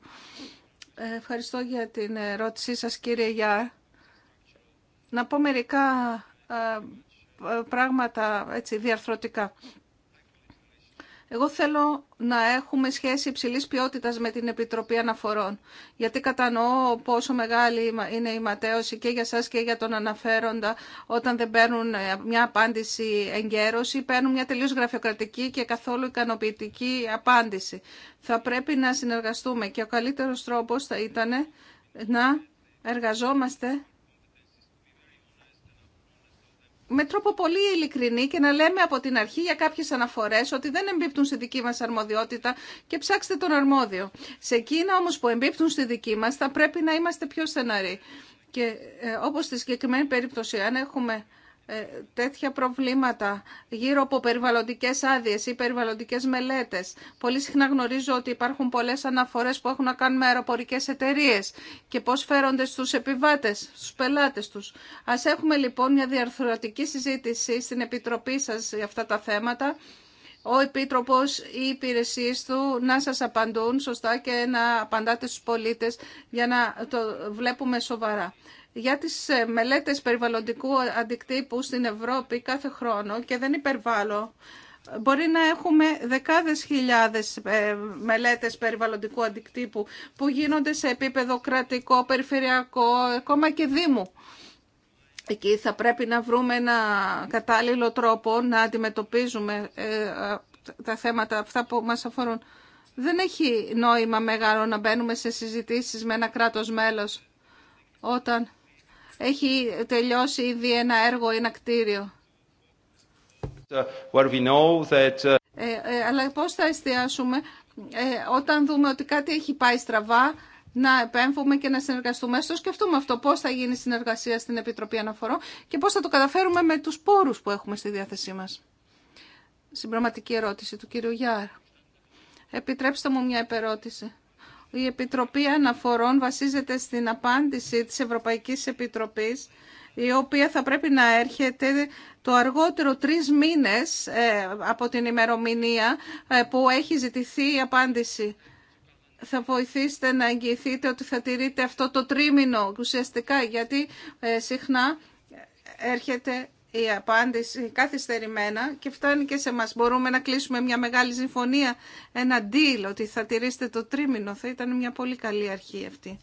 Ε, ευχαριστώ για την ερώτησή σας κύριε Γιά. Να πω μερικά ε, ε, πράγματα έτσι, διαρθρωτικά. Εγώ θέλω να έχουμε σχέση υψηλής ποιότητας με την Επιτροπή Αναφορών, γιατί κατανοώ πόσο μεγάλη είναι η ματέωση και για σας και για τον αναφέροντα όταν δεν παίρνουν ε, μια απάντηση εγκαίρωση, παίρνουν μια τελείως γραφειοκρατική και καθόλου ικανοποιητική απάντηση. Θα πρέπει να συνεργαστούμε και ο καλύτερος τρόπος θα ήταν να εργαζόμαστε με τρόπο πολύ ειλικρινή και να λέμε από την αρχή για κάποιες αναφορές ότι δεν εμπίπτουν στη δική μας αρμοδιότητα και ψάξτε τον αρμόδιο. Σε εκείνα όμως που εμπίπτουν στη δική μας θα πρέπει να είμαστε πιο στεναροί. Και ε, όπως στη συγκεκριμένη περίπτωση, αν έχουμε ε, τέτοια προβλήματα γύρω από περιβαλλοντικές άδειες ή περιβαλλοντικές μελέτες. Πολύ συχνά γνωρίζω ότι υπάρχουν πολλές αναφορές που έχουν να κάνουν με αεροπορικές εταιρείες και πώς φέρονται στους επιβάτες, στους πελάτες τους. Ας έχουμε λοιπόν μια διαρθρωτική συζήτηση στην Επιτροπή σας για αυτά τα θέματα ο Επίτροπος, οι υπηρεσίε του να σας απαντούν σωστά και να απαντάτε στους πολίτες για να το βλέπουμε σοβαρά για τις ε, μελέτες περιβαλλοντικού αντικτύπου στην Ευρώπη κάθε χρόνο και δεν υπερβάλλω. Μπορεί να έχουμε δεκάδες χιλιάδες ε, μελέτες περιβαλλοντικού αντικτύπου που γίνονται σε επίπεδο κρατικό, περιφερειακό, ακόμα και δήμου. Εκεί θα πρέπει να βρούμε ένα κατάλληλο τρόπο να αντιμετωπίζουμε ε, τα θέματα αυτά που μας αφορούν. Δεν έχει νόημα μεγάλο να μπαίνουμε σε συζητήσεις με ένα κράτος μέλος όταν έχει τελειώσει ήδη ένα έργο, ένα κτίριο. Uh, uh, ε, ε, αλλά πώς θα εστιάσουμε ε, όταν δούμε ότι κάτι έχει πάει στραβά να επέμβουμε και να συνεργαστούμε. Στο σκεφτούμε αυτό πώς θα γίνει η συνεργασία στην Επιτροπή Αναφορών και πώς θα το καταφέρουμε με τους πόρους που έχουμε στη διάθεσή μας. Συμπροματική ερώτηση του κύριου Γιάρ. Επιτρέψτε μου μια επερώτηση. Η Επιτροπή Αναφορών βασίζεται στην απάντηση της Ευρωπαϊκής Επιτροπής η οποία θα πρέπει να έρχεται το αργότερο τρεις μήνες ε, από την ημερομηνία ε, που έχει ζητηθεί η απάντηση. Θα βοηθήσετε να εγγυηθείτε ότι θα τηρείτε αυτό το τρίμηνο ουσιαστικά γιατί ε, συχνά έρχεται η απάντηση καθυστερημένα και φτάνει και σε μας. Μπορούμε να κλείσουμε μια μεγάλη συμφωνία, ένα deal ότι θα τηρήσετε το τρίμηνο. Θα ήταν μια πολύ καλή αρχή αυτή.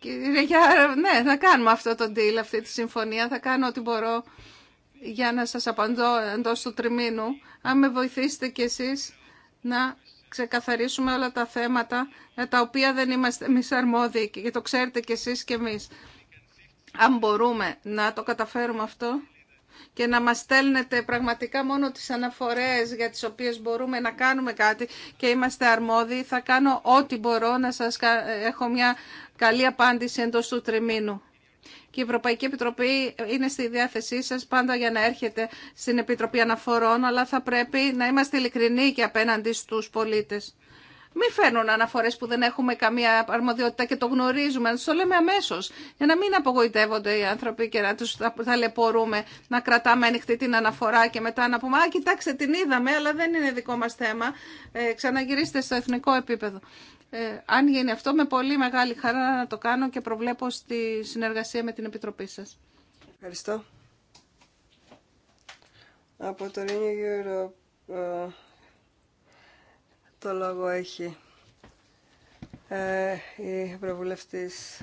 Κύριε Γιάρα, ναι, να κάνουμε αυτό το deal, αυτή τη συμφωνία. Θα κάνω ό,τι μπορώ για να σας απαντώ εντός του τριμήνου. Αν με βοηθήσετε κι εσείς να ξεκαθαρίσουμε όλα τα θέματα τα οποία δεν είμαστε εμείς αρμόδιοι και το ξέρετε κι εσείς κι εμείς αν μπορούμε να το καταφέρουμε αυτό και να μας στέλνετε πραγματικά μόνο τις αναφορές για τις οποίες μπορούμε να κάνουμε κάτι και είμαστε αρμόδιοι, θα κάνω ό,τι μπορώ να σας έχω μια καλή απάντηση εντός του τριμήνου. Και η Ευρωπαϊκή Επιτροπή είναι στη διάθεσή σας πάντα για να έρχεται στην Επιτροπή Αναφορών, αλλά θα πρέπει να είμαστε ειλικρινοί και απέναντι στους πολίτες. Μην φέρνουν αναφορές που δεν έχουμε καμία αρμοδιότητα και το γνωρίζουμε, να το λέμε αμέσως, για να μην απογοητεύονται οι άνθρωποι και να τους ταλαιπωρούμε, να κρατάμε ανοιχτή την αναφορά και μετά να πούμε «Α, κοιτάξτε, την είδαμε, αλλά δεν είναι δικό μας θέμα, ε, ξαναγυρίστε στο εθνικό επίπεδο». Ε, αν γίνει αυτό, με πολύ μεγάλη χαρά να το κάνω και προβλέπω στη συνεργασία με την Επιτροπή σας. Ευχαριστώ. Από το Renew ε, το λόγο έχει ε, η Ευρωβουλευτής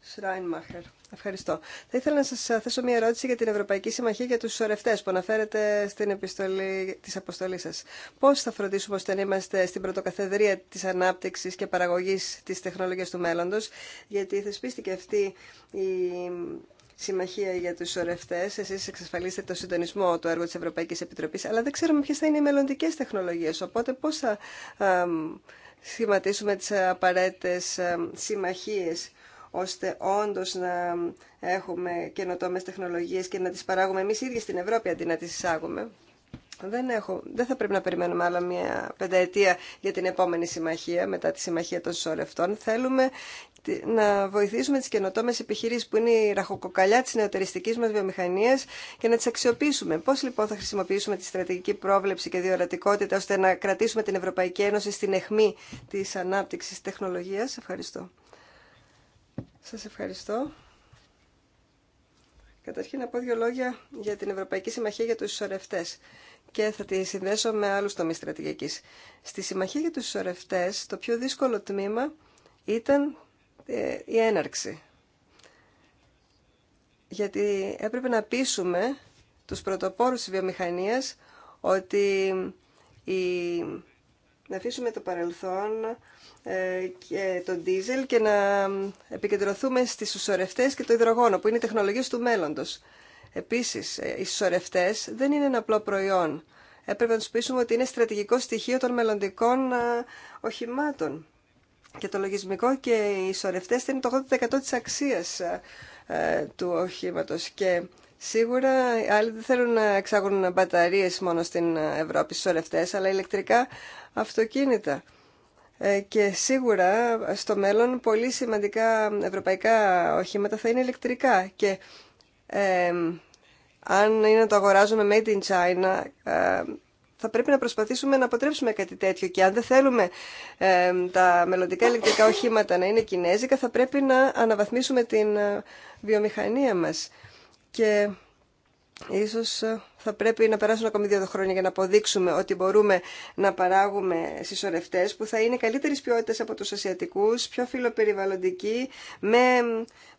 Σράινμαχερ. Ευχαριστώ. Θα ήθελα να σας θέσω μια ερώτηση για την Ευρωπαϊκή Συμμαχία για τους σωρευτές που αναφέρετε στην επιστολή της αποστολής σας. Πώς θα φροντίσουμε ώστε να είμαστε στην πρωτοκαθεδρία της ανάπτυξης και παραγωγής της τεχνολογίας του μέλλοντος, γιατί θεσπίστηκε αυτή η συμμαχία για τους ορευτέ, Εσείς εξασφαλίσετε το συντονισμό του έργου της Ευρωπαϊκή Επιτροπή, αλλά δεν ξέρουμε ποιε θα είναι οι μελλοντικέ τεχνολογίες. Οπότε πώ θα σχηματίσουμε τι απαραίτητες συμμαχίε, ώστε όντως να έχουμε καινοτόμες τεχνολογίες και να τις παράγουμε εμείς ίδιοι στην Ευρώπη αντί να τις εισάγουμε. Δεν, έχω, δεν θα πρέπει να περιμένουμε άλλα μια πενταετία για την επόμενη συμμαχία, μετά τη συμμαχία των συσσωρευτών. Θέλουμε να βοηθήσουμε τις καινοτόμες επιχειρήσεις που είναι η ραχοκοκαλιά της νεοτεριστικής μας βιομηχανίας και να τις αξιοποιήσουμε. Πώς λοιπόν θα χρησιμοποιήσουμε τη στρατηγική πρόβλεψη και διορατικότητα ώστε να κρατήσουμε την Ευρωπαϊκή Ένωση στην αιχμή της ανάπτυξης τεχνολογίας. Ευχαριστώ. Σας ευχαριστώ. Καταρχήν να πω δύο λόγια για την Ευρωπαϊκή Συμμαχία για τους Ισορρευτές και θα τη συνδέσω με άλλου τομείς στρατηγική. Στη Συμμαχία για τους Ισορρευτές το πιο δύσκολο τμήμα ήταν ε, η έναρξη. Γιατί έπρεπε να πείσουμε τους πρωτοπόρους της βιομηχανίας ότι η να αφήσουμε το παρελθόν ε, και τον ντίζελ και να επικεντρωθούμε στις ισορρευτές και το υδρογόνο που είναι οι τεχνολογίες του μέλλοντος. Επίσης, ε, οι ισορρευτές δεν είναι ένα απλό προϊόν. Έπρεπε να τους πείσουμε ότι είναι στρατηγικό στοιχείο των μελλοντικών ε, οχημάτων. Και το λογισμικό και οι ισορρευτές είναι το 80% της αξίας του οχήματος και Σίγουρα οι άλλοι δεν θέλουν να εξάγουν μπαταρίες μόνο στην Ευρώπη, στι αλλά ηλεκτρικά αυτοκίνητα. Ε, και σίγουρα στο μέλλον πολύ σημαντικά ευρωπαϊκά οχήματα θα είναι ηλεκτρικά. Και αν είναι να το αγοράζουμε made in China, ε, θα πρέπει να προσπαθήσουμε να αποτρέψουμε κάτι τέτοιο. Και αν δεν θέλουμε τα μελλοντικά ηλεκτρικά οχήματα να είναι κινέζικα, θα πρέπει να αναβαθμίσουμε την ε, βιομηχανία μας και ίσως ε, θα πρέπει να περάσουν ακόμη δύο χρόνια για να αποδείξουμε ότι μπορούμε να παράγουμε συσσωρευτέ που θα είναι καλύτερης ποιότητα από του ασιατικού, πιο φιλοπεριβαλλοντικοί, με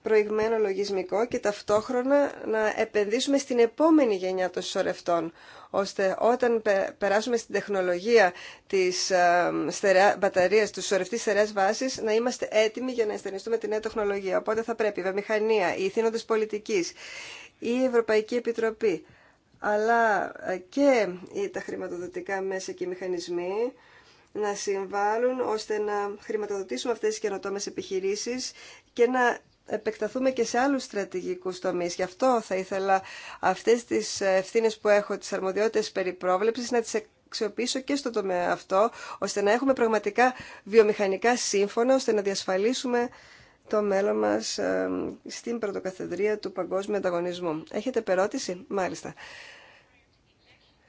προηγμένο λογισμικό και ταυτόχρονα να επενδύσουμε στην επόμενη γενιά των συσσωρευτών, ώστε όταν περάσουμε στην τεχνολογία της ε, στερεά, μπαταρίας, του σωρευτής στερεάς βάσης, να είμαστε έτοιμοι για να αισθανιστούμε τη νέα τεχνολογία. Οπότε θα πρέπει η βιομηχανία, οι ηθήνοντες πολιτικής, η Ευρωπαϊκή Επιτροπή, αλλά ε, και τα χρηματοδοτικά μέσα και οι μηχανισμοί να συμβάλλουν ώστε να χρηματοδοτήσουμε αυτές τις καινοτόμες επιχειρήσεις και να επεκταθούμε και σε άλλους στρατηγικούς τομείς. Γι' αυτό θα ήθελα αυτές τις ευθύνε που έχω, τις αρμοδιότητες περί πρόβλεψης, να τις αξιοποιήσω και στο τομέα αυτό, ώστε να έχουμε πραγματικά βιομηχανικά σύμφωνα, ώστε να διασφαλίσουμε το μέλλον μας ε, στην πρωτοκαθεδρία του παγκόσμιου ανταγωνισμού. Έχετε περώτηση? Μάλιστα.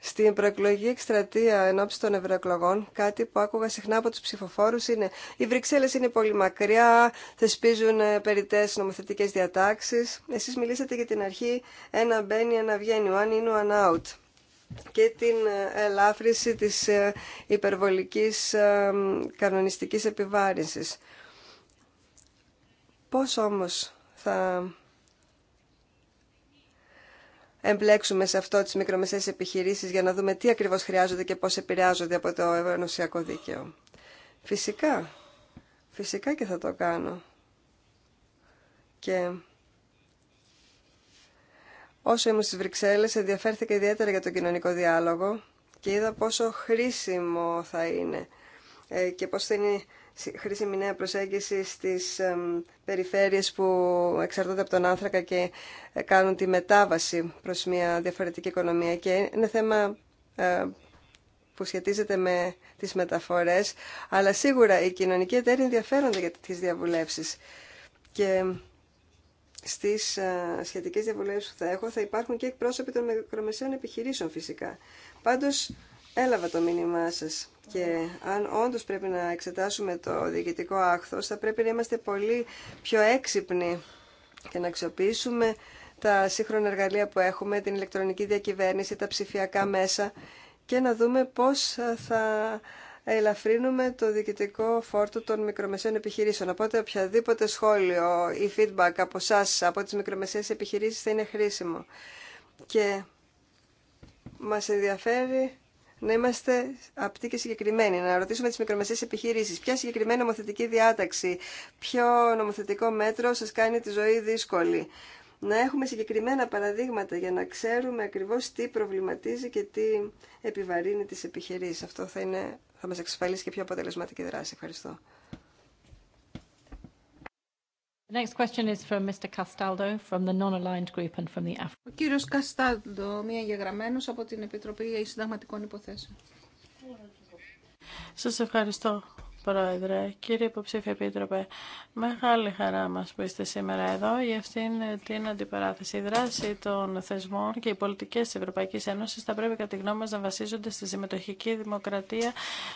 Στην προεκλογική εκστρατεία εν των ευρωεκλογών, κάτι που άκουγα συχνά από του ψηφοφόρου είναι οι Βρυξέλλε είναι πολύ μακριά, θεσπίζουν ε, περιττέ νομοθετικέ διατάξει. Εσεί μιλήσατε για την αρχή ένα μπαίνει, ένα βγαίνει, one in, one out και την ε, ελάφρυση της ε, υπερβολικής κανονιστικής επιβάρυνσης. Πώς όμως θα εμπλέξουμε σε αυτό τις μικρομεσαίες επιχειρήσεις για να δούμε τι ακριβώς χρειάζονται και πώς επηρεάζονται από το ενωσιακό δίκαιο. Φυσικά, φυσικά και θα το κάνω. Και όσο ήμουν στις Βρυξέλλες ενδιαφέρθηκα ιδιαίτερα για τον κοινωνικό διάλογο και είδα πόσο χρήσιμο θα είναι ε, και πώς θα είναι χρήσιμη νέα προσέγγιση στις περιφέρειες που εξαρτώνται από τον άνθρακα και ε, κάνουν τη μετάβαση προς μια διαφορετική οικονομία. Και είναι θέμα ε, που σχετίζεται με τις μεταφορές, αλλά σίγουρα οι κοινωνικοί εταίροι ενδιαφέρονται για τις διαβουλεύσεις. Και στις ε, σχετικές διαβουλεύσεις που θα έχω θα υπάρχουν και εκπρόσωποι των μικρομεσαίων επιχειρήσεων φυσικά. Πάντως Έλαβα το μήνυμά σας και αν όντω πρέπει να εξετάσουμε το διοικητικό άχθο, θα πρέπει να είμαστε πολύ πιο έξυπνοι και να αξιοποιήσουμε τα σύγχρονα εργαλεία που έχουμε, την ηλεκτρονική διακυβέρνηση, τα ψηφιακά μέσα και να δούμε πώς θα ελαφρύνουμε το διοικητικό φόρτο των μικρομεσαίων επιχειρήσεων. Οπότε οποιαδήποτε σχόλιο ή feedback από εσά από τις μικρομεσαίες επιχειρήσεις θα είναι χρήσιμο. Και μας ενδιαφέρει να είμαστε απτοί και συγκεκριμένοι, να ρωτήσουμε τις μικρομεσαίες επιχειρήσεις ποια συγκεκριμένη νομοθετική διάταξη, ποιο νομοθετικό μέτρο σας κάνει τη ζωή δύσκολη. Να έχουμε συγκεκριμένα παραδείγματα για να ξέρουμε ακριβώς τι προβληματίζει και τι επιβαρύνει τις επιχειρήσεις. Αυτό θα, είναι, θα μας εξασφαλίσει και πιο αποτελεσματική δράση. Ευχαριστώ. Next question is from Mr. Castaldo, from the non-aligned group and from the Af Ο κύριος Καστάλντο, μία γεγραμμένος από την Επιτροπή Συνταγματικών Υποθέσεων. Σας ευχαριστώ. Πρόεδρε, κύριε Υποψήφια Επίτροπε, μεγάλη χαρά μας που είστε σήμερα εδώ για αυτήν την αντιπαράθεση. Η δράση των θεσμών και οι πολιτικές της Ευρωπαϊκής Ένωσης θα πρέπει κατά τη γνώμη μας να βασίζονται στη συμμετοχική δημοκρατία,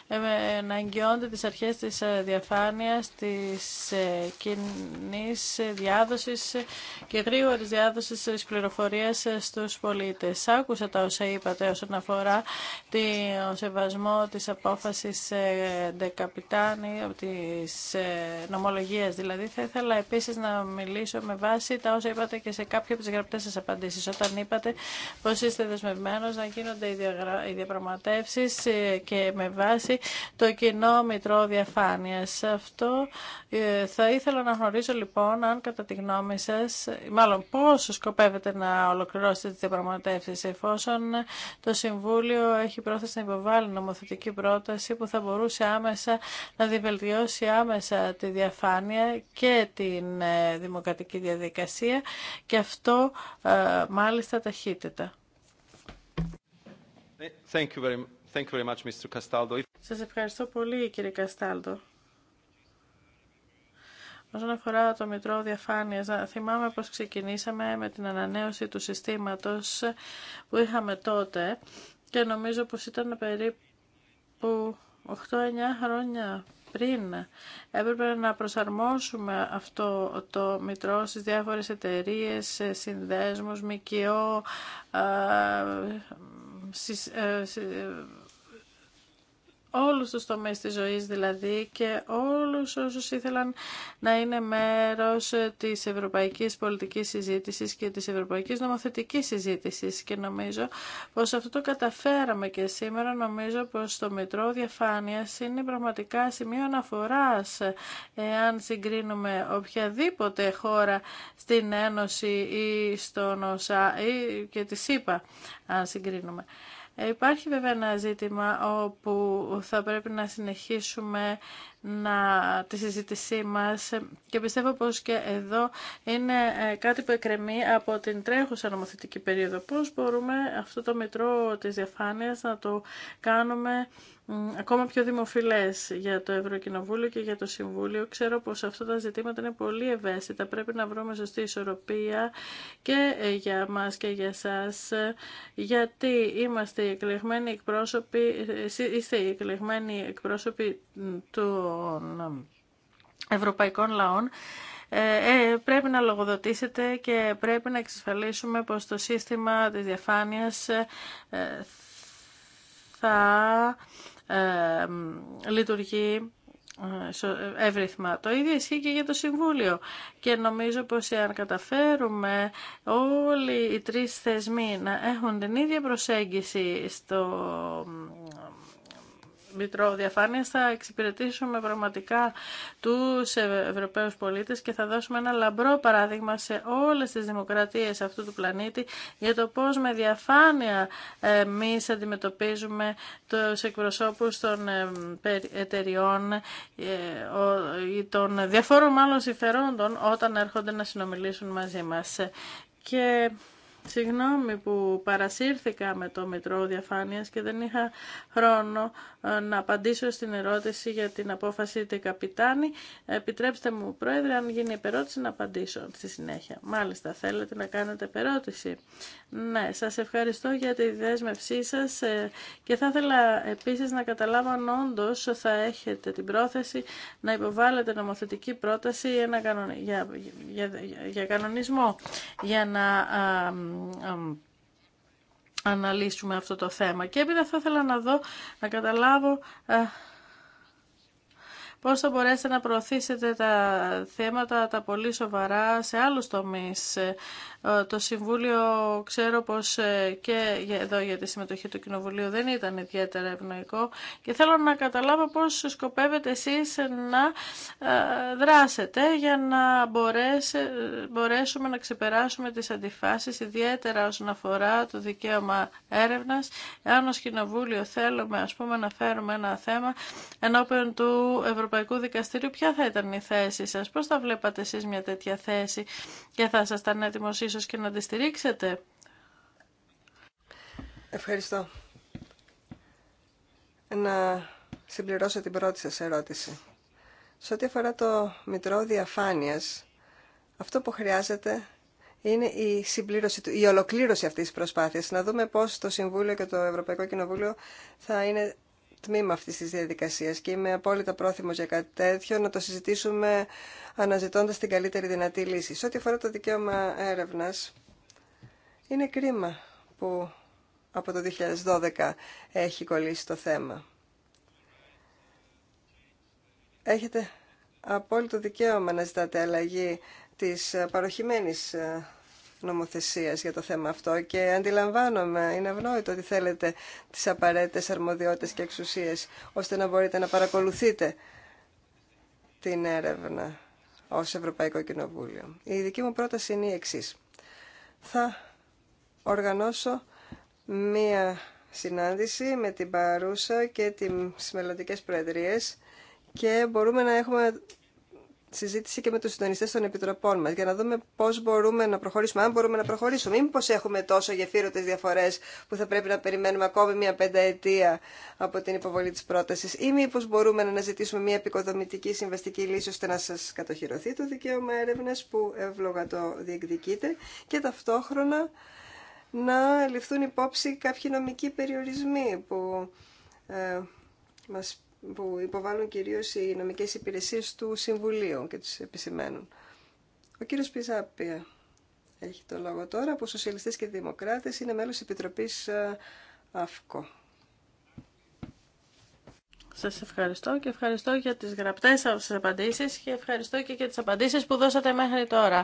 ε, να εγγυώνται τις αρχές της διαφάνειας, της ε, κοινή διάδοσης και γρήγορη διάδοσης της πληροφορίας στους πολίτες. Άκουσα τα όσα είπατε όσον αφορά τον σεβασμό της απόφασης δεκαπιτά κάνει από τις ε, νομολογίες. Δηλαδή θα ήθελα επίσης να μιλήσω με βάση τα όσα είπατε και σε κάποια από τι γραπτές σας απαντήσεις. Όταν είπατε πως είστε δεσμευμένο, να γίνονται οι διαπραγματεύσει ε, και με βάση το κοινό μητρό διαφάνεια. Αυτό ε, θα ήθελα να γνωρίζω λοιπόν αν κατά τη γνώμη σα, μάλλον πώ σκοπεύετε να ολοκληρώσετε τι διαπραγματεύσει εφόσον το Συμβούλιο έχει πρόθεση να υποβάλει νομοθετική πρόταση που θα μπορούσε άμεσα να διβελτιώσει άμεσα τη διαφάνεια και την ε, δημοκρατική διαδικασία και αυτό ε, μάλιστα ταχύτητα. Thank Σας ευχαριστώ πολύ κύριε Καστάλτο. Όσον αφορά το Μητρό Διαφάνειας, θυμάμαι πως ξεκινήσαμε με την ανανέωση του συστήματος που είχαμε τότε και νομίζω πως ήταν περίπου 8-9 χρόνια πριν έπρεπε να προσαρμόσουμε αυτό το μητρό στις διάφορες εταιρείες, συνδέσμους, μικιό, ε, ε, όλους τους τομείς της ζωής δηλαδή και όλους όσους ήθελαν να είναι μέρος της ευρωπαϊκής πολιτικής συζήτησης και της ευρωπαϊκής νομοθετικής συζήτησης και νομίζω πως αυτό το καταφέραμε και σήμερα νομίζω πως το Μητρό Διαφάνειας είναι πραγματικά σημείο αναφοράς εάν συγκρίνουμε οποιαδήποτε χώρα στην Ένωση ή στον ΟΣΑ ή και τη ΣΥΠΑ αν συγκρίνουμε. Ε, υπάρχει βέβαια ένα ζήτημα όπου θα πρέπει να συνεχίσουμε να, τη συζήτησή μας και πιστεύω πως και εδώ είναι ε, κάτι που εκκρεμεί από την τρέχουσα νομοθετική περίοδο. Πώς μπορούμε αυτό το μητρό της διαφάνειας να το κάνουμε ακόμα πιο δημοφιλές για το Ευρωκοινοβούλιο και για το Συμβούλιο. Ξέρω πως αυτά τα ζητήματα είναι πολύ ευαίσθητα. Πρέπει να βρούμε σωστή ισορροπία και ε, για μας και για σας, γιατί είμαστε οι εκλεγμένοι εκπρόσωποι, ε, είστε οι εκλεγμένοι εκπρόσωποι των ευρωπαϊκών λαών ε, ε, πρέπει να λογοδοτήσετε και πρέπει να εξασφαλίσουμε πως το σύστημα της διαφάνειας ε, θα λειτουργεί εύρυθμα. Το ίδιο ισχύει και για το Συμβούλιο και νομίζω πως αν καταφέρουμε όλοι οι τρεις θεσμοί να έχουν την ίδια προσέγγιση στο Μητρό Διαφάνεια θα εξυπηρετήσουμε πραγματικά τους Ευρωπαίους πολίτες και θα δώσουμε ένα λαμπρό παράδειγμα σε όλες τις δημοκρατίες αυτού του πλανήτη για το πώς με διαφάνεια ε, εμεί αντιμετωπίζουμε τους εκπροσώπους των ε, εταιριών ε, ή των διαφόρων μάλλον συμφερόντων όταν έρχονται να συνομιλήσουν μαζί μας. Και Συγγνώμη που παρασύρθηκα με το Μητρό Διαφάνειας και δεν είχα χρόνο ε, να απαντήσω στην ερώτηση για την απόφαση του καπιτάνη. Επιτρέψτε μου, Πρόεδρε, αν γίνει επερώτηση να απαντήσω στη συνέχεια. Μάλιστα, θέλετε να κάνετε περώτηση. Ναι, σας ευχαριστώ για τη δέσμευσή σας ε, και θα ήθελα επίσης να καταλάβω αν όντω θα έχετε την πρόθεση να υποβάλλετε νομοθετική πρόταση για, για, για, για κανονισμό για να αναλύσουμε αυτό το θέμα. Και έπειτα θα ήθελα να δω, να καταλάβω ε, πώς θα μπορέσετε να προωθήσετε τα θέματα τα πολύ σοβαρά σε άλλους τομείς. Ε, το Συμβούλιο ξέρω πως ε, και εδώ για τη συμμετοχή του Κοινοβουλίου δεν ήταν ιδιαίτερα ευνοϊκό και θέλω να καταλάβω πώς σκοπεύετε εσείς να ε, δράσετε για να μπορέσουμε να ξεπεράσουμε τις αντιφάσεις ιδιαίτερα όσον αφορά το δικαίωμα έρευνας. Εάν ως Κοινοβούλιο θέλουμε ας πούμε να φέρουμε ένα θέμα ενώπιον του Ευρωπαϊκού Ευρωπαϊκού Δικαστηρίου, ποια θα ήταν η θέση σας, πώς θα βλέπατε εσείς μια τέτοια θέση και θα ήσασταν έτοιμος ίσως και να τη στηρίξετε. Ευχαριστώ. Να συμπληρώσω την πρώτη σας ερώτηση. Σε ό,τι αφορά το Μητρό Διαφάνειας, αυτό που χρειάζεται είναι η συμπλήρωση, η ολοκλήρωση αυτής της προσπάθειας. Να δούμε πώς το Συμβούλιο και το Ευρωπαϊκό Κοινοβούλιο θα είναι τμήμα αυτής της διαδικασίας και είμαι απόλυτα πρόθυμος για κάτι τέτοιο να το συζητήσουμε αναζητώντας την καλύτερη δυνατή λύση. Σε ό,τι αφορά το δικαίωμα έρευνας, είναι κρίμα που από το 2012 έχει κολλήσει το θέμα. Έχετε απόλυτο δικαίωμα να ζητάτε αλλαγή της παροχημένης ε, νομοθεσίας για το θέμα αυτό και αντιλαμβάνομαι, είναι ευνόητο ότι θέλετε τις απαραίτητες αρμοδιότητες και εξουσίες ώστε να μπορείτε να παρακολουθείτε την έρευνα ως Ευρωπαϊκό Κοινοβούλιο. Η δική μου πρόταση είναι η εξή. Θα οργανώσω μία συνάντηση με την παρούσα και τις μελλοντικέ προεδρίες και μπορούμε να έχουμε συζήτηση και με τους συντονιστέ των επιτροπών μας για να δούμε πώς μπορούμε να προχωρήσουμε, αν μπορούμε να προχωρήσουμε. Ή μήπως έχουμε τόσο γεφύρωτες διαφορές που θα πρέπει να περιμένουμε ακόμη μια πενταετία από την υποβολή της πρότασης ή μήπως μπορούμε να αναζητήσουμε μια επικοδομητική συμβαστική λύση ώστε να σας κατοχυρωθεί το δικαίωμα έρευνα που εύλογα το διεκδικείτε και ταυτόχρονα να ληφθούν υπόψη κάποιοι νομικοί περιορισμοί που ε, μας που υποβάλλουν κυρίως οι νομικές υπηρεσίες του Συμβουλίου και τους επισημαίνουν. Ο κύριος Πιζάπη έχει το λόγο τώρα που σοσιαλιστές και δημοκράτες είναι μέλος Επιτροπής ε, ΑΦΚΟ. Σας ευχαριστώ και ευχαριστώ για τις γραπτές σας απαντήσεις και ευχαριστώ και για τις απαντήσεις που δώσατε μέχρι τώρα.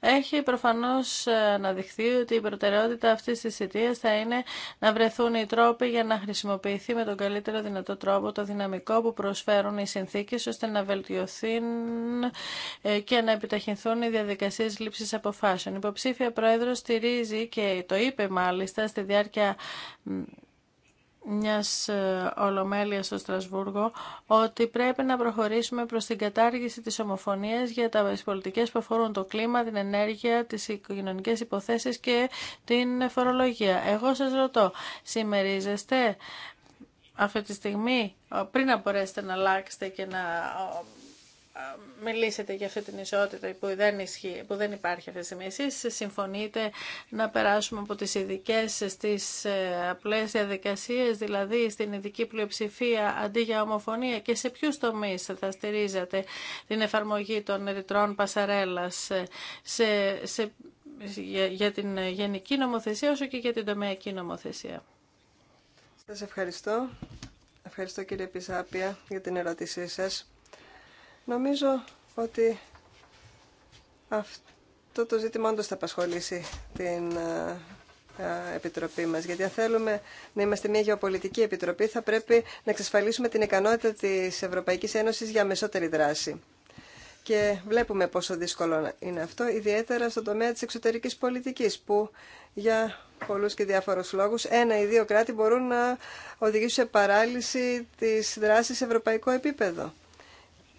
Έχει προφανώς αναδειχθεί ε, ότι η προτεραιότητα αυτής της θητείας θα είναι να βρεθούν οι τρόποι για να χρησιμοποιηθεί με τον καλύτερο δυνατό τρόπο το δυναμικό που προσφέρουν οι συνθήκες ώστε να βελτιωθούν ε, και να επιταχυνθούν οι διαδικασίες λήψης αποφάσεων. Η υποψήφια πρόεδρος στηρίζει και το είπε μάλιστα στη διάρκεια μιας ε, ολομέλειας στο Στρασβούργο ότι πρέπει να προχωρήσουμε προς την κατάργηση της ομοφωνίας για τα πολιτικές που αφορούν το κλίμα, την ενέργεια, τις κοινωνικές υποθέσεις και την φορολογία. Εγώ σας ρωτώ, συμμερίζεστε αυτή τη στιγμή πριν να μπορέσετε να αλλάξετε και να μιλήσετε για αυτή την ισότητα που δεν, ισχύει, που δεν υπάρχει αυτή τη στιγμή. Εσείς συμφωνείτε να περάσουμε από τις ειδικέ στις ε, απλές διαδικασίες, δηλαδή στην ειδική πλειοψηφία αντί για ομοφωνία και σε ποιους τομείς θα στηρίζετε την εφαρμογή των ρητρών πασαρέλας ε, σε, σε, για, την γενική νομοθεσία όσο και για την τομεακή νομοθεσία. Σας ευχαριστώ. Ευχαριστώ κύριε Πισάπια για την ερώτησή σας. Νομίζω ότι αυτό το ζήτημα όντως θα απασχολήσει την ε, ε, Επιτροπή μας. Γιατί αν θέλουμε να είμαστε μια γεωπολιτική επιτροπή θα πρέπει να εξασφαλίσουμε την ικανότητα της Ευρωπαϊκής Ένωσης για μεσότερη δράση. Και βλέπουμε πόσο δύσκολο είναι αυτό, ιδιαίτερα στον τομέα της εξωτερικής πολιτικής, που για πολλούς και διάφορους λόγους ένα ή δύο κράτη μπορούν να οδηγήσουν σε παράλυση της δράσης σε ευρωπαϊκό επίπεδο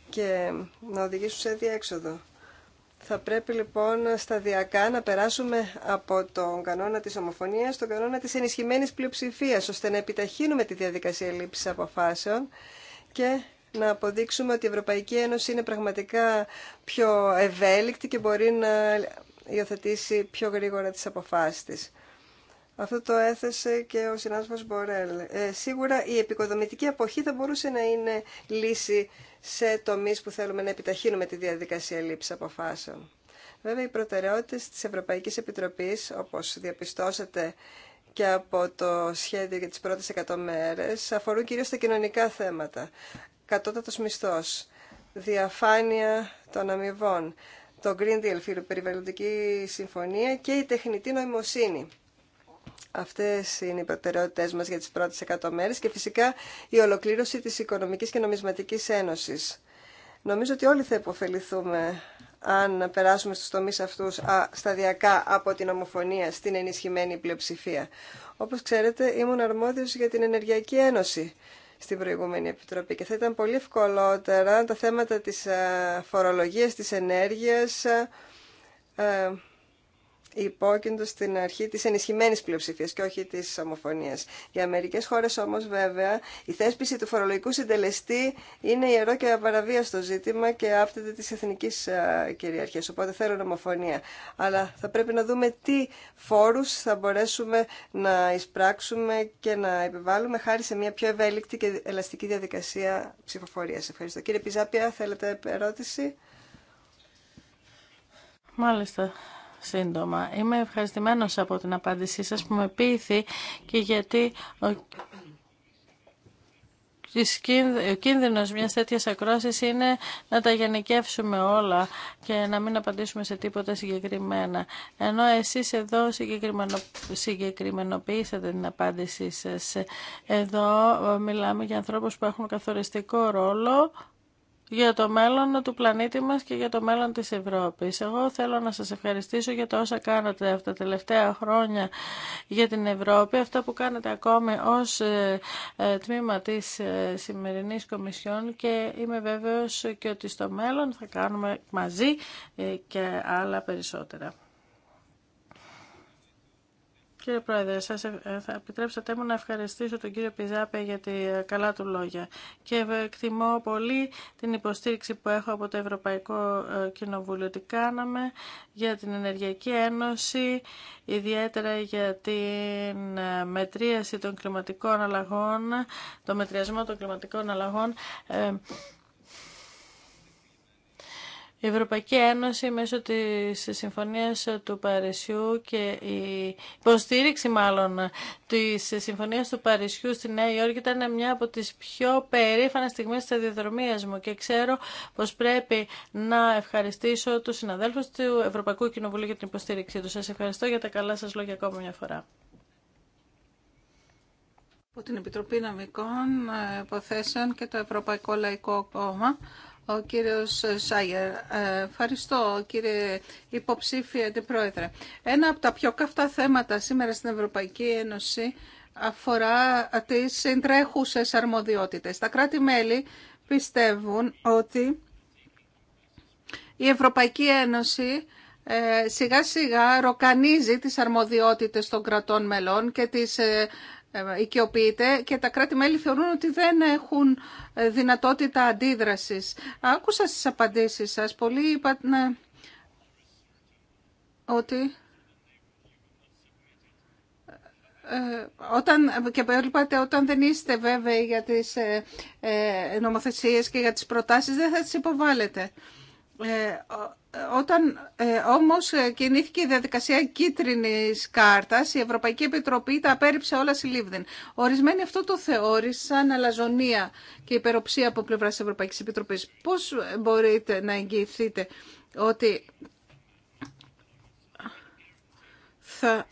και να οδηγήσουν σε διέξοδο. Θα πρέπει λοιπόν σταδιακά να περάσουμε από τον κανόνα της ομοφωνίας στον κανόνα της ενισχυμένης πλειοψηφίας, ώστε να επιταχύνουμε τη διαδικασία λήψης αποφάσεων και να αποδείξουμε ότι η Ευρωπαϊκή Ένωση είναι πραγματικά πιο ευέλικτη και μπορεί να υιοθετήσει πιο γρήγορα τις αποφάσεις της. Αυτό το έθεσε και ο συνάδελφος Μπορέλ. Ε, σίγουρα η επικοδομητική αποχή θα μπορούσε να είναι λύση σε τομείς που θέλουμε να επιταχύνουμε τη διαδικασία λήψη αποφάσεων. Βέβαια, οι προτεραιότητες της Ευρωπαϊκής Επιτροπής, όπως διαπιστώσατε και από το σχέδιο για τις πρώτες εκατομέρες, αφορούν κυρίως τα κοινωνικά θέματα. Κατώτατος μισθός, διαφάνεια των αμοιβών, το Green Deal, περιβαλλοντική συμφωνία και η τεχνητή νοημοσύνη. Αυτές είναι οι προτεραιότητες μας για τις πρώτες 100 και φυσικά η ολοκλήρωση της Οικονομικής και Νομισματικής Ένωσης. Νομίζω ότι όλοι θα υποφεληθούμε αν περάσουμε στους τομείς αυτούς σταδιακά από την ομοφωνία στην ενισχυμένη πλειοψηφία. Όπως ξέρετε ήμουν αρμόδιος για την Ενεργειακή Ένωση στην προηγούμενη Επιτροπή και θα ήταν πολύ ευκολότερα τα θέματα της ε, φορολογίας, της ενέργειας ε, ε, υπόκειντο στην αρχή της ενισχυμένης πλειοψηφίας και όχι της ομοφωνίας. Για μερικές χώρες όμως βέβαια η θέσπιση του φορολογικού συντελεστή είναι ιερό και απαραβίαστο ζήτημα και άπτεται της εθνικής κυριαρχίας, οπότε θέλουν ομοφωνία. Αλλά θα πρέπει να δούμε τι φόρους θα μπορέσουμε να εισπράξουμε και να επιβάλλουμε χάρη σε μια πιο ευέλικτη και ελαστική διαδικασία ψηφοφορίας. Ευχαριστώ. Κύριε Πιζάπια, θέλετε ερώτηση. Μάλιστα σύντομα. Είμαι ευχαριστημένος από την απάντησή σας που με πείθη και γιατί ο, ο κίνδυνος μιας τέτοιας ακρόσης είναι να τα γενικεύσουμε όλα και να μην απαντήσουμε σε τίποτα συγκεκριμένα. Ενώ εσείς εδώ συγκεκριμενο... συγκεκριμενοποιήσατε την απάντησή σας. Εδώ μιλάμε για ανθρώπους που έχουν καθοριστικό ρόλο για το μέλλον του πλανήτη μας και για το μέλλον της Ευρώπης. Εγώ θέλω να σας ευχαριστήσω για το όσα κάνατε αυτά τα τελευταία χρόνια για την Ευρώπη, αυτά που κάνετε ακόμη ως ε, ε, τμήμα της ε, σημερινής Κομισιόν και είμαι βέβαιος και ότι στο μέλλον θα κάνουμε μαζί και άλλα περισσότερα. Κύριε Πρόεδρε, ε, θα επιτρέψατε μου να ευχαριστήσω τον κύριο Πιζάπε για τα ε, καλά του λόγια και εκτιμώ πολύ την υποστήριξη που έχω από το Ευρωπαϊκό ε, Κοινοβούλιο. Τι κάναμε για την Ενεργειακή Ένωση, ιδιαίτερα για την μετρίαση των κλιματικών αλλαγών, το μετριασμό των κλιματικών αλλαγών η Ευρωπαϊκή Ένωση μέσω της Συμφωνίας του Παρισιού και η υποστήριξη μάλλον της Συμφωνίας του Παρισιού στη Νέα Υόρκη ήταν μια από τις πιο περήφανες στιγμές της διαδρομίας μου και ξέρω πως πρέπει να ευχαριστήσω τους συναδέλφους του Ευρωπαϊκού Κοινοβουλίου για την υποστήριξή τους. Σας ευχαριστώ για τα καλά σας λόγια ακόμα μια φορά. Ε, και το Ευρωπαϊκό Λαϊκό Κόμμα ο κύριος Σάγερ, ε, ευχαριστώ κύριε υποψήφιε πρόεδρε. Ένα από τα πιο καυτά θέματα σήμερα στην Ευρωπαϊκή Ένωση αφορά τις συντρέχουσες αρμοδιότητες. Τα κράτη-μέλη πιστεύουν ότι η Ευρωπαϊκή Ένωση ε, σιγά σιγά ροκανίζει τις αρμοδιότητες των κρατών μελών και τις ε, ε, οικειοποιείται και τα κράτη-μέλη θεωρούν ότι δεν έχουν ε, δυνατότητα αντίδρασης. Άκουσα στις απαντήσεις σας, πολύ είπαν ναι, ότι ε, όταν, και όταν δεν είστε βέβαιοι για τις νομοθεσίες και για τις προτάσεις δεν θα τις υποβάλλετε. Όταν ε, όμως ε, κινήθηκε η διαδικασία κίτρινης κάρτας, η Ευρωπαϊκή Επιτροπή τα απέρριψε όλα λίβδιν. Ορισμένοι αυτό το θεώρησαν αλαζονία και υπεροψία από πλευράς της Ευρωπαϊκής Επιτροπής. Πώς μπορείτε να εγγυηθείτε ότι θα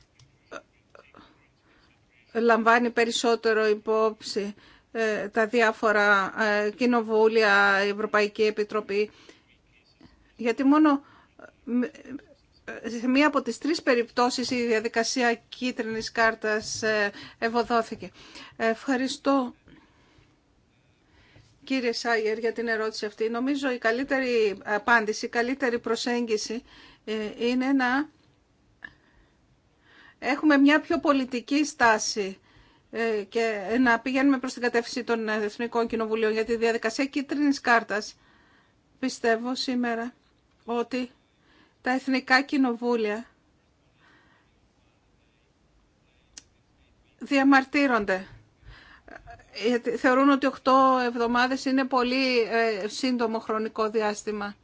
ε, λαμβάνει περισσότερο υπόψη ε, τα διάφορα κοινοβούλια, η Ευρωπαϊκή Επιτροπή γιατί μόνο ε, ε, σε μία από τις τρεις περιπτώσεις η διαδικασία κίτρινης κάρτας ε, ευωδόθηκε. Ευχαριστώ κύριε Σάγερ για την ερώτηση αυτή. Νομίζω η καλύτερη απάντηση, η καλύτερη προσέγγιση είναι να έχουμε μια πιο πολιτική στάση και να πηγαίνουμε προς την κατεύθυνση των Εθνικών Κοινοβουλίων για τη διαδικασία κίτρινης κάρτας. Πιστεύω σήμερα ότι τα εθνικά κοινοβούλια διαμαρτύρονται. Θεωρούν ότι 8 εβδομάδες είναι πολύ ε, σύντομο χρονικό διάστημα.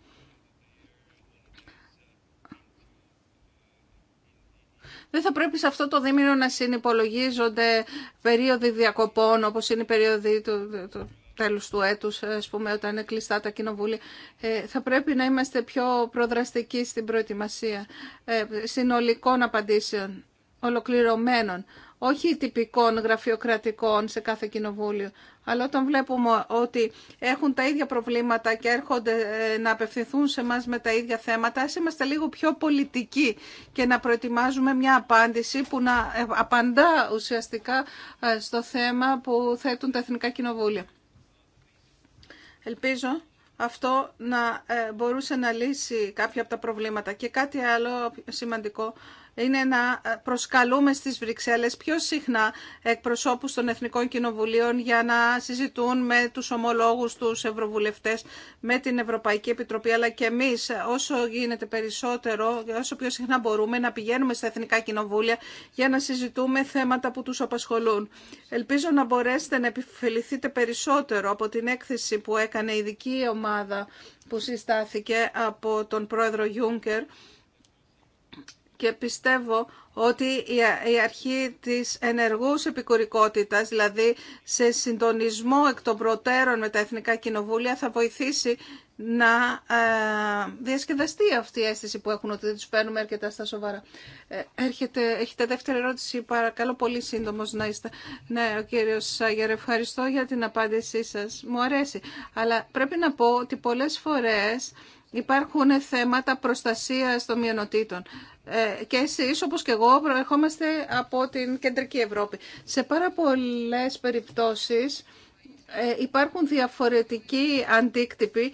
Δεν θα πρέπει σε αυτό το δίμηνο να συνυπολογίζονται περίοδοι διακοπών, όπως είναι η περίοδοι του, τέλους του έτους, α πούμε, όταν είναι κλειστά τα κοινοβούλια, ε, θα πρέπει να είμαστε πιο προδραστικοί στην προετοιμασία ε, συνολικών απαντήσεων, ολοκληρωμένων, όχι τυπικών γραφειοκρατικών σε κάθε κοινοβούλιο. Αλλά όταν βλέπουμε ότι έχουν τα ίδια προβλήματα και έρχονται ε, να απευθυνθούν σε εμά με τα ίδια θέματα, ας είμαστε λίγο πιο πολιτικοί και να προετοιμάζουμε μια απάντηση που να απαντά ουσιαστικά στο θέμα που θέτουν τα εθνικά κοινοβούλια. Ελπίζω αυτό να ε, μπορούσε να λύσει κάποια από τα προβλήματα. Και κάτι άλλο σημαντικό είναι να προσκαλούμε στις Βρυξέλλες πιο συχνά εκπροσώπους των Εθνικών Κοινοβουλίων για να συζητούν με τους ομολόγους τους Ευρωβουλευτές, με την Ευρωπαϊκή Επιτροπή, αλλά και εμείς όσο γίνεται περισσότερο, όσο πιο συχνά μπορούμε να πηγαίνουμε στα Εθνικά Κοινοβούλια για να συζητούμε θέματα που τους απασχολούν. Ελπίζω να μπορέσετε να επιφεληθείτε περισσότερο από την έκθεση που έκανε η ειδική ομάδα που συστάθηκε από τον πρόεδρο και πιστεύω ότι η αρχή της ενεργούς επικουρικότητας, δηλαδή σε συντονισμό εκ των προτέρων με τα Εθνικά Κοινοβούλια, θα βοηθήσει να ε, διασκεδαστεί αυτή η αίσθηση που έχουν ότι δεν τους παίρνουμε αρκετά στα σοβαρά. Ε, έχετε δεύτερη ερώτηση, παρακαλώ πολύ σύντομος να είστε. Ναι, ο κύριος Σάγερ, ευχαριστώ για την απάντησή σας. Μου αρέσει. Αλλά πρέπει να πω ότι πολλές φορές Υπάρχουν θέματα προστασίας των μειονοτήτων. Ε, και εσείς, όπως και εγώ, προερχόμαστε από την Κεντρική Ευρώπη. Σε πάρα πολλές περιπτώσεις ε, υπάρχουν διαφορετικοί αντίκτυποι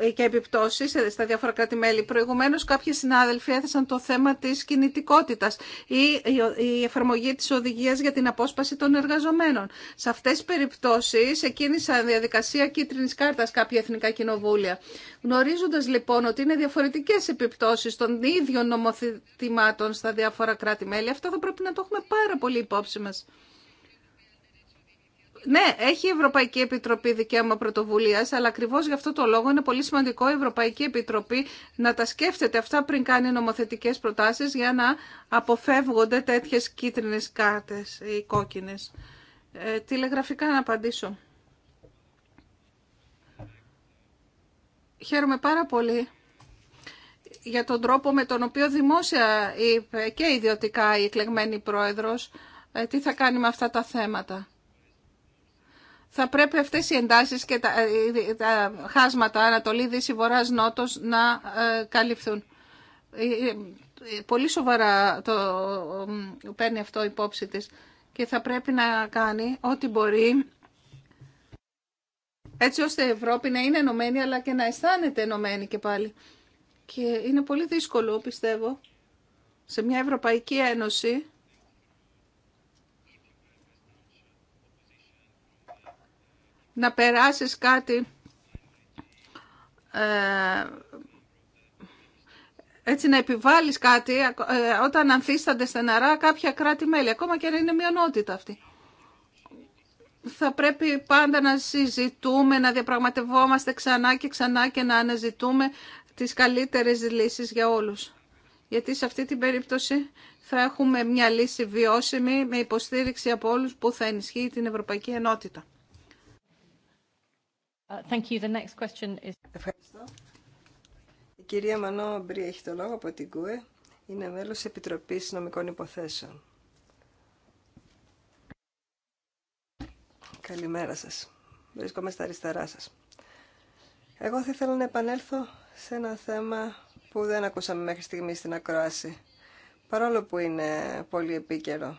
ε, και επιπτώσεις ε, στα διάφορα κράτη-μέλη. Προηγουμένως κάποιοι συνάδελφοι έθεσαν το θέμα της κινητικότητας ή η εφαρμογή της οδηγίας για την απόσπαση των εργαζομένων. Σε αυτές τις περιπτώσεις εκείνησαν διαδικασία κίτρινης κάρτας κάποια εθνικά κοινοβούλια. Γνωρίζοντας λοιπόν ότι είναι διαφορετικές επιπτώσεις των ίδιων νομοθετημάτων στα διάφορα κράτη-μέλη, αυτό θα πρέπει να το έχουμε πάρα πολύ υπόψη μας. Ναι, έχει η Ευρωπαϊκή Επιτροπή δικαίωμα πρωτοβουλία, αλλά ακριβώ γι' αυτό το λόγο είναι πολύ σημαντικό η Ευρωπαϊκή Επιτροπή να τα σκέφτεται αυτά πριν κάνει νομοθετικέ προτάσει για να αποφεύγονται τέτοιε κίτρινε κάρτε ή κόκκινε. Ε, τηλεγραφικά να απαντήσω. Χαίρομαι πάρα πολύ για τον τρόπο με τον οποίο δημόσια και ιδιωτικά η εκλεγμένη πρόεδρος ε, τι θα κάνει με αυτά τα θέματα θα πρέπει αυτές οι εντάσεις και τα, ε, ε, τα χάσματα Ανατολή, Δύση, Βορράς, Νότος να ε, καλυφθούν. Πολύ σοβαρά το παίρνει αυτό υπόψη της και θα πρέπει να κάνει ό,τι μπορεί έτσι ώστε η Ευρώπη να είναι ενωμένη αλλά και να αισθάνεται ενωμένη και πάλι. Και είναι πολύ δύσκολο πιστεύω σε μια Ευρωπαϊκή Ένωση να περάσεις κάτι ε, έτσι να επιβάλλεις κάτι ε, όταν ανθίστανται στεναρά κάποια κράτη-μέλη, ακόμα και αν είναι μειονότητα αυτή. Θα πρέπει πάντα να συζητούμε, να διαπραγματευόμαστε ξανά και ξανά και να αναζητούμε τις καλύτερες λύσεις για όλους. Γιατί σε αυτή την περίπτωση θα έχουμε μια λύση βιώσιμη με υποστήριξη από όλους που θα ενισχύει την Ευρωπαϊκή Ενότητα. Uh, Ευχαριστώ. Η κυρία Μανώ Μπρή έχει το λόγο από την ΚΟΕ. Είναι μέλος Επιτροπής Νομικών Υποθέσεων. Καλημέρα σας. Βρίσκομαι στα αριστερά σας. Εγώ θα ήθελα να επανέλθω σε ένα θέμα που δεν ακούσαμε μέχρι στιγμή στην ακρόαση. Παρόλο που είναι πολύ επίκαιρο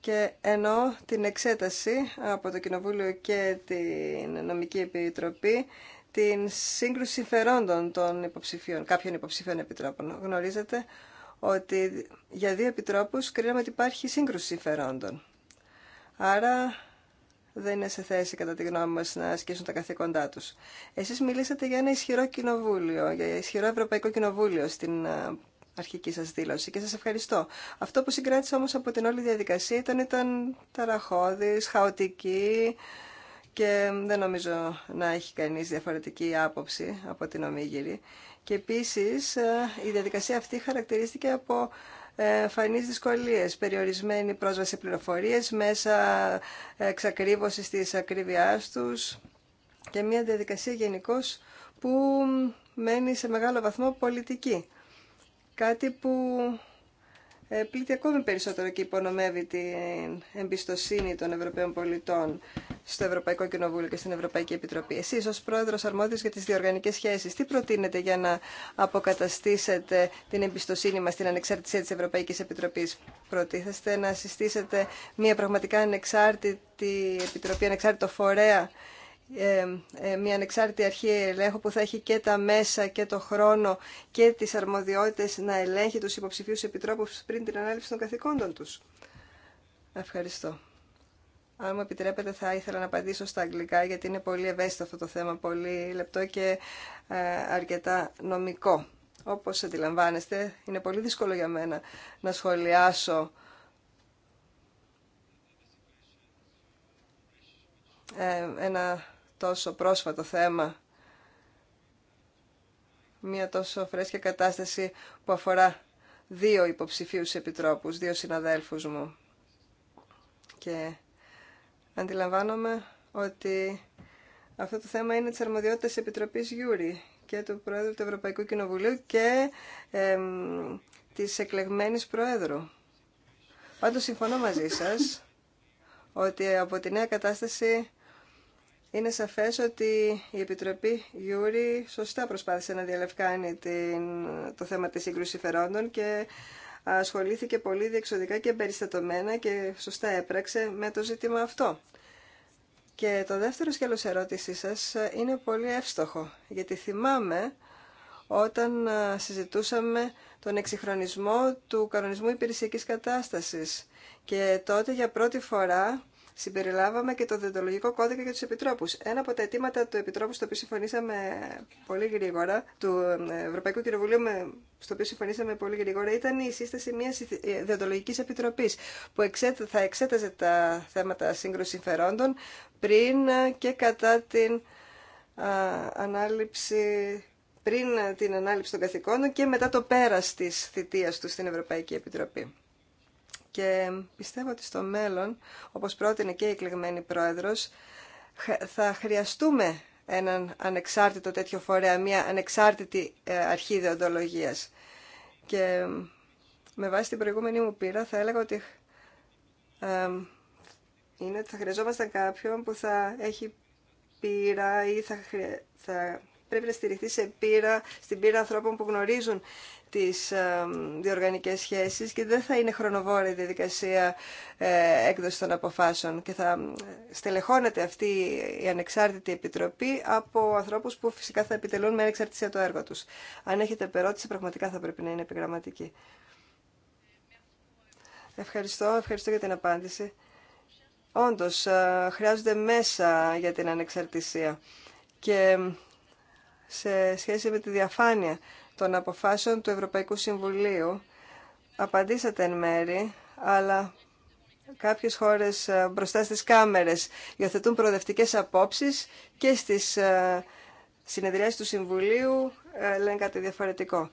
και ενώ την εξέταση από το Κοινοβούλιο και την Νομική Επιτροπή την σύγκρουση συμφερόντων των υποψηφίων, κάποιων υποψηφίων επιτρόπων. Γνωρίζετε ότι για δύο επιτρόπους κρίναμε ότι υπάρχει σύγκρουση συμφερόντων. Άρα δεν είναι σε θέση, κατά τη γνώμη μας, να ασκήσουν τα καθήκοντά τους. Εσείς μιλήσατε για ένα ισχυρό κοινοβούλιο, για ισχυρό Ευρωπαϊκό Κοινοβούλιο στην αρχική σας δήλωση και σας ευχαριστώ. Αυτό που συγκράτησα όμως από την όλη διαδικασία ήταν, ήταν ταραχώδης, χαοτική και δεν νομίζω να έχει κανείς διαφορετική άποψη από την ομίγυρη. Και επίσης ε, η διαδικασία αυτή χαρακτηρίστηκε από ε, φανείς δυσκολίες, περιορισμένη πρόσβαση πληροφορίες, μέσα εξακρίβωσης της ακρίβειάς τους και μια διαδικασία γενικώ που μένει σε μεγάλο βαθμό πολιτική. Κάτι που ε, πλήττει ακόμη περισσότερο και υπονομεύει την εμπιστοσύνη των Ευρωπαίων πολιτών στο Ευρωπαϊκό Κοινοβούλιο και στην Ευρωπαϊκή Επιτροπή. Εσείς ως πρόεδρος αρμόδιος για τις διοργανικές σχέσεις, τι προτείνετε για να αποκαταστήσετε την εμπιστοσύνη μας στην ανεξαρτησία της Ευρωπαϊκής Επιτροπής. Προτίθεστε να συστήσετε μια πραγματικά ανεξάρτητη επιτροπή, ανεξάρτητο φορέα ε, ε, μια ανεξάρτητη αρχή ελέγχου που θα έχει και τα μέσα και το χρόνο και τις αρμοδιότητες να ελέγχει τους υποψηφίους επιτρόπους πριν την ανάληψη των καθηκόντων τους. Ευχαριστώ. Αν μου επιτρέπετε θα ήθελα να απαντήσω στα αγγλικά γιατί είναι πολύ ευαίσθητο αυτό το θέμα, πολύ λεπτό και ε, αρκετά νομικό. Όπως αντιλαμβάνεστε, είναι πολύ δύσκολο για μένα να σχολιάσω ένα τόσο πρόσφατο θέμα, μια τόσο φρέσκια κατάσταση που αφορά δύο υποψηφίους επιτρόπους, δύο συναδέλφους μου. Και αντιλαμβάνομαι ότι αυτό το θέμα είναι της αρμοδιότητας Επιτροπής Γιούρη και του Πρόεδρου του Ευρωπαϊκού Κοινοβουλίου και ε, της εκλεγμένης Πρόεδρου. Πάντως συμφωνώ μαζί σας ότι από τη νέα κατάσταση είναι σαφές ότι η Επιτροπή Γιούρη σωστά προσπάθησε να διαλευκάνει την, το θέμα της σύγκρουση φερόντων και ασχολήθηκε πολύ διεξοδικά και περιστατωμένα και σωστά έπραξε με το ζήτημα αυτό. Και το δεύτερο σκέλος ερώτησής σας είναι πολύ εύστοχο, γιατί θυμάμαι όταν συζητούσαμε τον εξυγχρονισμό του κανονισμού υπηρεσιακής κατάστασης και τότε για πρώτη φορά συμπεριλάβαμε και το διοντολογικό κώδικα για τους επιτρόπους. Ένα από τα αιτήματα του επιτρόπου στο οποίο συμφωνήσαμε πολύ γρήγορα, του ε, Ευρωπαϊκού Κοινοβουλίου στο οποίο συμφωνήσαμε πολύ γρήγορα, ήταν η σύσταση μιας ε, διοντολογική επιτροπής που θα εξέταζε τα θέματα σύγκρουση συμφερόντων πριν και κατά την ανάληψη πριν την ανάληψη των καθηκόντων και μετά το πέρας της θητείας του στην Ευρωπαϊκή Επιτροπή. Και πιστεύω ότι στο μέλλον, όπως πρότεινε και η εκλεγμένη πρόεδρος, θα χρειαστούμε έναν ανεξάρτητο τέτοιο φορέα, μια ανεξάρτητη ε, αρχή ιδεοντολογίας. Και με βάση την προηγούμενη μου πείρα θα έλεγα ότι ε, είναι θα χρειαζόμασταν κάποιον που θα έχει πείρα ή θα πρέπει να στηριχθεί πείρα, στην πείρα ανθρώπων που γνωρίζουν τις διοργανικές σχέσεις και δεν θα είναι χρονοβόρη η διαδικασία ε, έκδοση των αποφάσεων και θα στελεχώνεται αυτή η ανεξάρτητη επιτροπή από ανθρώπους που φυσικά θα επιτελούν με ανεξαρτησία το έργο τους. Αν έχετε περώτηση πραγματικά θα πρέπει να είναι επιγραμματική. Ευχαριστώ, ευχαριστώ για την απάντηση. Όντως, ε, χρειάζονται μέσα για την ανεξαρτησία και σε σχέση με τη διαφάνεια των αποφάσεων του Ευρωπαϊκού Συμβουλίου. Απαντήσατε εν μέρη, αλλά κάποιες χώρες ε, μπροστά στις κάμερες υιοθετούν προοδευτικές απόψεις και στις ε, συνεδριάσεις του Συμβουλίου ε, λένε κάτι διαφορετικό.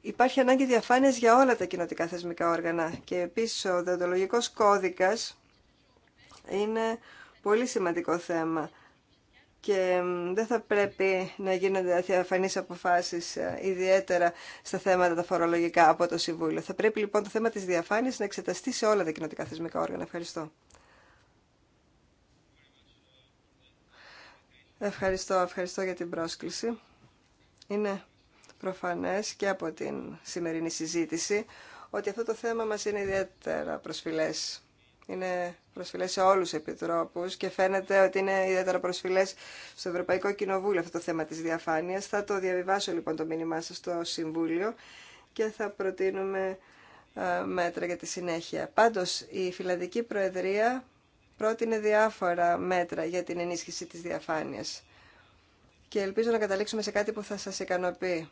Υπάρχει ανάγκη διαφάνειας για όλα τα κοινοτικά θεσμικά όργανα και επίσης ο δεοντολογικός κώδικας είναι πολύ σημαντικό θέμα και δεν θα πρέπει να γίνονται αδιαφανείς αποφάσεις ε, ιδιαίτερα στα θέματα τα φορολογικά από το Συμβούλιο. Θα πρέπει λοιπόν το θέμα της διαφάνειας να εξεταστεί σε όλα τα κοινοτικά θεσμικά όργανα. Ευχαριστώ. Ευχαριστώ, ευχαριστώ για την πρόσκληση. Είναι προφανές και από την σημερινή συζήτηση ότι αυτό το θέμα μας είναι ιδιαίτερα προσφυλές είναι προσφυλέ σε όλου του επιτρόπου και φαίνεται ότι είναι ιδιαίτερα προσφυλέ στο Ευρωπαϊκό Κοινοβούλιο αυτό το θέμα τη διαφάνεια. Θα το διαβιβάσω λοιπόν το μήνυμά σα στο Συμβούλιο και θα προτείνουμε ε, μέτρα για τη συνέχεια. Πάντως, η Φιλανδική Προεδρία πρότεινε διάφορα μέτρα για την ενίσχυση της διαφάνεια. και ελπίζω να καταλήξουμε σε κάτι που θα σας ικανοποιεί.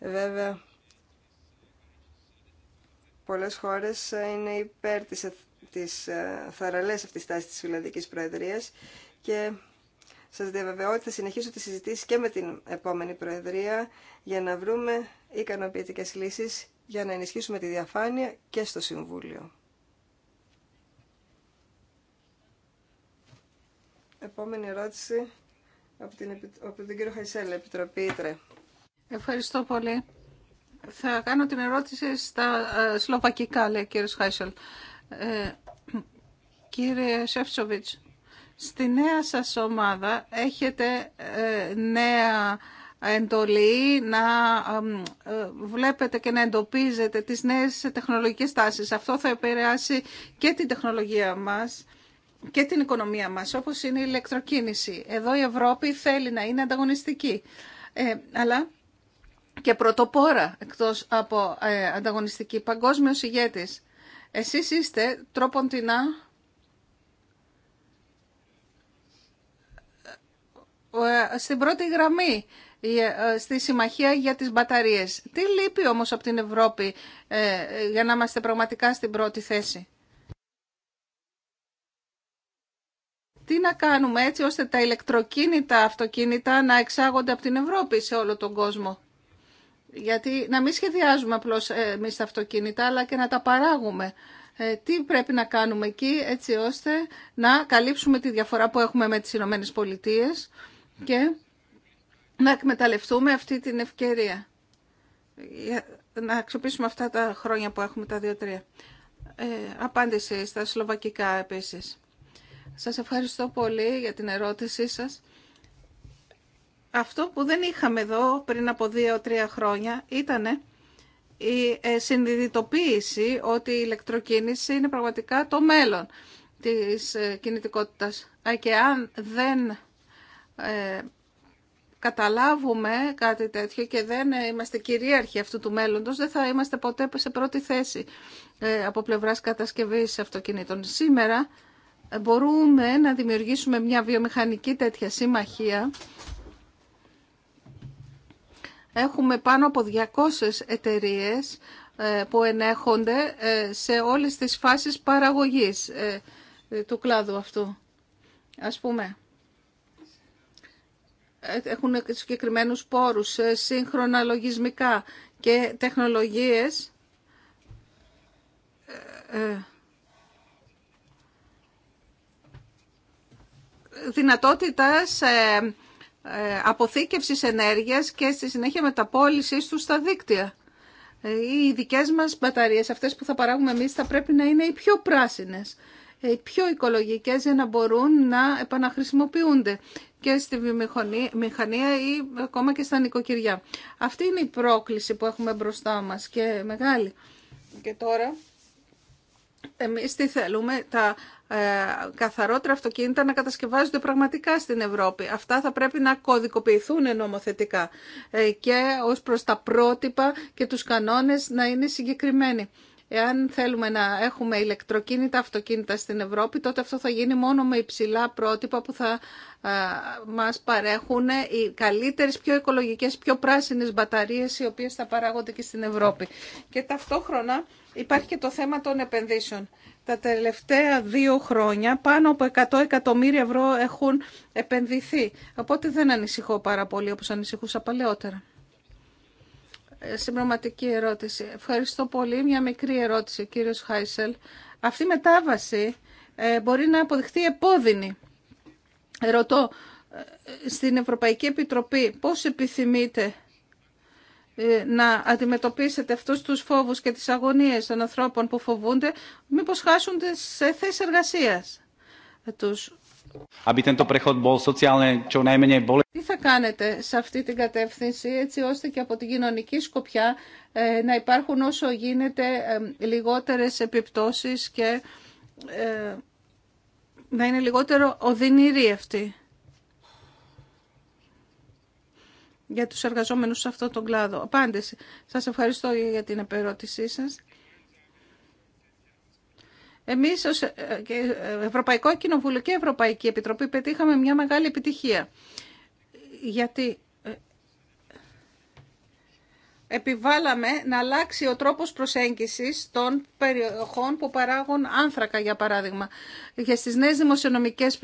Βέβαια, πολλές χώρες είναι υπέρ της τις ε, θαραλές αυτής τάση της Φιλανδικής Προεδρίας και σας διαβεβαιώ ότι θα συνεχίσω τις συζητήσεις και με την επόμενη Προεδρία για να βρούμε ικανοποιητικές λύσεις για να ενισχύσουμε τη διαφάνεια και στο Συμβούλιο. Επόμενη ερώτηση από, την, από τον κύριο Χαϊσέλ, Επιτροπή Ήτρε. Ευχαριστώ πολύ. Θα κάνω την ερώτηση στα ε, σλοβακικά, λέει ο κύριος Χάισελ. Ε, Κύριε Σεφτσοβίτς, στη νέα σας ομάδα έχετε ε, νέα εντολή να ε, βλέπετε και να εντοπίζετε τις νέες τεχνολογικές τάσεις. Αυτό θα επηρεάσει και την τεχνολογία μας και την οικονομία μας, όπως είναι η ηλεκτροκίνηση. Εδώ η Ευρώπη θέλει να είναι ανταγωνιστική, ε, αλλά και πρωτοπόρα εκτός από ανταγωνιστική. Παγκόσμιος ηγέτης. Εσείς είστε τρόποντινά Ε, στην πρώτη γραμμή ε, ε, στη συμμαχία για τις μπαταρίες. Τι λείπει όμως από την Ευρώπη για να είμαστε πραγματικά στην πρώτη θέση. Τι να κάνουμε έτσι ώστε τα ηλεκτροκίνητα αυτοκίνητα να εξάγονται από την Ευρώπη σε όλο τον κόσμο. Γιατί να μην σχεδιάζουμε απλώς εμείς τα αυτοκίνητα αλλά και να τα παράγουμε. τι πρέπει να κάνουμε εκεί έτσι ώστε να καλύψουμε τη διαφορά που έχουμε με τις Ηνωμένες Πολιτείες και να εκμεταλλευτούμε αυτή την ευκαιρία. Να αξιοποιήσουμε αυτά τα χρόνια που έχουμε τα δύο-τρία. Ε, απάντηση στα σλοβακικά επίσης. Σας ευχαριστώ πολύ για την ερώτησή σας. Αυτό που δεν είχαμε εδώ πριν από δύο-τρία χρόνια ήταν η ε, συνειδητοποίηση ότι η ηλεκτροκίνηση είναι πραγματικά το μέλλον της ε, κινητικότητας. Ε, και αν δεν ε, καταλάβουμε κάτι τέτοιο και δεν ε, είμαστε κυρίαρχοι αυτού του μέλλοντος, δεν θα είμαστε ποτέ σε πρώτη θέση ε, από πλευράς κατασκευής αυτοκινήτων. Σήμερα ε, μπορούμε να δημιουργήσουμε μια βιομηχανική τέτοια συμμαχία. Έχουμε πάνω από 200 εταιρείες που ενέχονται σε όλες τις φάσεις παραγωγής του κλάδου αυτού. Ας πούμε, έχουν συγκεκριμένους πόρους, ε, σύγχρονα λογισμικά και τεχνολογίες ε, ε, δυνατότητας αποθήκευσης ενέργειας και στη συνέχεια μεταπόλησης του στα δίκτυα. Οι δικές μας μπαταρίες, αυτές που θα παράγουμε εμείς, θα πρέπει να είναι οι πιο πράσινες, οι πιο οικολογικές για να μπορούν να επαναχρησιμοποιούνται και στη μηχανία ή ακόμα και στα νοικοκυριά. Αυτή είναι η πρόκληση που έχουμε μπροστά μας και μεγάλη. Και τώρα εμείς τι θέλουμε, τα ε, καθαρότερα αυτοκίνητα να κατασκευάζονται πραγματικά στην Ευρώπη. Αυτά θα πρέπει να κωδικοποιηθούν νομοθετικά ε, και ως προς τα πρότυπα και τους κανόνες να είναι συγκεκριμένοι. Εάν θέλουμε να έχουμε ηλεκτροκίνητα αυτοκίνητα στην Ευρώπη, τότε αυτό θα γίνει μόνο με υψηλά πρότυπα που θα μας παρέχουν οι καλύτερες, πιο οικολογικές, πιο πράσινες μπαταρίες οι οποίες θα παράγονται και στην Ευρώπη. Και ταυτόχρονα υπάρχει και το θέμα των επενδύσεων. Τα τελευταία δύο χρόνια πάνω από 100 εκατομμύρια ευρώ έχουν επενδυθεί. Οπότε δεν ανησυχώ πάρα πολύ όπως ανησυχούσα παλαιότερα. Ε, συμπροματική ερώτηση. Ευχαριστώ πολύ. Μια μικρή ερώτηση, κύριος Χάισελ. Αυτή η μετάβαση ε, μπορεί να αποδειχθεί επώδυνη. Ρωτώ, ε, στην Ευρωπαϊκή Επιτροπή πώς επιθυμείτε να αντιμετωπίσετε αυτούς τους φόβους και τις αγωνίες των ανθρώπων που φοβούνται, μήπως χάσουν τις θέσεις εργασίας τους. Τι θα κάνετε σε αυτή την κατεύθυνση έτσι ώστε και από την κοινωνική σκοπιά ε, να υπάρχουν όσο γίνεται ε, λιγότερες επιπτώσεις και ε, να είναι λιγότερο οδυνηρή αυτή για τους εργαζόμενους σε αυτόν τον κλάδο. Απάντηση. Σας ευχαριστώ για την επερώτησή σας. Εμείς ως ε, ε, Ευρωπαϊκό Κοινοβούλιο και Ευρωπαϊκή Επιτροπή πετύχαμε μια μεγάλη επιτυχία. Γιατί ε, επιβάλαμε να αλλάξει ο τρόπος προσέγγισης των περιοχών που παράγουν άνθρακα, για παράδειγμα. Και στις νέες δημοσιονομικές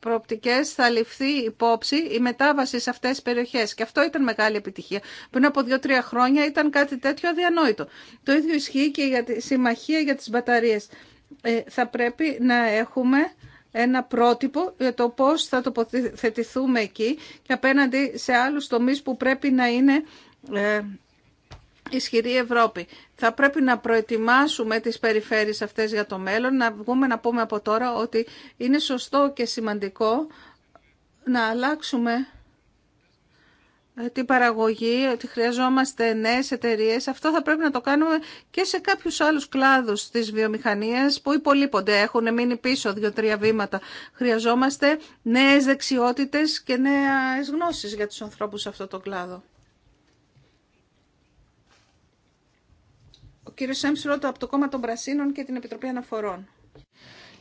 προοπτικές θα ληφθεί υπόψη η μετάβαση σε αυτές τις περιοχές. Και αυτό ήταν μεγάλη επιτυχία. Πριν από δύο-τρία χρόνια ήταν κάτι τέτοιο αδιανόητο. Το ίδιο ισχύει και για τη συμμαχία για τις μπαταρίες. Ε, θα πρέπει να έχουμε ένα πρότυπο για το πώς θα τοποθετηθούμε εκεί και απέναντι σε άλλους τομείς που πρέπει να είναι ε, ισχυρή Ευρώπη. Θα πρέπει να προετοιμάσουμε τις περιφέρειες αυτές για το μέλλον, να βγούμε να πούμε από τώρα ότι είναι σωστό και σημαντικό να αλλάξουμε ε, την παραγωγή, ότι χρειαζόμαστε νέες εταιρείες. Αυτό θα πρέπει να το κάνουμε και σε κάποιους άλλους κλάδους της βιομηχανίας που υπολείπονται, έχουν μείνει πίσω δύο-τρία βήματα. Χρειαζόμαστε νέες δεξιότητες και νέες γνώσεις για τους ανθρώπους σε αυτό το κλάδο. Ο κύριος Σέμς Ρώτο από το Κόμμα των Πρασίνων και την Επιτροπή Αναφορών.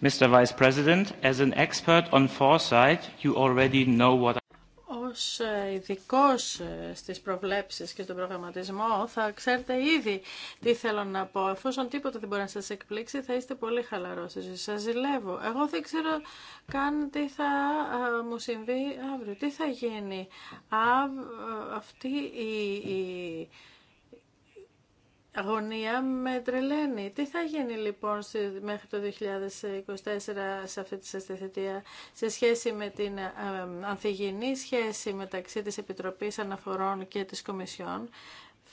Mr. Vice President, as an expert on foresight, you already know what ως ε, ειδικό ε, στις προβλέψεις και στον προγραμματισμό θα ξέρετε ήδη τι θέλω να πω. Εφόσον τίποτα δεν μπορεί να σας εκπλήξει θα είστε πολύ χαλαρός. Σας ζηλεύω. Εγώ δεν ξέρω καν τι θα ε, μου συμβεί αύριο. Τι θα γίνει. Α, αυτή η, η αγωνία με τρελαίνει. Τι θα γίνει λοιπόν μέχρι το 2024 σε αυτή τη σαστηθετία σε σχέση με την ε, ανθιγινή σχέση μεταξύ της Επιτροπής Αναφορών και της Κομισιόν.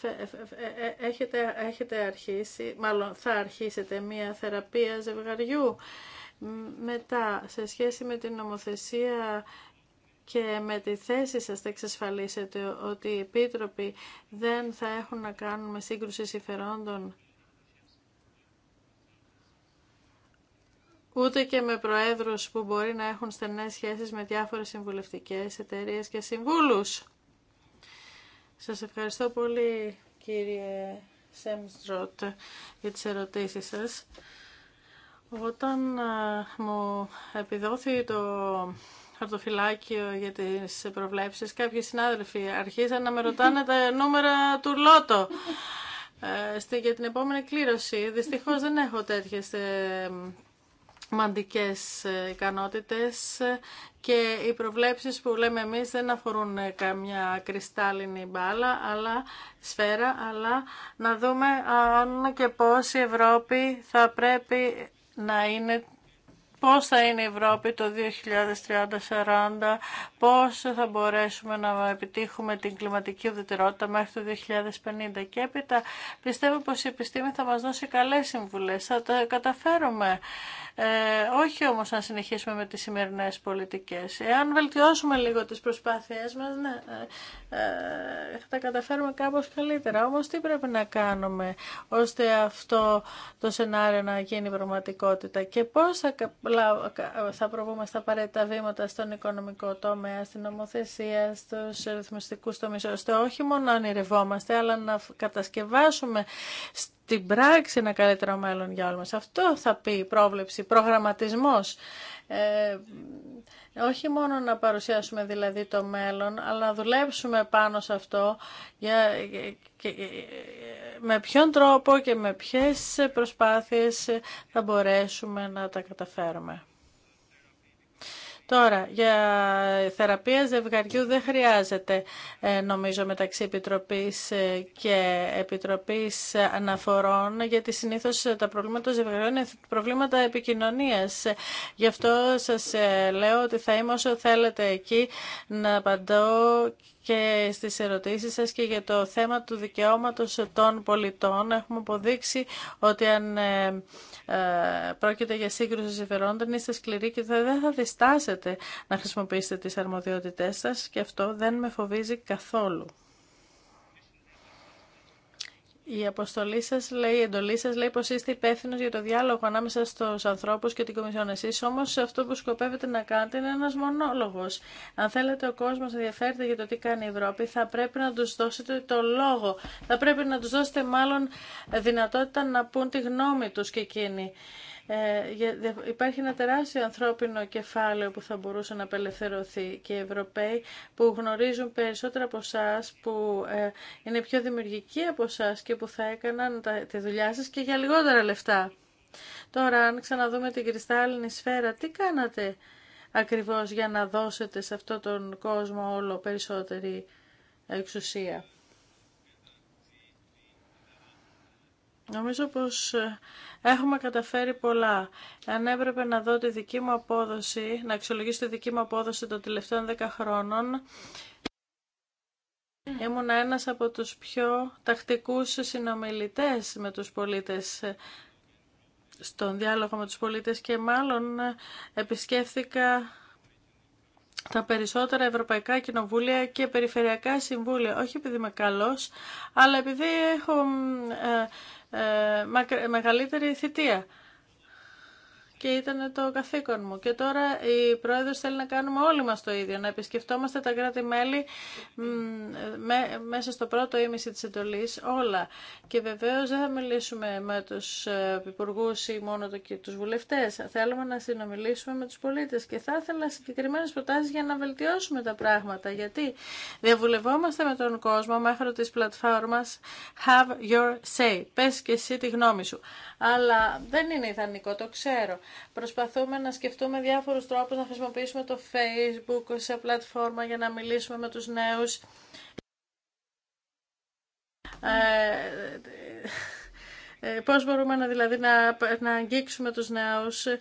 Ε, ε, έχετε, έχετε αρχίσει, μάλλον θα αρχίσετε μία θεραπεία ζευγαριού. Μετά, σε σχέση με την νομοθεσία και με τη θέση σας θα εξασφαλίσετε ότι οι επίτροποι δεν θα έχουν να κάνουν με σύγκρουση συμφερόντων ούτε και με προέδρους που μπορεί να έχουν στενές σχέσεις με διάφορες συμβουλευτικές εταιρείες και συμβούλους. Σας ευχαριστώ πολύ κύριε Σέμστροτ για τις ερωτήσεις σας. Όταν ε, μου επιδόθη το χαρτοφυλάκιο για τι προβλέψεις, κάποιοι συνάδελφοι αρχίζαν να με ρωτάνε τα νούμερα του Λότο ε, για την επόμενη κλήρωση. Δυστυχώ δεν έχω τέτοιε ε, μαντικές ε, ικανότητες και οι προβλέψεις που λέμε εμεί δεν αφορούν ε, καμιά κρυστάλλινη μπάλα, αλλά σφαίρα, αλλά να δούμε αν και πω η Ευρώπη θα πρέπει να είναι πώς θα είναι η Ευρώπη το 2030-40, πώς θα μπορέσουμε να επιτύχουμε την κλιματική ουδετερότητα μέχρι το 2050. Και έπειτα πιστεύω πως η επιστήμη θα μας δώσει καλές συμβουλές, θα τα καταφέρουμε. Ε, όχι όμως να συνεχίσουμε με τις σημερινές πολιτικές. Εάν βελτιώσουμε λίγο τις προσπάθειές μας, ναι, ε, ε, θα τα καταφέρουμε κάπως καλύτερα. Όμως τι πρέπει να κάνουμε ώστε αυτό το σενάριο να γίνει πραγματικότητα και πώς θα, θα προβούμε στα απαραίτητα βήματα στον οικονομικό τομέα, στην νομοθεσία, στους ρυθμιστικούς τομείς, ώστε όχι μόνο να ονειρευόμαστε, αλλά να κατασκευάσουμε την πράξη ένα καλύτερο μέλλον για όλους μας. Αυτό θα πει η πρόβλεψη, προγραμματισμός. Ε, όχι μόνο να παρουσιάσουμε δηλαδή το μέλλον, αλλά να δουλέψουμε πάνω σε αυτό για, και, με ποιον τρόπο και με ποιες προσπάθειες θα μπορέσουμε να τα καταφέρουμε. Τώρα, για θεραπεία ζευγαριού δεν χρειάζεται, ε, νομίζω, μεταξύ Επιτροπής ε, και Επιτροπής Αναφορών, γιατί συνήθως ε, τα προβλήματα των ζευγαριών είναι προβλήματα επικοινωνίας. Γι' αυτό σας λέω ότι θα είμαι όσο θέλετε εκεί να απαντώ και στις ερωτήσεις σας και για το θέμα του δικαιώματος των πολιτών. Έχουμε αποδείξει ότι αν ε, πρόκειται για σύγκρουση συμφερόντων, είστε σκληροί και δεν θα διστάσετε να χρησιμοποιήσετε τις αρμοδιότητές σας και αυτό δεν με φοβίζει καθόλου. Η αποστολή σα λέει, η εντολή σα λέει πω είστε υπεύθυνο για το διάλογο ανάμεσα στου ανθρώπου και την Κομισιόν. Εσεί όμω αυτό που σκοπεύετε να κάνετε είναι ένα μονόλογο. Αν θέλετε ο κόσμο να ενδιαφέρεται για το τι κάνει η Ευρώπη, θα πρέπει να του δώσετε το λόγο. Θα πρέπει να του δώσετε μάλλον δυνατότητα να πούν τη γνώμη του και εκείνοι. Ε, υπάρχει ένα τεράστιο ανθρώπινο κεφάλαιο που θα μπορούσε να απελευθερωθεί και οι Ευρωπαίοι που γνωρίζουν περισσότερα από εσά, που ε, είναι πιο δημιουργικοί από εσά και που θα έκαναν τη δουλειά σα και για λιγότερα λεφτά. Τώρα, αν ξαναδούμε την κρυστάλλινη σφαίρα, τι κάνατε ακριβώς για να δώσετε σε αυτόν τον κόσμο όλο περισσότερη εξουσία. Νομίζω πως ε, έχουμε καταφέρει πολλά. Αν έπρεπε να δω τη δική μου απόδοση, να αξιολογήσω τη δική μου απόδοση των τελευταίων 10 χρόνων, ήμουν ένας από τους πιο τακτικούς συνομιλητές με τους πολίτες ε, στον διάλογο με τους πολίτες και μάλλον ε, επισκέφθηκα τα περισσότερα ευρωπαϊκά κοινοβούλια και περιφερειακά συμβούλια. Όχι επειδή είμαι καλός, αλλά επειδή έχω ε, μεγαλύτερη θητεία και ήταν το καθήκον μου. Και τώρα η πρόεδρο θέλει να κάνουμε όλοι μα το ίδιο, να επισκεφτόμαστε τα κράτη-μέλη μέσα στο πρώτο ήμιση τη εντολή, όλα. Και βεβαίω δεν θα μιλήσουμε με του ε, υπουργού ή μόνο του βουλευτέ. Θέλουμε να συνομιλήσουμε με του πολίτε. και θα ήθελα συγκεκριμένε προτάσει για να βελτιώσουμε τα πράγματα. Γιατί διαβουλευόμαστε με τον κόσμο μέχρι τη πλατφόρμα Have Your Say. Πε και εσύ τη γνώμη σου. Αλλά δεν είναι ιδανικό, το ξέρω. Προσπαθούμε να σκεφτούμε διάφορους τρόπους να χρησιμοποιήσουμε το Facebook σε πλατφόρμα για να μιλήσουμε με τους νέους. Ε, ε, ε, πώς μπορούμε να, δηλαδή, να, να αγγίξουμε τους νέους, ε,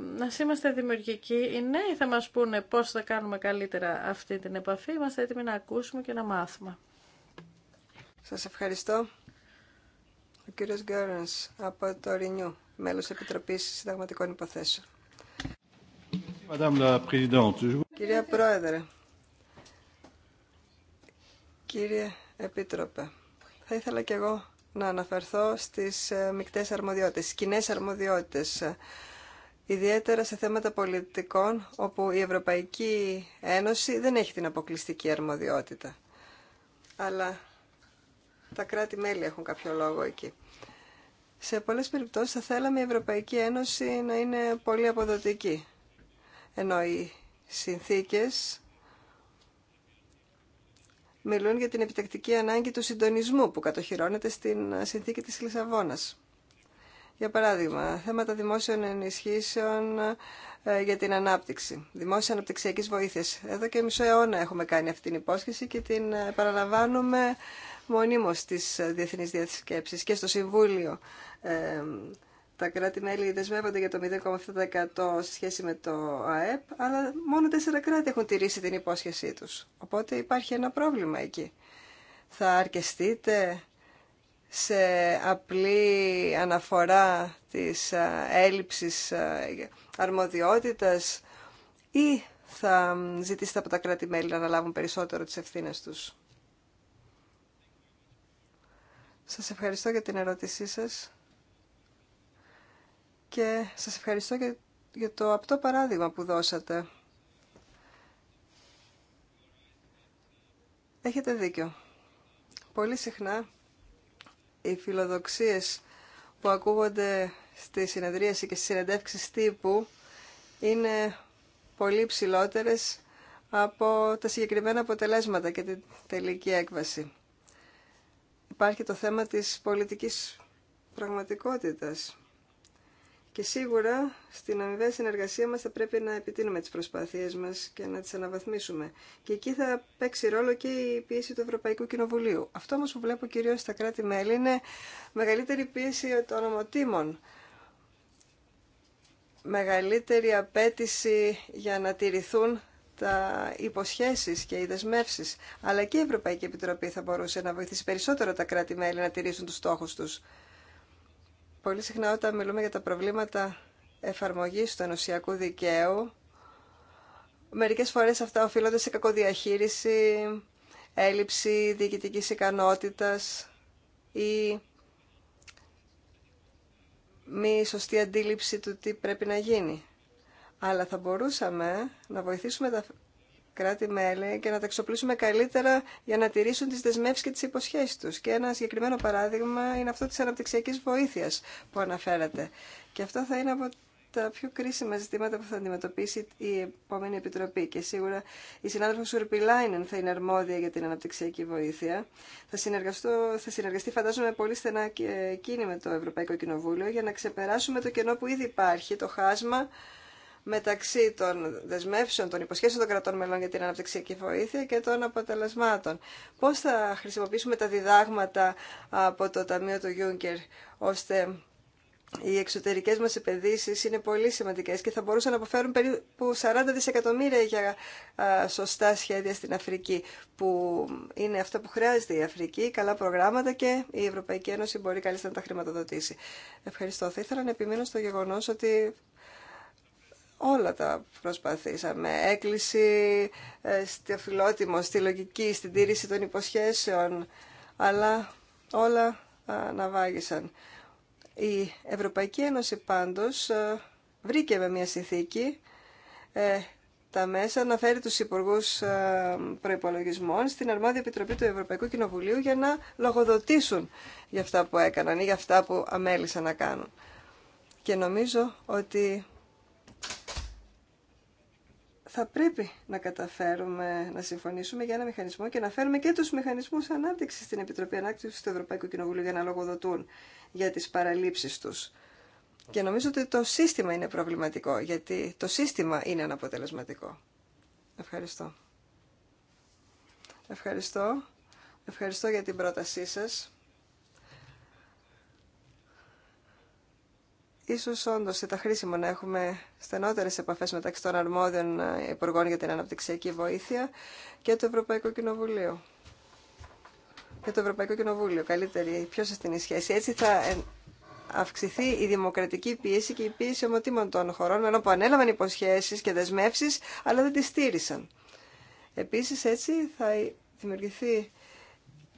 να είμαστε δημιουργικοί. Οι νέοι θα μας πούνε πώς θα κάνουμε καλύτερα αυτή την επαφή. Είμαστε έτοιμοι να ακούσουμε και να μάθουμε. Σας ευχαριστώ. Ο κύριος Γκέρνς από το Ρινιού μέλος της Επιτροπής Συνταγματικών Υποθέσεων. Κυρία Πρόεδρε, κύριε Επίτροπε, θα ήθελα και εγώ να αναφερθώ στις ε, μικτές αρμοδιότητες, κοινές αρμοδιότητες, ε, ιδιαίτερα σε θέματα πολιτικών, όπου η Ευρωπαϊκή Ένωση δεν έχει την αποκλειστική αρμοδιότητα. Αλλά τα κράτη-μέλη έχουν κάποιο λόγο εκεί. Σε πολλές περιπτώσεις θα θέλαμε η Ευρωπαϊκή Ένωση να είναι πολύ αποδοτική. Ενώ οι συνθήκες μιλούν για την επιτακτική ανάγκη του συντονισμού που κατοχυρώνεται στην συνθήκη της Λισαβόνας. Για παράδειγμα, θέματα δημόσιων ενισχύσεων ε, για την ανάπτυξη, δημόσια αναπτυξιακής βοήθειας. Εδώ και μισό αιώνα έχουμε κάνει αυτή την υπόσχεση και την ε, παραλαμβάνουμε μονίμως στις ε, διεθνείς διασκέψεις και στο Συμβούλιο ε, τα κράτη-μέλη δεσμεύονται για το 0,7% σε σχέση με το ΑΕΠ, αλλά μόνο τέσσερα κράτη έχουν τηρήσει την υπόσχεσή τους. Οπότε υπάρχει ένα πρόβλημα εκεί. Θα αρκεστείτε σε απλή αναφορά της ε, έλλειψης αρμοδιότητας ή θα ζητήσετε από τα κράτη-μέλη να αναλάβουν περισσότερο τις ευθύνες τους. Σας ευχαριστώ για την ερώτησή σας και σας ευχαριστώ για το απτό παράδειγμα που δώσατε. Έχετε δίκιο. Πολύ συχνά οι φιλοδοξίες που ακούγονται στη συνεδρίαση και στις συνεντεύξεις τύπου είναι πολύ ψηλότερες από τα συγκεκριμένα αποτελέσματα και την τελική έκβαση υπάρχει το θέμα της πολιτικής πραγματικότητας. Και σίγουρα στην αμοιβαία συνεργασία μας θα πρέπει να επιτείνουμε τις προσπάθειές μας και να τις αναβαθμίσουμε. Και εκεί θα παίξει ρόλο και η πίεση του Ευρωπαϊκού Κοινοβουλίου. Αυτό όμως που βλέπω κυρίως στα κράτη-μέλη είναι μεγαλύτερη πίεση των ομοτήμων. Μεγαλύτερη απέτηση για να τηρηθούν τα υποσχέσεις και οι δεσμεύσει, αλλά και η Ευρωπαϊκή Επιτροπή θα μπορούσε να βοηθήσει περισσότερο τα κράτη-μέλη να τηρήσουν τους στόχους τους. Πολύ συχνά όταν μιλούμε για τα προβλήματα εφαρμογής του ενωσιακού δικαίου, μερικές φορές αυτά οφείλονται σε κακοδιαχείριση, έλλειψη διοικητικής ικανότητας ή μη σωστή αντίληψη του τι πρέπει να γίνει αλλά θα μπορούσαμε να βοηθήσουμε τα κράτη-μέλη και να τα εξοπλίσουμε καλύτερα για να τηρήσουν τις δεσμεύσεις και τις υποσχέσεις τους. Και ένα συγκεκριμένο παράδειγμα είναι αυτό της αναπτυξιακής βοήθειας που αναφέρατε. Και αυτό θα είναι από τα πιο κρίσιμα ζητήματα που θα αντιμετωπίσει η επόμενη Επιτροπή. Και σίγουρα η συνάδελφος Ουρπιλάινεν θα είναι αρμόδια για την αναπτυξιακή βοήθεια. Θα, θα συνεργαστεί, φαντάζομαι, πολύ στενά και εκείνη με το Ευρωπαϊκό Κοινοβούλιο για να ξεπεράσουμε το κενό που ήδη υπάρχει, το χάσμα μεταξύ των δεσμεύσεων, των υποσχέσεων των κρατών μελών για την αναπτυξιακή βοήθεια και των αποτελεσμάτων. Πώς θα χρησιμοποιήσουμε τα διδάγματα από το Ταμείο του Γιούγκερ, ώστε οι εξωτερικές μας επενδύσεις είναι πολύ σημαντικές και θα μπορούσαν να αποφέρουν περίπου 40 δισεκατομμύρια για σωστά σχέδια στην Αφρική, που είναι αυτό που χρειάζεται η Αφρική, καλά προγράμματα και η Ευρωπαϊκή Ένωση μπορεί καλύτερα να τα χρηματοδοτήσει. Ευχαριστώ. Θα ήθελα να επιμείνω στο γεγονός ότι όλα τα προσπαθήσαμε. Έκκληση ε, στη φιλότιμο, στη λογική, στην τήρηση των υποσχέσεων, αλλά όλα αναβάγησαν. Ε, Η Ευρωπαϊκή Ένωση πάντως ε, βρήκε με μια συνθήκη τα μέσα να φέρει τους υπουργούς προϋπολογισμών στην Αρμόδια Επιτροπή του Ευρωπαϊκού Κοινοβουλίου για να λογοδοτήσουν για αυτά που έκαναν ή για αυτά που αμέλησαν να κάνουν. Και νομίζω ότι θα πρέπει να καταφέρουμε να συμφωνήσουμε για ένα μηχανισμό και να φέρουμε και τους μηχανισμούς ανάπτυξης στην Επιτροπή Ανάπτυξης του Ευρωπαϊκού Κοινοβουλίου για να λογοδοτούν για τις παραλήψεις τους. Και νομίζω ότι το σύστημα είναι προβληματικό, γιατί το σύστημα είναι αναποτελεσματικό. Ευχαριστώ. Ευχαριστώ. Ευχαριστώ για την πρότασή σας. Ίσως όντως ήταν χρήσιμο να έχουμε στενότερες επαφές μεταξύ των αρμόδιων ε, υπουργών για την αναπτυξιακή βοήθεια και το Ευρωπαϊκό Κοινοβουλίου. Και το Ευρωπαϊκό Κοινοβούλιο, καλύτερη, πιο στενή σχέση. Έτσι θα ε, αυξηθεί η δημοκρατική πίεση και η πίεση ομοτήμων των χωρών, ενώ που ανέλαβαν υποσχέσεις και δεσμεύσεις, αλλά δεν τις στήρισαν. Επίσης, έτσι θα δημιουργηθεί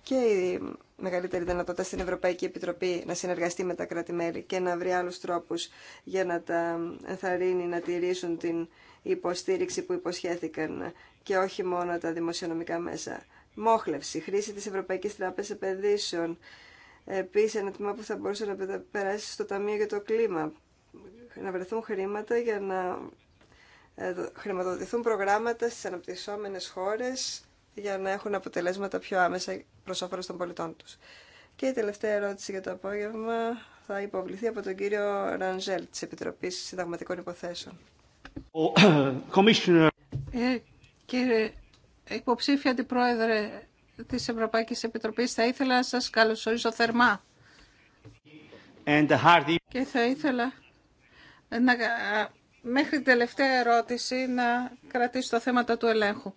και η μεγαλύτερη δυνατότητα στην Ευρωπαϊκή Επιτροπή να συνεργαστεί με τα κράτη-μέλη και να βρει άλλους τρόπους για να τα ενθαρρύνει να τηρήσουν την υποστήριξη που υποσχέθηκαν και όχι μόνο τα δημοσιονομικά μέσα. Μόχλευση, χρήση της Ευρωπαϊκής Τράπεζας Επενδύσεων, επίσης ένα τμήμα που θα μπορούσε να περάσει στο Ταμείο για το Κλίμα, να βρεθούν χρήματα για να ε, χρηματοδοτηθούν προγράμματα στις αναπτυσσόμενες χώρες για να έχουν αποτελέσματα πιο άμεσα προς όφελος των πολιτών τους. Και η τελευταία ερώτηση για το απόγευμα θα υποβληθεί από τον κύριο Ρανζέλ της Επιτροπής Συνταγματικών Υποθέσεων. Ε, κύριε υποψήφια αντιπρόεδρε της Ευρωπαϊκής Επιτροπής, θα ήθελα να σας καλωσορίσω θερμά. Και θα ήθελα μέχρι την τελευταία ερώτηση να κρατήσω το θέμα του ελέγχου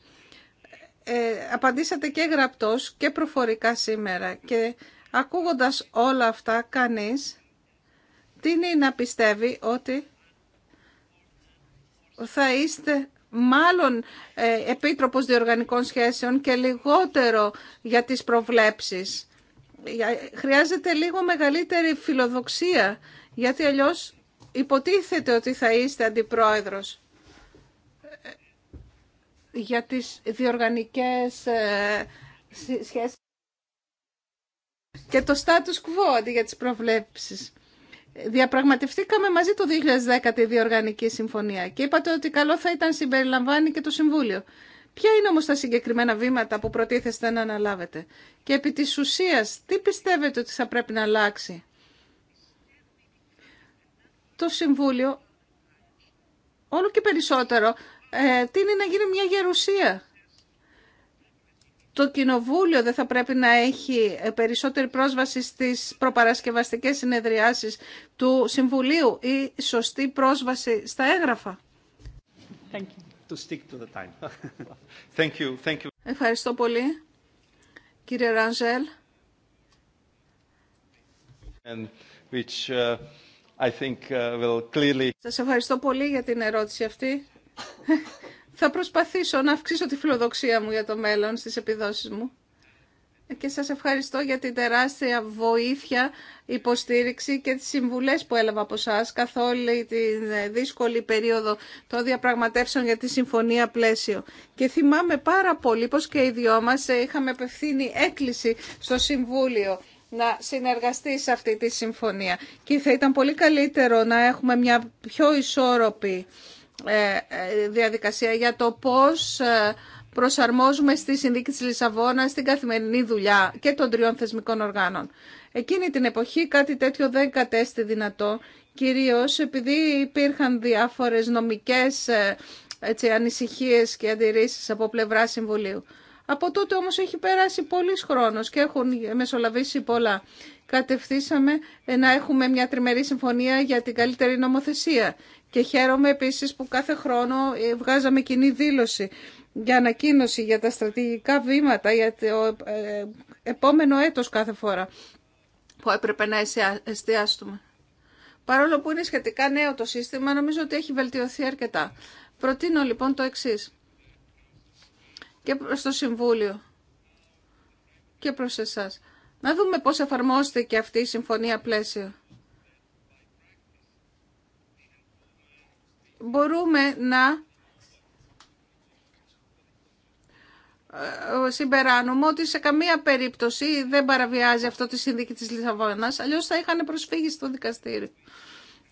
ε, απαντήσατε και γραπτός και προφορικά σήμερα και ακούγοντας όλα αυτά κανείς τι είναι να πιστεύει ότι θα είστε μάλλον ε, επίτροπος διοργανικών σχέσεων και λιγότερο για τις προβλέψεις. Χρειάζεται λίγο μεγαλύτερη φιλοδοξία γιατί αλλιώς υποτίθεται ότι θα είστε αντιπρόεδρος για τις διοργανικές ε, σχέσεις και το status quo αντί για τις προβλέψεις. Διαπραγματευτήκαμε μαζί το 2010 τη διοργανική συμφωνία και είπατε ότι καλό θα ήταν συμπεριλαμβάνει και το Συμβούλιο. Ποια είναι όμως τα συγκεκριμένα βήματα που προτίθεστε να αναλάβετε και επί της ουσίας τι πιστεύετε ότι θα πρέπει να αλλάξει. Το Συμβούλιο όλο και περισσότερο ε, τι είναι να γίνει μια γερουσία. Το κοινοβούλιο δεν θα πρέπει να έχει ε, περισσότερη πρόσβαση στις προπαρασκευαστικές συνεδριάσεις του Συμβουλίου ή σωστή πρόσβαση στα έγγραφα. Ευχαριστώ πολύ, κύριε Ρανζέλ. Uh, uh, Σας ευχαριστώ πολύ για την ερώτηση αυτή θα προσπαθήσω να αυξήσω τη φιλοδοξία μου για το μέλλον στις επιδόσεις μου. Και σας ευχαριστώ για την τεράστια βοήθεια, υποστήριξη και τις συμβουλές που έλαβα από εσά καθ' όλη τη δύσκολη περίοδο των διαπραγματεύσεων για τη Συμφωνία Πλαίσιο. Και θυμάμαι πάρα πολύ πως και οι δυο μας είχαμε απευθύνει έκκληση στο Συμβούλιο να συνεργαστεί σε αυτή τη συμφωνία. Και θα ήταν πολύ καλύτερο να έχουμε μια πιο ισόρροπη ε, ε, διαδικασία για το πώς ε, προσαρμόζουμε στη συνδίκη της Λισαβόνα στην καθημερινή δουλειά και των τριών θεσμικών οργάνων. Εκείνη την εποχή κάτι τέτοιο δεν κατέστη δυνατό, κυρίως επειδή υπήρχαν διάφορες νομικές έτσι, ανησυχίες και αντιρρήσεις από πλευρά Συμβουλίου. Από τότε όμως έχει περάσει πολύς χρόνος και έχουν μεσολαβήσει πολλά. Κατευθύσαμε να έχουμε μια τριμερή συμφωνία για την καλύτερη νομοθεσία. Και χαίρομαι επίσης που κάθε χρόνο ε, βγάζαμε κοινή δήλωση για ανακοίνωση για τα στρατηγικά βήματα για το ε, επόμενο έτος κάθε φορά που έπρεπε να εστιάσουμε. Παρόλο που είναι σχετικά νέο το σύστημα, νομίζω ότι έχει βελτιωθεί αρκετά. Προτείνω λοιπόν το εξής και προς το Συμβούλιο και προς εσάς. Να δούμε πώς εφαρμόζεται και αυτή η συμφωνία πλαίσιο. Μπορούμε να ε, συμπεράνουμε ότι σε καμία περίπτωση δεν παραβιάζει αυτό τη σύνδικη της Λισαβόνας, αλλιώς θα είχαν προσφύγει στο δικαστήριο.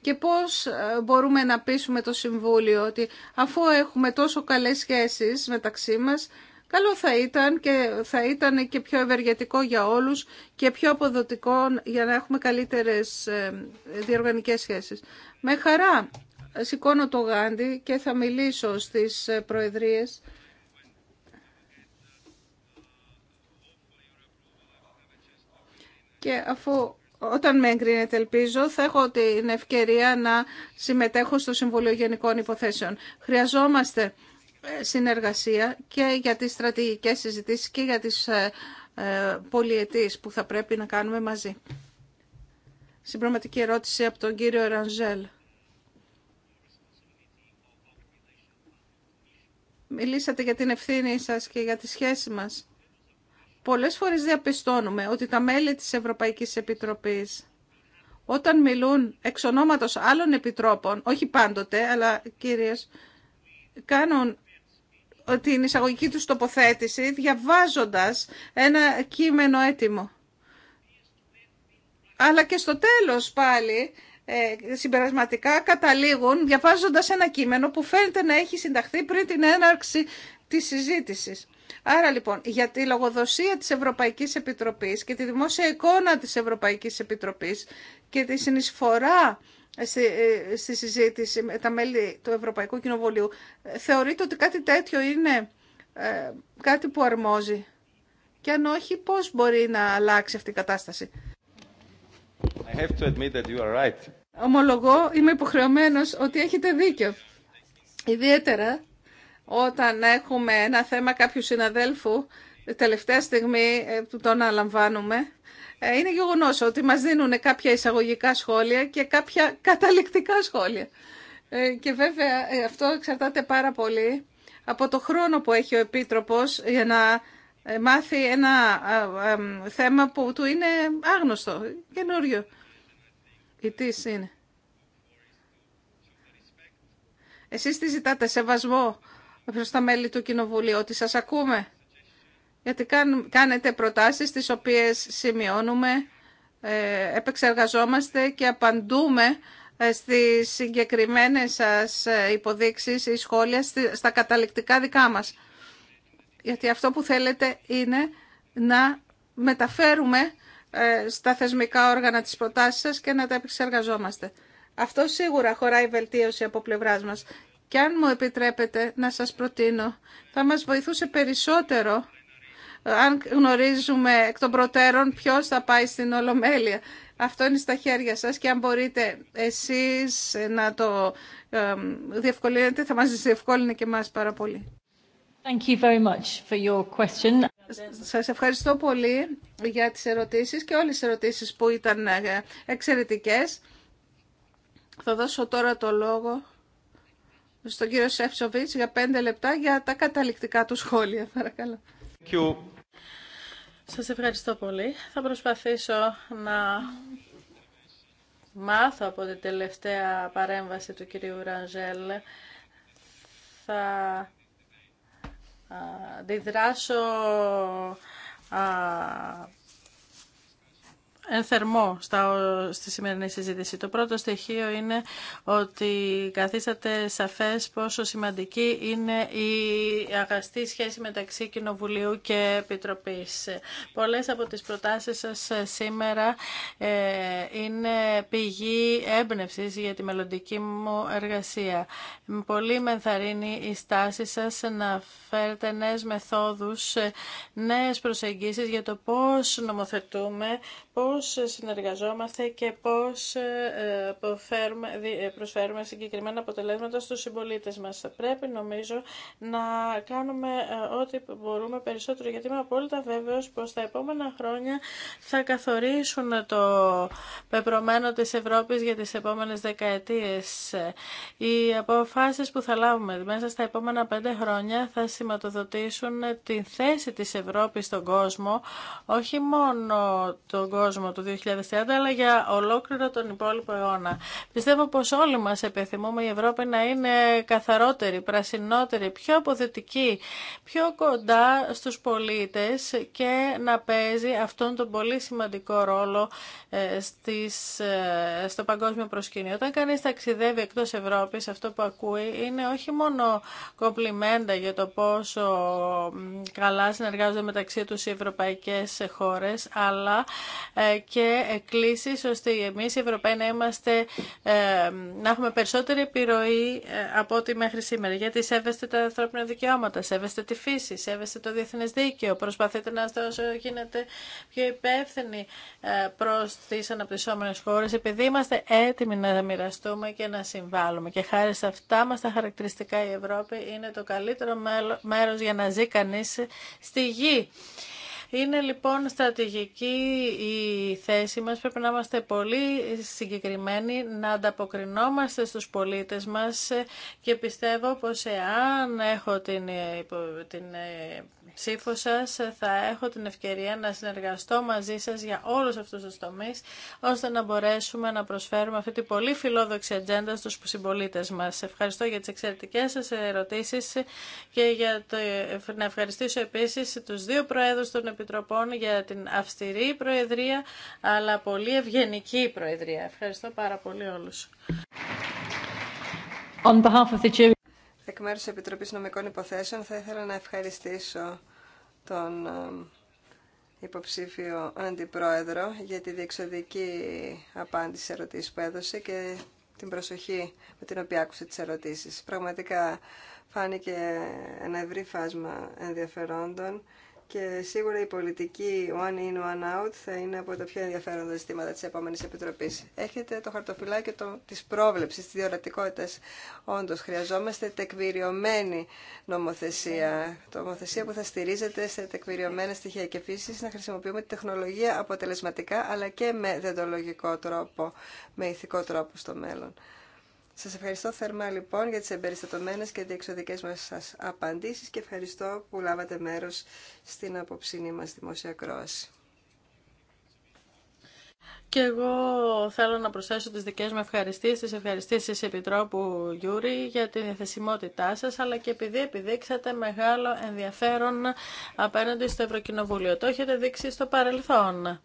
Και πώς ε, μπορούμε να πείσουμε το Συμβούλιο ότι αφού έχουμε τόσο καλές σχέσεις μεταξύ μας, καλό θα ήταν και θα ήταν και πιο ευεργετικό για όλους και πιο αποδοτικό για να έχουμε καλύτερες ε, διοργανικές σχέσεις. Με χαρά ε, σηκώνω το γάντι και θα μιλήσω στις προεδρίες. Και αφού όταν με εγκρίνετε ελπίζω θα έχω την ευκαιρία να συμμετέχω στο Συμβούλιο Γενικών Υποθέσεων. Χρειαζόμαστε ε, συνεργασία και για τις στρατηγικές συζητήσεις και για τις ε, ε, πολιετίες που θα πρέπει να κάνουμε μαζί. Συμπροματική ερώτηση από τον κύριο Ρανζέλ. Μιλήσατε για την ευθύνη σας και για τη σχέση μας Πολλές φορές διαπιστώνουμε ότι τα μέλη της Ευρωπαϊκής Επιτροπής όταν μιλούν εξ ονόματος άλλων επιτρόπων, όχι πάντοτε, αλλά κυρίως κάνουν ε, την εισαγωγική τους τοποθέτηση διαβάζοντας ένα κείμενο έτοιμο. Αλλά και στο τέλος πάλι ε, συμπερασματικά καταλήγουν διαβάζοντας ένα κείμενο που φαίνεται να έχει συνταχθεί πριν την έναρξη της συζήτησης. Άρα λοιπόν, για τη λογοδοσία της Ευρωπαϊκής Επιτροπής και τη δημόσια εικόνα της Ευρωπαϊκής Επιτροπής και τη συνεισφορά στη, ε, συζήτηση με τα μέλη του Ευρωπαϊκού Κοινοβουλίου, θεωρείτε ότι κάτι τέτοιο είναι ε, κάτι που αρμόζει. Και αν όχι, πώς μπορεί να αλλάξει αυτή η κατάσταση. I have to admit that you are right. Ομολογώ, είμαι υποχρεωμένος ότι έχετε δίκιο. Ιδιαίτερα όταν έχουμε ένα θέμα κάποιου συναδέλφου, τελευταία στιγμή ε, που τον αναλαμβάνουμε, ε, είναι γεγονό ότι μας δίνουν κάποια εισαγωγικά σχόλια και κάποια καταληκτικά σχόλια. Ε, και βέβαια αυτό εξαρτάται πάρα πολύ από το χρόνο που έχει ο Επίτροπος για να μάθει ένα θέμα που του είναι άγνωστο, καινούριο. Η είναι. Εσείς τι ζητάτε, σεβασμό προς τα μέλη του Κοινοβουλίου ότι σας ακούμε. Γιατί κάνετε προτάσεις τις οποίες σημειώνουμε, ε, επεξεργαζόμαστε και απαντούμε ε, στις συγκεκριμένες σας ε, υποδείξεις ή σχόλια στα καταληκτικά δικά μας. Γιατί αυτό που θέλετε είναι να μεταφέρουμε στα θεσμικά όργανα τις προτάσεις σας και να τα επεξεργαζόμαστε. Αυτό σίγουρα χωράει βελτίωση από πλευράς μας και αν μου επιτρέπετε να σας προτείνω, θα μας βοηθούσε περισσότερο ε, αν γνωρίζουμε εκ των προτέρων ποιος θα πάει στην Ολομέλεια. Αυτό είναι στα χέρια σας και αν μπορείτε εσείς να το διευκολύνετε, θα μας διευκόλυνε και εμάς πάρα πολύ. Thank you very much for your question. Σας ευχαριστώ πολύ για τις ερωτήσεις και όλες τις ερωτήσεις που ήταν ε, εξαιρετικές. Θα δώσω τώρα το λόγο στον κύριο Σεφτσοβίτς για πέντε λεπτά για τα καταληκτικά του σχόλια. Παρακαλώ. Σας ευχαριστώ πολύ. Θα προσπαθήσω να μάθω από την τελευταία παρέμβαση του κυρίου Ρανζέλ. Θα αντιδράσω ενθερμό στα, στη σημερινή συζήτηση. Το πρώτο στοιχείο είναι ότι καθίσατε σαφές πόσο σημαντική είναι η αγαστή σχέση μεταξύ Κοινοβουλίου και Επιτροπής. Πολλές από τις προτάσεις σας ε, σήμερα ε, είναι πηγή έμπνευση για τη μελλοντική μου εργασία. Πολύ με ενθαρρύνει η στάση σας να φέρετε νέες μεθόδους, ε, νέες προσεγγίσεις για το πώς νομοθετούμε, πώς πώς συνεργαζόμαστε και πώς ε, ε, προσφέρουμε συγκεκριμένα αποτελέσματα στους συμπολίτε μας. πρέπει νομίζω να κάνουμε ε, ό,τι μπορούμε περισσότερο γιατί είμαι απόλυτα βέβαιος πως τα επόμενα χρόνια θα καθορίσουν το πεπρωμένο της Ευρώπης για τις επόμενες δεκαετίες. Οι αποφάσεις που θα λάβουμε μέσα στα επόμενα πέντε χρόνια θα σηματοδοτήσουν τη θέση της Ευρώπης στον κόσμο, όχι μόνο τον κόσμο το 2030, αλλά για ολόκληρο τον υπόλοιπο αιώνα. Πιστεύω πως όλοι μας επιθυμούμε η Ευρώπη να είναι καθαρότερη, πρασινότερη, πιο αποδετική, πιο κοντά στους πολίτες και να παίζει αυτόν τον πολύ σημαντικό ρόλο ε, στις, ε, στο παγκόσμιο προσκήνιο. Όταν κανείς ταξιδεύει εκτός Ευρώπης, αυτό που ακούει είναι όχι μόνο κομπλιμέντα για το πόσο καλά συνεργάζονται μεταξύ τους οι ευρωπαϊκές χώρες, αλλά ε, και εκκλήσεις ώστε εμείς οι Ευρωπαίοι να, είμαστε, ε, να έχουμε περισσότερη επιρροή ε, από ό,τι μέχρι σήμερα. Γιατί σέβεστε τα ανθρώπινα δικαιώματα, σέβεστε τη φύση, σέβεστε το διεθνές δίκαιο, προσπαθείτε να είστε όσο γίνεται πιο υπεύθυνοι ε, προς τις αναπτυσσόμενες χώρες, επειδή είμαστε έτοιμοι να μοιραστούμε και να συμβάλλουμε. Και χάρη σε αυτά μας τα χαρακτηριστικά η Ευρώπη είναι το καλύτερο μέρος για να ζει κανείς στη γη. Είναι λοιπόν στρατηγική η θέση μας, πρέπει να είμαστε πολύ συγκεκριμένοι, να ανταποκρινόμαστε στους πολίτες μας και πιστεύω πως εάν έχω την, την ε, ψήφο σας θα έχω την ευκαιρία να συνεργαστώ μαζί σας για όλους αυτούς τους τομείς ώστε να μπορέσουμε να προσφέρουμε αυτή την πολύ φιλόδοξη ατζέντα στους συμπολίτε μας. Ευχαριστώ για τις εξαιρετικές σα ερωτήσεις και για να ευχαριστήσω επίσης τους δύο προέδρους των Επιτροπών Επιτροπών για την αυστηρή Προεδρία, αλλά πολύ ευγενική Προεδρία. Ευχαριστώ πάρα πολύ όλους. On behalf of the Εκ μέρους της Επιτροπής Νομικών Υποθέσεων θα ήθελα να ευχαριστήσω τον ε, υποψήφιο αντιπρόεδρο για τη διεξοδική απάντηση ερωτήσεις που έδωσε και την προσοχή με την οποία άκουσε τις ερωτήσεις. Πραγματικά φάνηκε ένα ευρύ φάσμα ενδιαφερόντων και σίγουρα η πολιτική one in, one out θα είναι από τα πιο ενδιαφέροντα ζητήματα της επόμενης Επιτροπής. Έχετε το χαρτοφυλάκιο το, της πρόβλεψης, της διορατικότητας. Όντως, χρειαζόμαστε τεκμηριωμένη νομοθεσία. Νομοθεσία που θα στηρίζεται σε τεκμηριωμένα στοιχεία και επίση να χρησιμοποιούμε τη τεχνολογία αποτελεσματικά αλλά και με δεντολογικό τρόπο, με ηθικό τρόπο στο μέλλον. Σας ευχαριστώ θερμά λοιπόν για τις εμπεριστατωμένες και διεξοδικές μας σας απαντήσεις και ευχαριστώ που λάβατε μέρος στην απόψηνή μας δημόσια κρόαση. Και εγώ θέλω να προσθέσω τις δικές μου ευχαριστήσεις, τις ευχαριστήσεις Επιτρόπου Γιούρη για τη διαθεσιμότητά σας, αλλά και επειδή επιδείξατε μεγάλο ενδιαφέρον απέναντι στο Ευρωκοινοβούλιο. Το έχετε δείξει στο παρελθόν.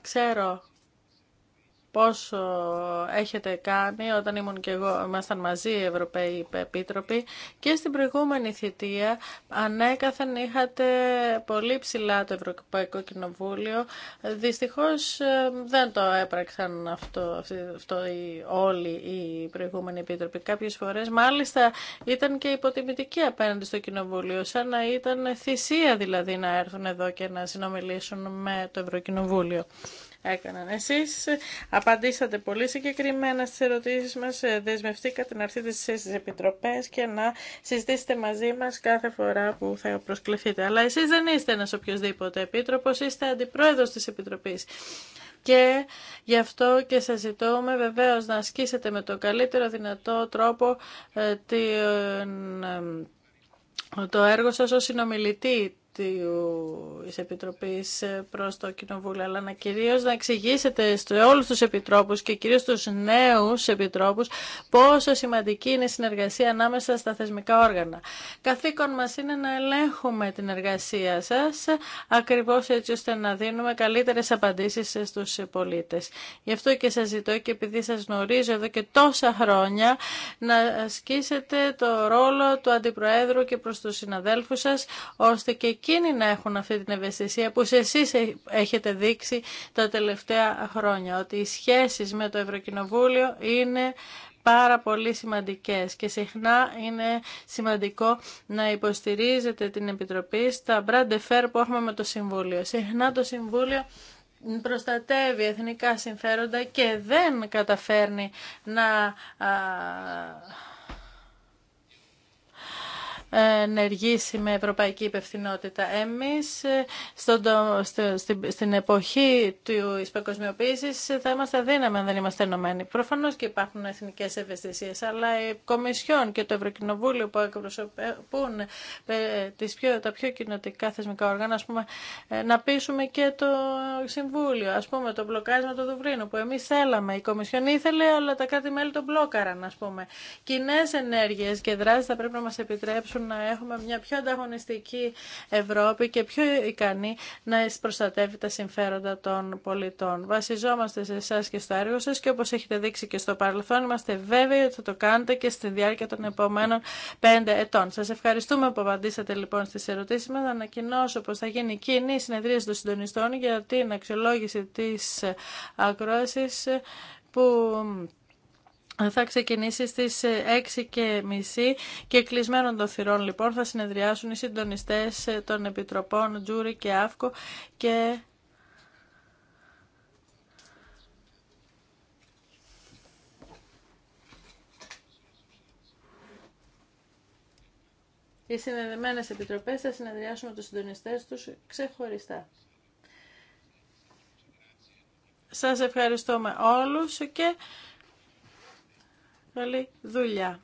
Ξέρω πόσο έχετε κάνει όταν ήμουν και εγώ, ήμασταν μαζί οι Ευρωπαίοι Επίτροποι και στην προηγούμενη θητεία ανέκαθεν είχατε πολύ ψηλά το Ευρωπαϊκό Κοινοβούλιο. Δυστυχώς ε, δεν το έπραξαν αυτό, αυτό οι, όλοι οι προηγούμενοι Επίτροποι. Κάποιες φορές μάλιστα ήταν και υποτιμητικοί απέναντι στο Κοινοβούλιο, σαν να ήταν θυσία δηλαδή να έρθουν εδώ και να συνομιλήσουν με το Ευρωκοινοβούλιο έκαναν. Εσείς απαντήσατε πολύ συγκεκριμένα στις ερωτήσεις μας, ε, δεσμευτήκατε να έρθετε στις επιτροπές και να συζητήσετε μαζί μας κάθε φορά που θα προσκληθείτε. Αλλά εσείς δεν είστε ένας οποιοδήποτε επίτροπος, είστε αντιπρόεδρος της Επιτροπής. Και γι' αυτό και σας ζητούμε βεβαίως να ασκήσετε με το καλύτερο δυνατό τρόπο ε, ε, το έργο σας ως συνομιλητή της Επιτροπής προς το Κοινοβούλιο, αλλά να κυρίως να εξηγήσετε σε όλους τους επιτρόπους και κυρίως τους νέους επιτρόπους πόσο σημαντική είναι η συνεργασία ανάμεσα στα θεσμικά όργανα. Καθήκον μας είναι να ελέγχουμε την εργασία σας ακριβώς έτσι ώστε να δίνουμε καλύτερες απαντήσεις στους πολίτες. Γι' αυτό και σας ζητώ και επειδή σας γνωρίζω εδώ και τόσα χρόνια να ασκήσετε το ρόλο του Αντιπροέδρου και προς του συναδέλφου σα ώστε και εκείνοι να έχουν αυτή την ευαισθησία που εσείς έχετε δείξει τα τελευταία χρόνια, ότι οι σχέσεις με το Ευρωκοινοβούλιο είναι πάρα πολύ σημαντικές και συχνά είναι σημαντικό να υποστηρίζετε την Επιτροπή στα brand fair που έχουμε με το Συμβούλιο. Συχνά το Συμβούλιο προστατεύει εθνικά συμφέροντα και δεν καταφέρνει να ενεργήσει με ευρωπαϊκή υπευθυνότητα. Εμείς στο, στην, εποχή της παγκοσμιοποίησης θα είμαστε αδύναμοι αν δεν είμαστε ενωμένοι. Προφανώς και υπάρχουν εθνικές ευαισθησίες, αλλά η Κομισιόν και το Ευρωκοινοβούλιο που εκπροσωπούν ε, τα πιο κοινοτικά θεσμικά όργανα, ας πούμε, ε, να πείσουμε και το Συμβούλιο, ας πούμε, το μπλοκάρισμα του Δουβρίνου που εμείς θέλαμε, η Κομισιόν ήθελε, αλλά τα κράτη-μέλη το μπλόκαραν, ας πούμε. Κοινέ ενέργειες και δράσεις θα πρέπει να μας επιτρέψουν να έχουμε μια πιο ανταγωνιστική Ευρώπη και πιο ικανή να προστατεύει τα συμφέροντα των πολιτών. Βασιζόμαστε σε εσά και στο έργο σα και όπω έχετε δείξει και στο παρελθόν, είμαστε βέβαιοι ότι θα το κάνετε και στη διάρκεια των επόμενων πέντε ετών. Σα ευχαριστούμε που απαντήσατε λοιπόν στι ερωτήσει μα. Ανακοινώσω πω θα γίνει κοινή συνεδρία των συντονιστών για την αξιολόγηση τη ακρόαση που θα ξεκινήσει στις 6 ε, και μισή και κλεισμένων των θυρών λοιπόν θα συνεδριάσουν οι συντονιστές ε, των Επιτροπών Τζούρι και Αύκο και Οι συνεδεμένες επιτροπές θα συνεδριάσουν με τους συντονιστές τους ξεχωριστά. Σας ευχαριστώ με όλους και λέει, δουλειά.